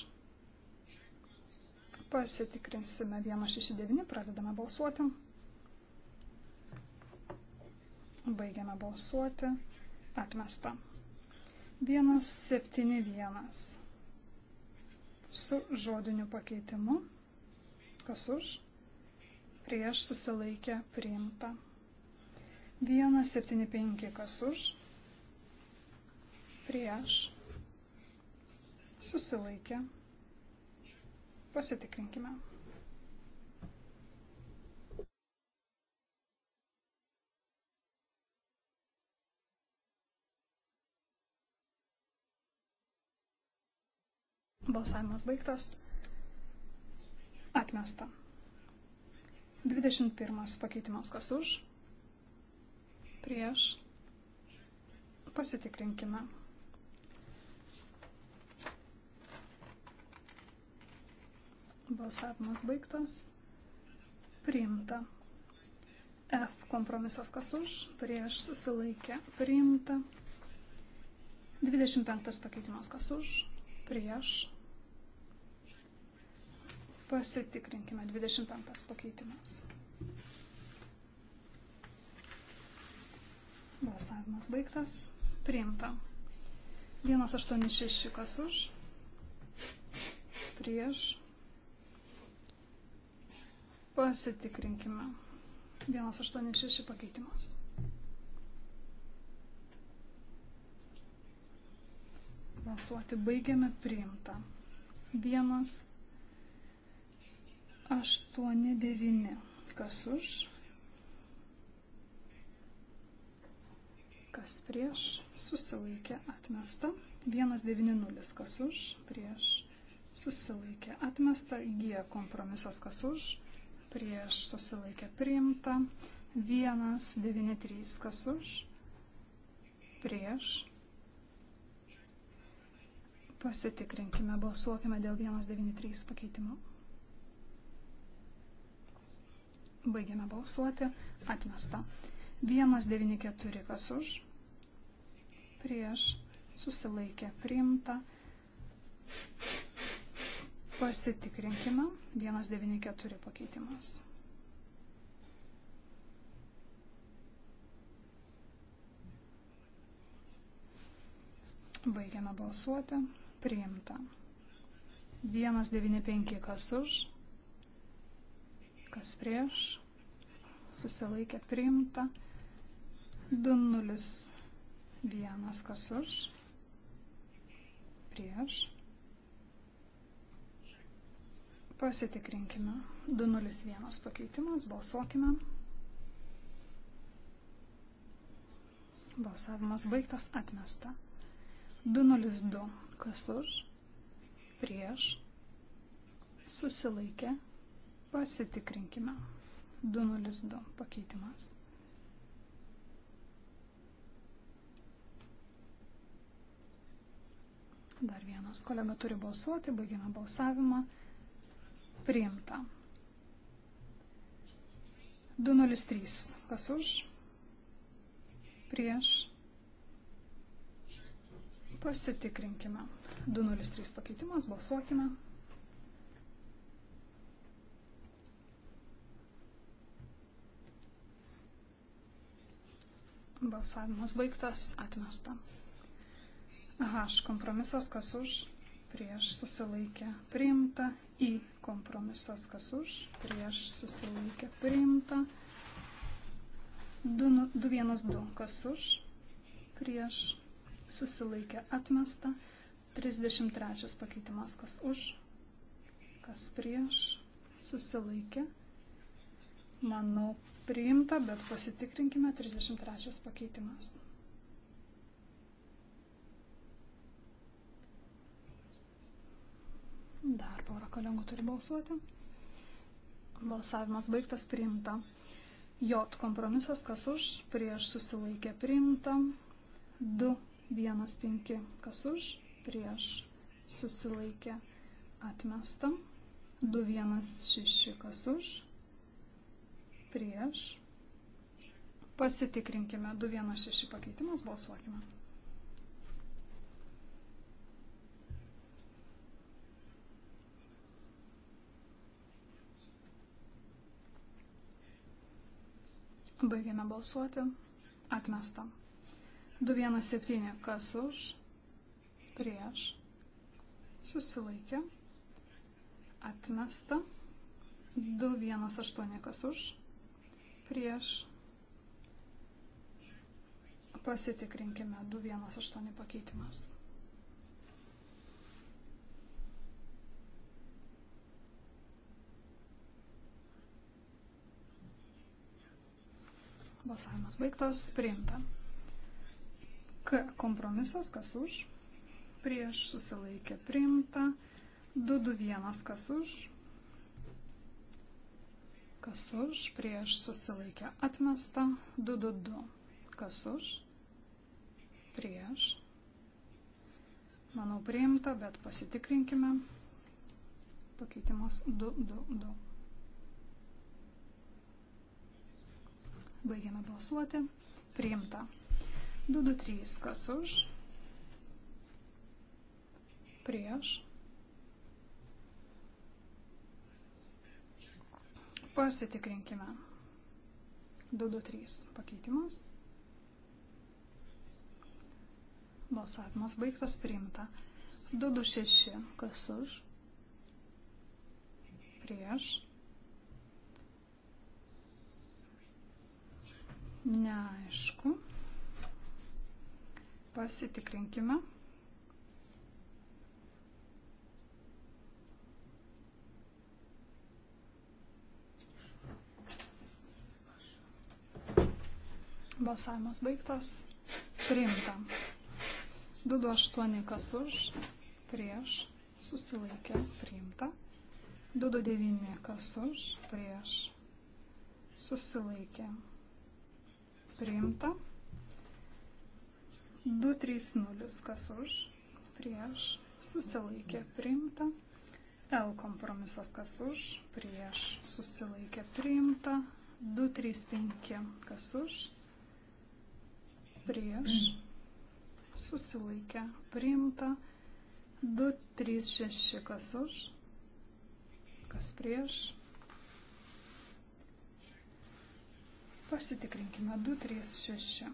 Pasitikrinsime 169, pradedame balsuoti. Baigiame balsuoti. Atmesta. 171. Su žodiniu pakeitimu. Kas už? Prieš susilaikę priimta. 175. Kas už? Prieš susilaikę. Pasitikrinkime. Balsavimas baigtas. Atmesta. 21 pakeitimas kas už. Prieš. Pasitikrinkime. Balsavimas baigtas. Priimta. F kompromisas kas už. Prieš susilaikė. Priimta. 25 pakeitimas kas už. Prieš Pasitikrinkime 25 pakeitimas. Balsavimas baigtas. Priimta. 186 kas už. Prieš. Pasitikrinkime. 186 pakeitimas. Balsuoti baigiame priimta. 1. 89. Kas už? Kas prieš? Susilaikė atmesta. 190. Kas už? Prieš. Susilaikė atmesta. G kompromisas. Kas už? Prieš. Susilaikė priimta. 193. Kas už? Prieš. Pasitikrinkime, balsuokime dėl 193 pakeitimo. Baigiame balsuoti. Atmesta. 194 kas už. Prieš. Susilaikė. Priimta. Pasitikrinkime. 194 pakeitimas. Baigiame balsuoti. Priimta. 195 kas už kas prieš, susilaikė priimta, 201 kas už, prieš. Pasitikrinkime, 201 pakeitimas, balsuokime. Balsavimas baigtas, atmesta. 202 kas už, prieš, susilaikė priimta Pasitikrinkime. 202 pakeitimas. Dar vienas kolega turi balsuoti, baigiame balsavimą. Priimta. 203. Kas už? Prieš. Pasitikrinkime. 203 pakeitimas, balsuokime. Balsavimas baigtas, atmesta. H kompromisas, kas už, prieš susilaikė priimta. I kompromisas, kas už, prieš susilaikė priimta. 212, nu, kas už, prieš susilaikė atmesta. 33 pakeitimas, kas už, kas prieš susilaikė Manau, priimta, bet pasitikrinkime 33 pakeitimas. Dar porą kolegų turi balsuoti. Balsavimas baigtas priimta. J kompromisas, kas už, prieš susilaikė priimta. 2, 1, 5, kas už, prieš susilaikė atmesta. 2, 1, 6, kas už, prieš. Pasitikrinkime 216 pakeitimas, balsuokime. Baigėme balsuoti. Atmesta. 217 kas už, prieš, susilaikė, atmesta. 218 kas už, prieš. Pasitikrinkime 218 pakeitimas. Balsavimas baigtas, priimta. K kompromisas, kas už, prieš susilaikė priimta, 221 kas už, Kas už, prieš susilaikę atmesta. 222. Kas už, prieš. Manau priimta, bet pasitikrinkime. Pakeitimas 222. Baigiame balsuoti. Priimta. 223. Kas už, prieš Pasitikrinkime. 223 pakeitimas. Balsavimas baigtas priimta. 226 kas už. Prieš. Neaišku. Pasitikrinkime. 223. Balsavimas baigtas. Priimta. 228 kas už, prieš, susilaikė, priimta. 229 kas už, prieš, susilaikė, priimta. 230 kas už, prieš, susilaikė, priimta. L kompromisas kas už, prieš, susilaikė, priimta. 235 kas už, prieš, susilaikę, priimta. 2, 3, 6, kas už, kas prieš. Pasitikrinkime 2, 3, 6.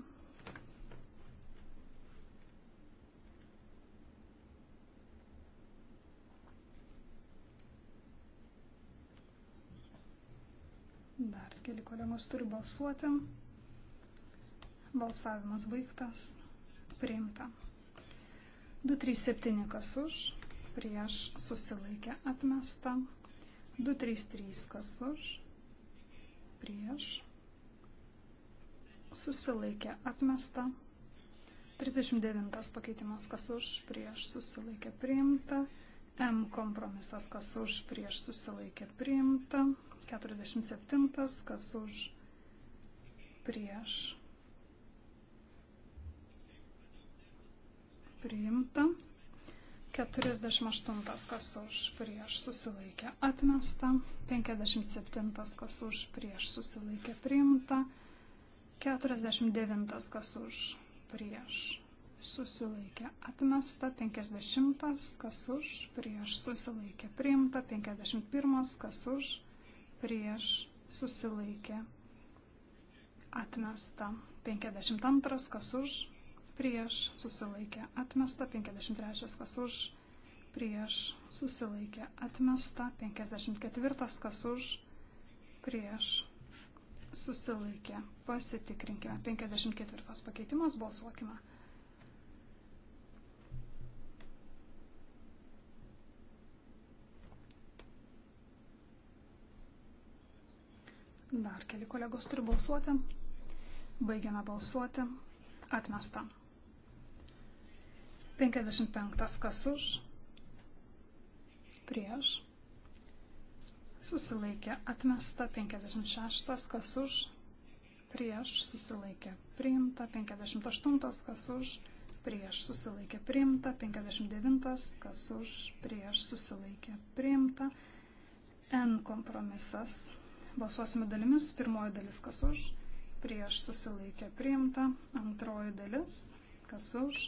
Dar keli kolegos turi balsuoti. Balsavimas baigtas. Priimta. 237 kas už, prieš susilaikė atmesta. 233 kas už, prieš susilaikė atmesta. 39 pakeitimas kas už, prieš susilaikė priimta. M kompromisas kas už, prieš susilaikė priimta. 47 kas už, prieš priimta. 48 kas už prieš susilaikė atmesta, 57 kas už prieš susilaikė priimta, 49 kas už prieš susilaikė atmesta, 50 kas už prieš susilaikė priimta, 51 kas už prieš susilaikė atmesta, 52 kas už prieš susilaikė atmesta, 53 kas už, prieš susilaikė atmesta, 54 kas už, prieš susilaikė. Pasitikrinkime. 54 pakeitimas, balsuokime. Dar keli kolegos turi balsuoti. Baigiame balsuoti. Atmesta. 55 kas už, prieš, susilaikė atmesta, 56 kas už, prieš, susilaikė priimta, 58 kas už, prieš, susilaikė priimta, 59 kas už, prieš, susilaikė priimta, N kompromisas. Balsuosime dalimis, pirmoji dalis kas už, prieš susilaikė priimta, antroji dalis kas už,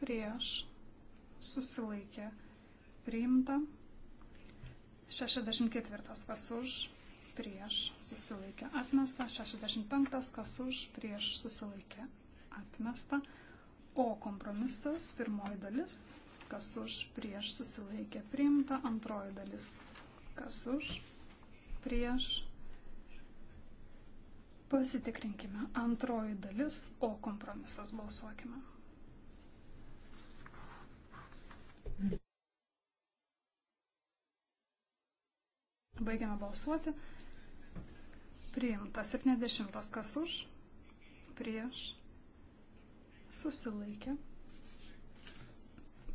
prieš, susilaikė, priimta. 64 kas už, prieš, susilaikė, atmesta. 65 kas už, prieš, susilaikė, atmesta. O kompromisas, pirmoji dalis, kas už, prieš, susilaikė, priimta. Antroji dalis, kas už, prieš, Pasitikrinkime antroji dalis, o kompromisas balsuokime. Baigiame balsuoti. Priimta 70. Kas už? Prieš. Susilaikė.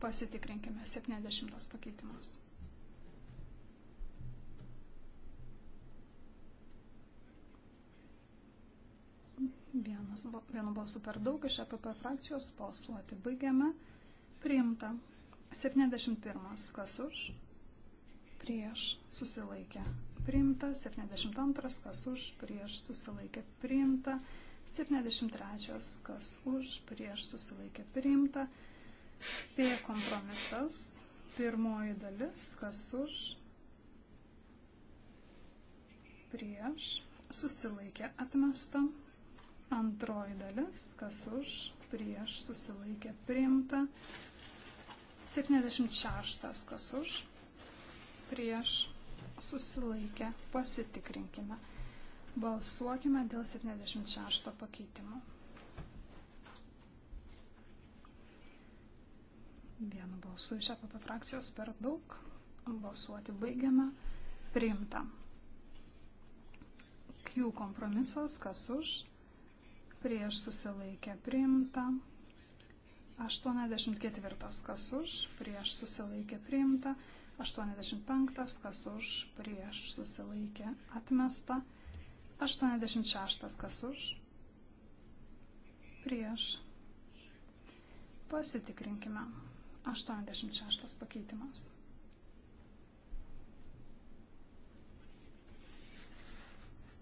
Pasitikrinkime 70 pakeitimus. Vienas, vienu balsu per daug iš APP e frakcijos balsuoti. Baigiame. Priimta. 71. Kas už? prieš susilaikę priimta, 72 kas už prieš susilaikę priimta, 73 kas už prieš susilaikę priimta, P kompromisas, pirmoji dalis kas už prieš susilaikę atmesta, antroji dalis kas už prieš susilaikę priimta, 76 kas už prieš susilaikę pasitikrinkime. Balsuokime dėl 76 pakeitimo. Vienu balsu iš APP frakcijos per daug. Balsuoti baigiame. Priimta. Q kompromisas, kas už, prieš susilaikę priimta. 84 kas už, prieš susilaikę priimta. 85, kas už, prieš susilaikė atmesta. 86, kas už, prieš. Pasitikrinkime. 86 pakeitimas.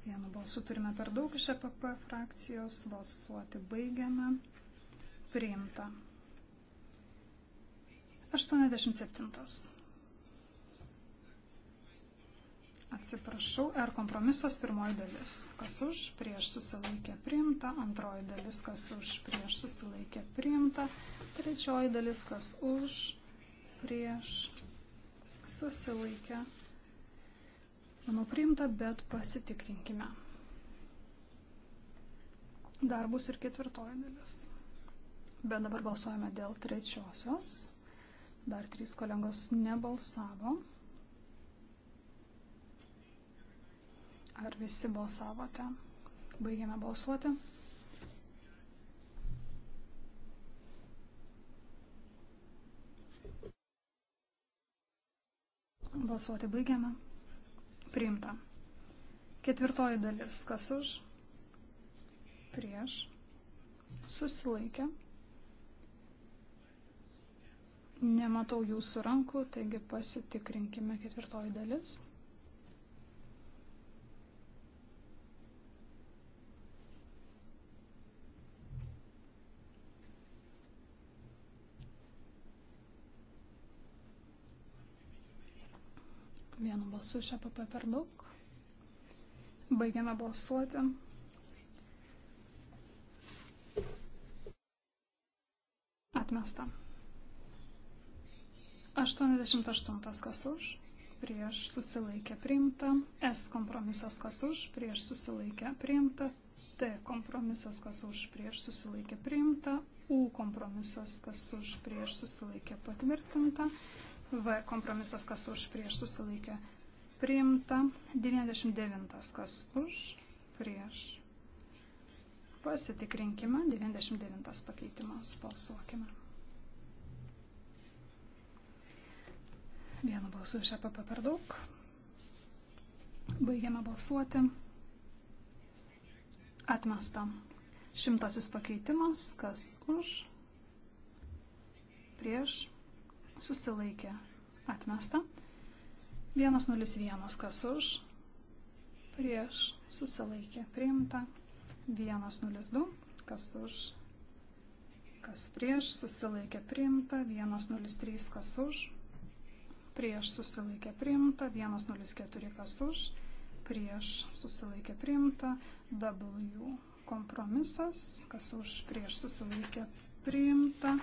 Vienu balsu turime per daug iš EPP frakcijos. Balsuoti baigiame. Priimta. 87. Atsiprašau, ar kompromisas pirmoji dalis, kas už, prieš susilaikė priimta, antroji dalis, kas už, prieš susilaikė priimta, trečioji dalis, kas už, prieš susilaikė. Manau, priimta, bet pasitikrinkime. Dar bus ir ketvirtoji dalis. Bet dabar balsuojame dėl trečiosios. Dar trys kolegos nebalsavo. Ar visi balsavote? Baigiame balsuoti. Balsuoti baigiame. Priimta. Ketvirtoji dalis. Kas už? Prieš. Susilaikė. Nematau jūsų rankų, taigi pasitikrinkime ketvirtoji dalis. Vienu balsu iš APP e per daug. Baigiame balsuoti. Atmesta. 88 kas už, prieš susilaikę priimta. S kompromisas kas už, prieš susilaikę priimta. T kompromisas kas už, prieš susilaikę priimta. U kompromisas kas už, prieš susilaikę patvirtinta. V kompromisas kas už prieš susilaikė priimta. 99 kas už prieš. Pasitikrinkime. 99 pakeitimas. Balsuokime. Vienu balsu iš APP e per daug. Baigiame balsuoti. Atmesta. Šimtasis pakeitimas. Kas už? Prieš susilaikė atmesta. 101 kas už, prieš susilaikė priimta. 102 kas už, kas prieš susilaikė priimta. 103 kas už, prieš susilaikė priimta. 104 kas už, prieš susilaikė priimta. W kompromisas, kas už prieš susilaikė priimta.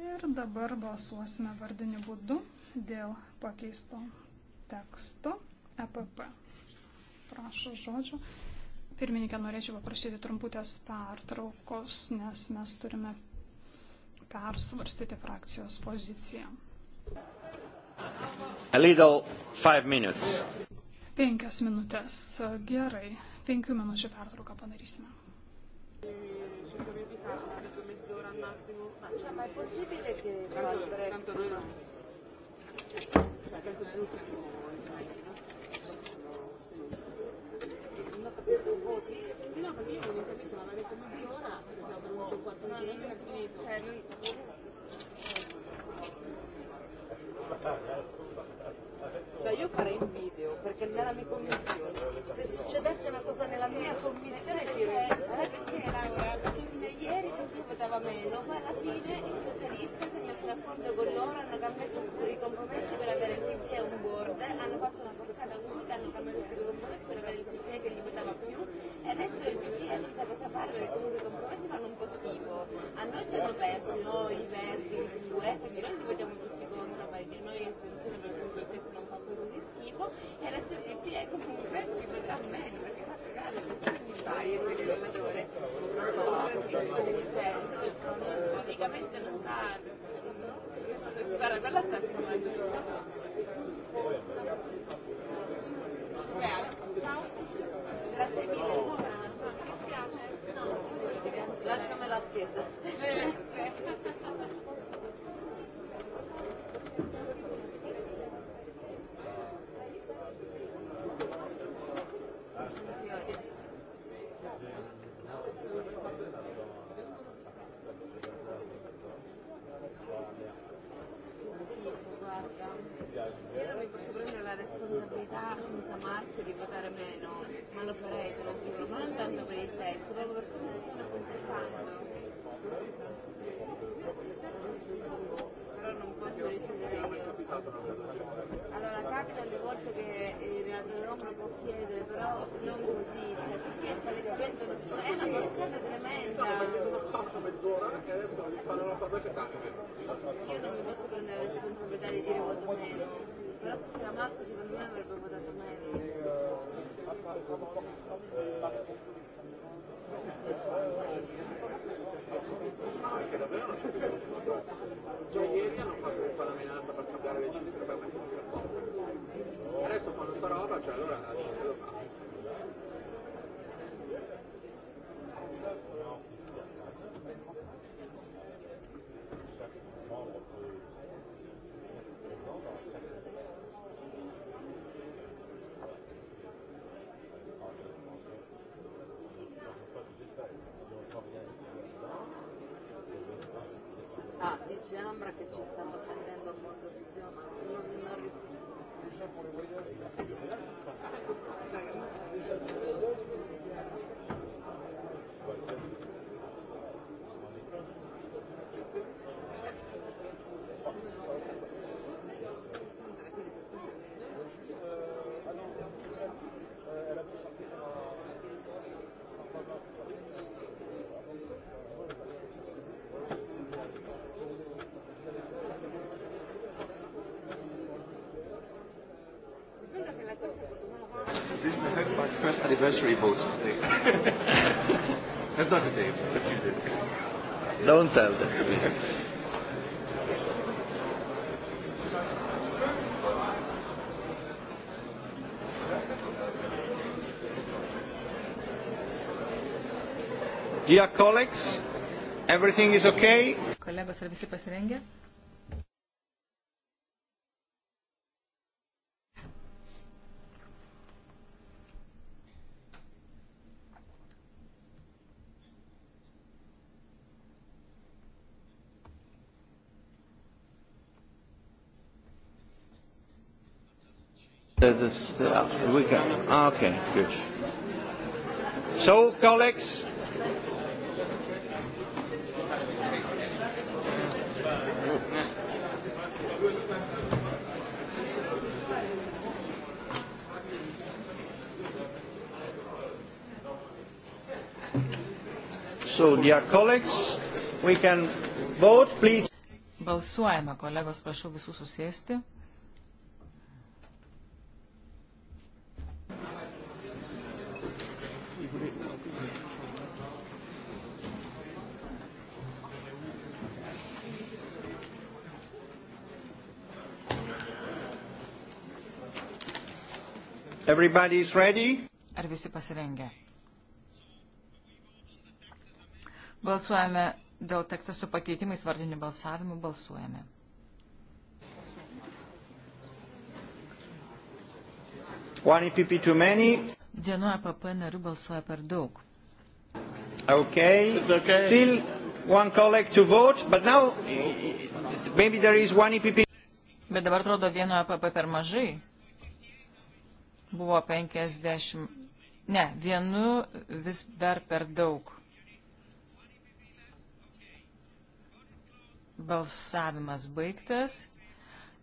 Ir dabar balsuosime vardiniu būdu dėl pakeisto teksto EPP. Prašau žodžio. Pirmininkė, norėčiau paprašyti trumputės pertraukos, nes mes turime persvarstyti frakcijos poziciją. A legal five minutes. Penkias minutės. Gerai. Penkių minučių pertrauką padarysime massimo. Ma, cioè, ma è possibile che fa il break? Tanto noi no. Cioè, tanto noi siamo in macchina. Non ho capito i voti. No, perché io l'intervista mi aveva detto mezz'ora, pensavo per un 50 minuti era finito. Cioè, non... Cioè io farei un video, perché nella mia commissione, se succedesse una cosa nella mia commissione tiro in testa. Perché Laura? Ieri tutti votava meno, ma alla fine i socialisti si è messo d'accordo con loro, hanno cambiato i compromessi per avere il PT e un board, hanno fatto una portata unica, hanno cambiato tutti i compromessi per avere il PT e che gli votava più e adesso il PT e non sa cosa fare perché comunque i compromessi fanno un po' schifo. A noi ci hanno persi no, i verdi, i due, quindi noi votiamo tutti contro perché noi estensione per questo tempo e adesso il ripiego comunque mi vedrà meglio perché fa cagare perché mi fai per il relatore cioè praticamente non sa guarda quella sta filmando ciao grazie mille no, mi spiace no, lasciamela scritta [laughs] grazie lo farei per anche io, non tanto per il testo, proprio per come si stanno comportando. Però non posso decidere io. Allora capita alle volte che il relatore Roma può chiedere, però non così, cioè così è palesemente uno studio. È una portata tremenda. Io non mi posso prendere la responsabilità di dire voto meno, però se c'era Marco secondo me avrebbe votato meno. Perché davvero non c'è più Già ieri hanno fatto tutta la menata per cambiare le cifre per mettere il scarpone. Adesso fanno sta roba, cioè allora niente lo fa. like first anniversary votes today. [laughs] That's not today, it's a few days ago. Don't tell them, please. Dear colleagues, everything is okay? Kolegos, ar visi pasirengę? this, the, uh, we can, ah, okay, good. So, colleagues, So, dear colleagues, we can vote, please. Balsuojame, kolegos, prašau visų susėsti. Everybody's ready? Ar visi pasirengę? Balsuojame dėl teksto su pakeitimais vardiniu balsavimu. Balsuojame. One EPP too many. Vienu EPP nariu balsuoja per daug. Okay. It's okay. Still one colleague to vote, but now maybe there is one EPP. Bet dabar atrodo vieno EPP per mažai buvo 50, ne, vienu vis dar per daug. Balsavimas baigtas.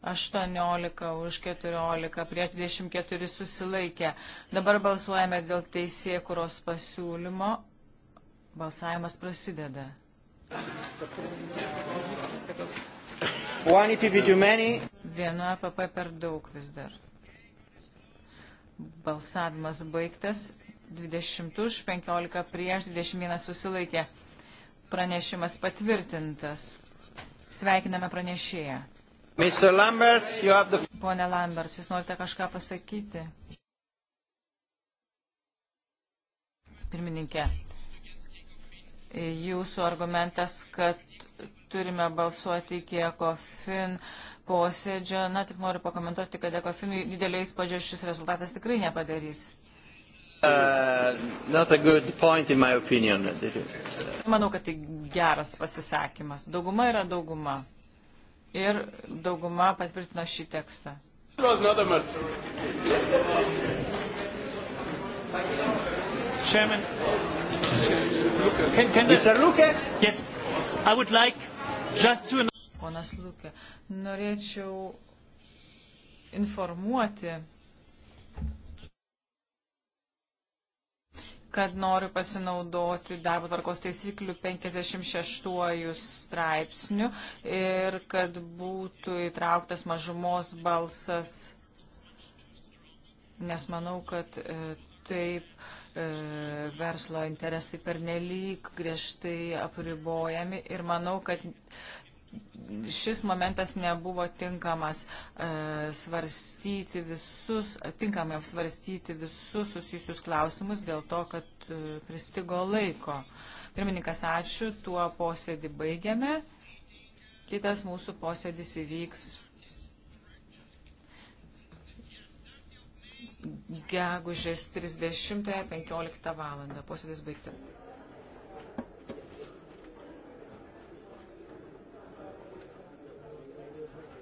18 už 14 prie 24 susilaikė. Dabar balsuojame dėl teisėkuros pasiūlymo. Balsavimas prasideda. Vienu APP e per daug vis dar. Balsavimas baigtas. 20 už, 15 prieš, 21 susilaikė. Pranešimas patvirtintas. Sveikiname pranešėją. Lambers, the... Pone Lambers, jūs norite kažką pasakyti? Pirmininkė, jūsų argumentas, kad turime balsuoti iki ECOFIN posėdžio. Na, tik noriu pakomentuoti, kad ekofinui didelio įspūdžio šis rezultatas tikrai nepadarys. Uh, opinion, Manau, kad tai geras pasisakymas. Dauguma yra dauguma. Ir dauguma patvirtino šį tekstą. Chairman, can, can the, Mr. Luke? Yes, I would like just to ponas Lūkė. Norėčiau informuoti, kad noriu pasinaudoti darbo tvarkos taisyklių 56 straipsnių ir kad būtų įtrauktas mažumos balsas, nes manau, kad e, taip e, verslo interesai pernelyg griežtai apribojami ir manau, kad šis momentas nebuvo tinkamas e, svarstyti visus, tinkamai apsvarstyti visus susijusius klausimus dėl to, kad e, pristigo laiko. Pirmininkas, ačiū, tuo posėdį baigiame. Kitas mūsų posėdis įvyks gegužės 30-15 val. Posėdis baigtas.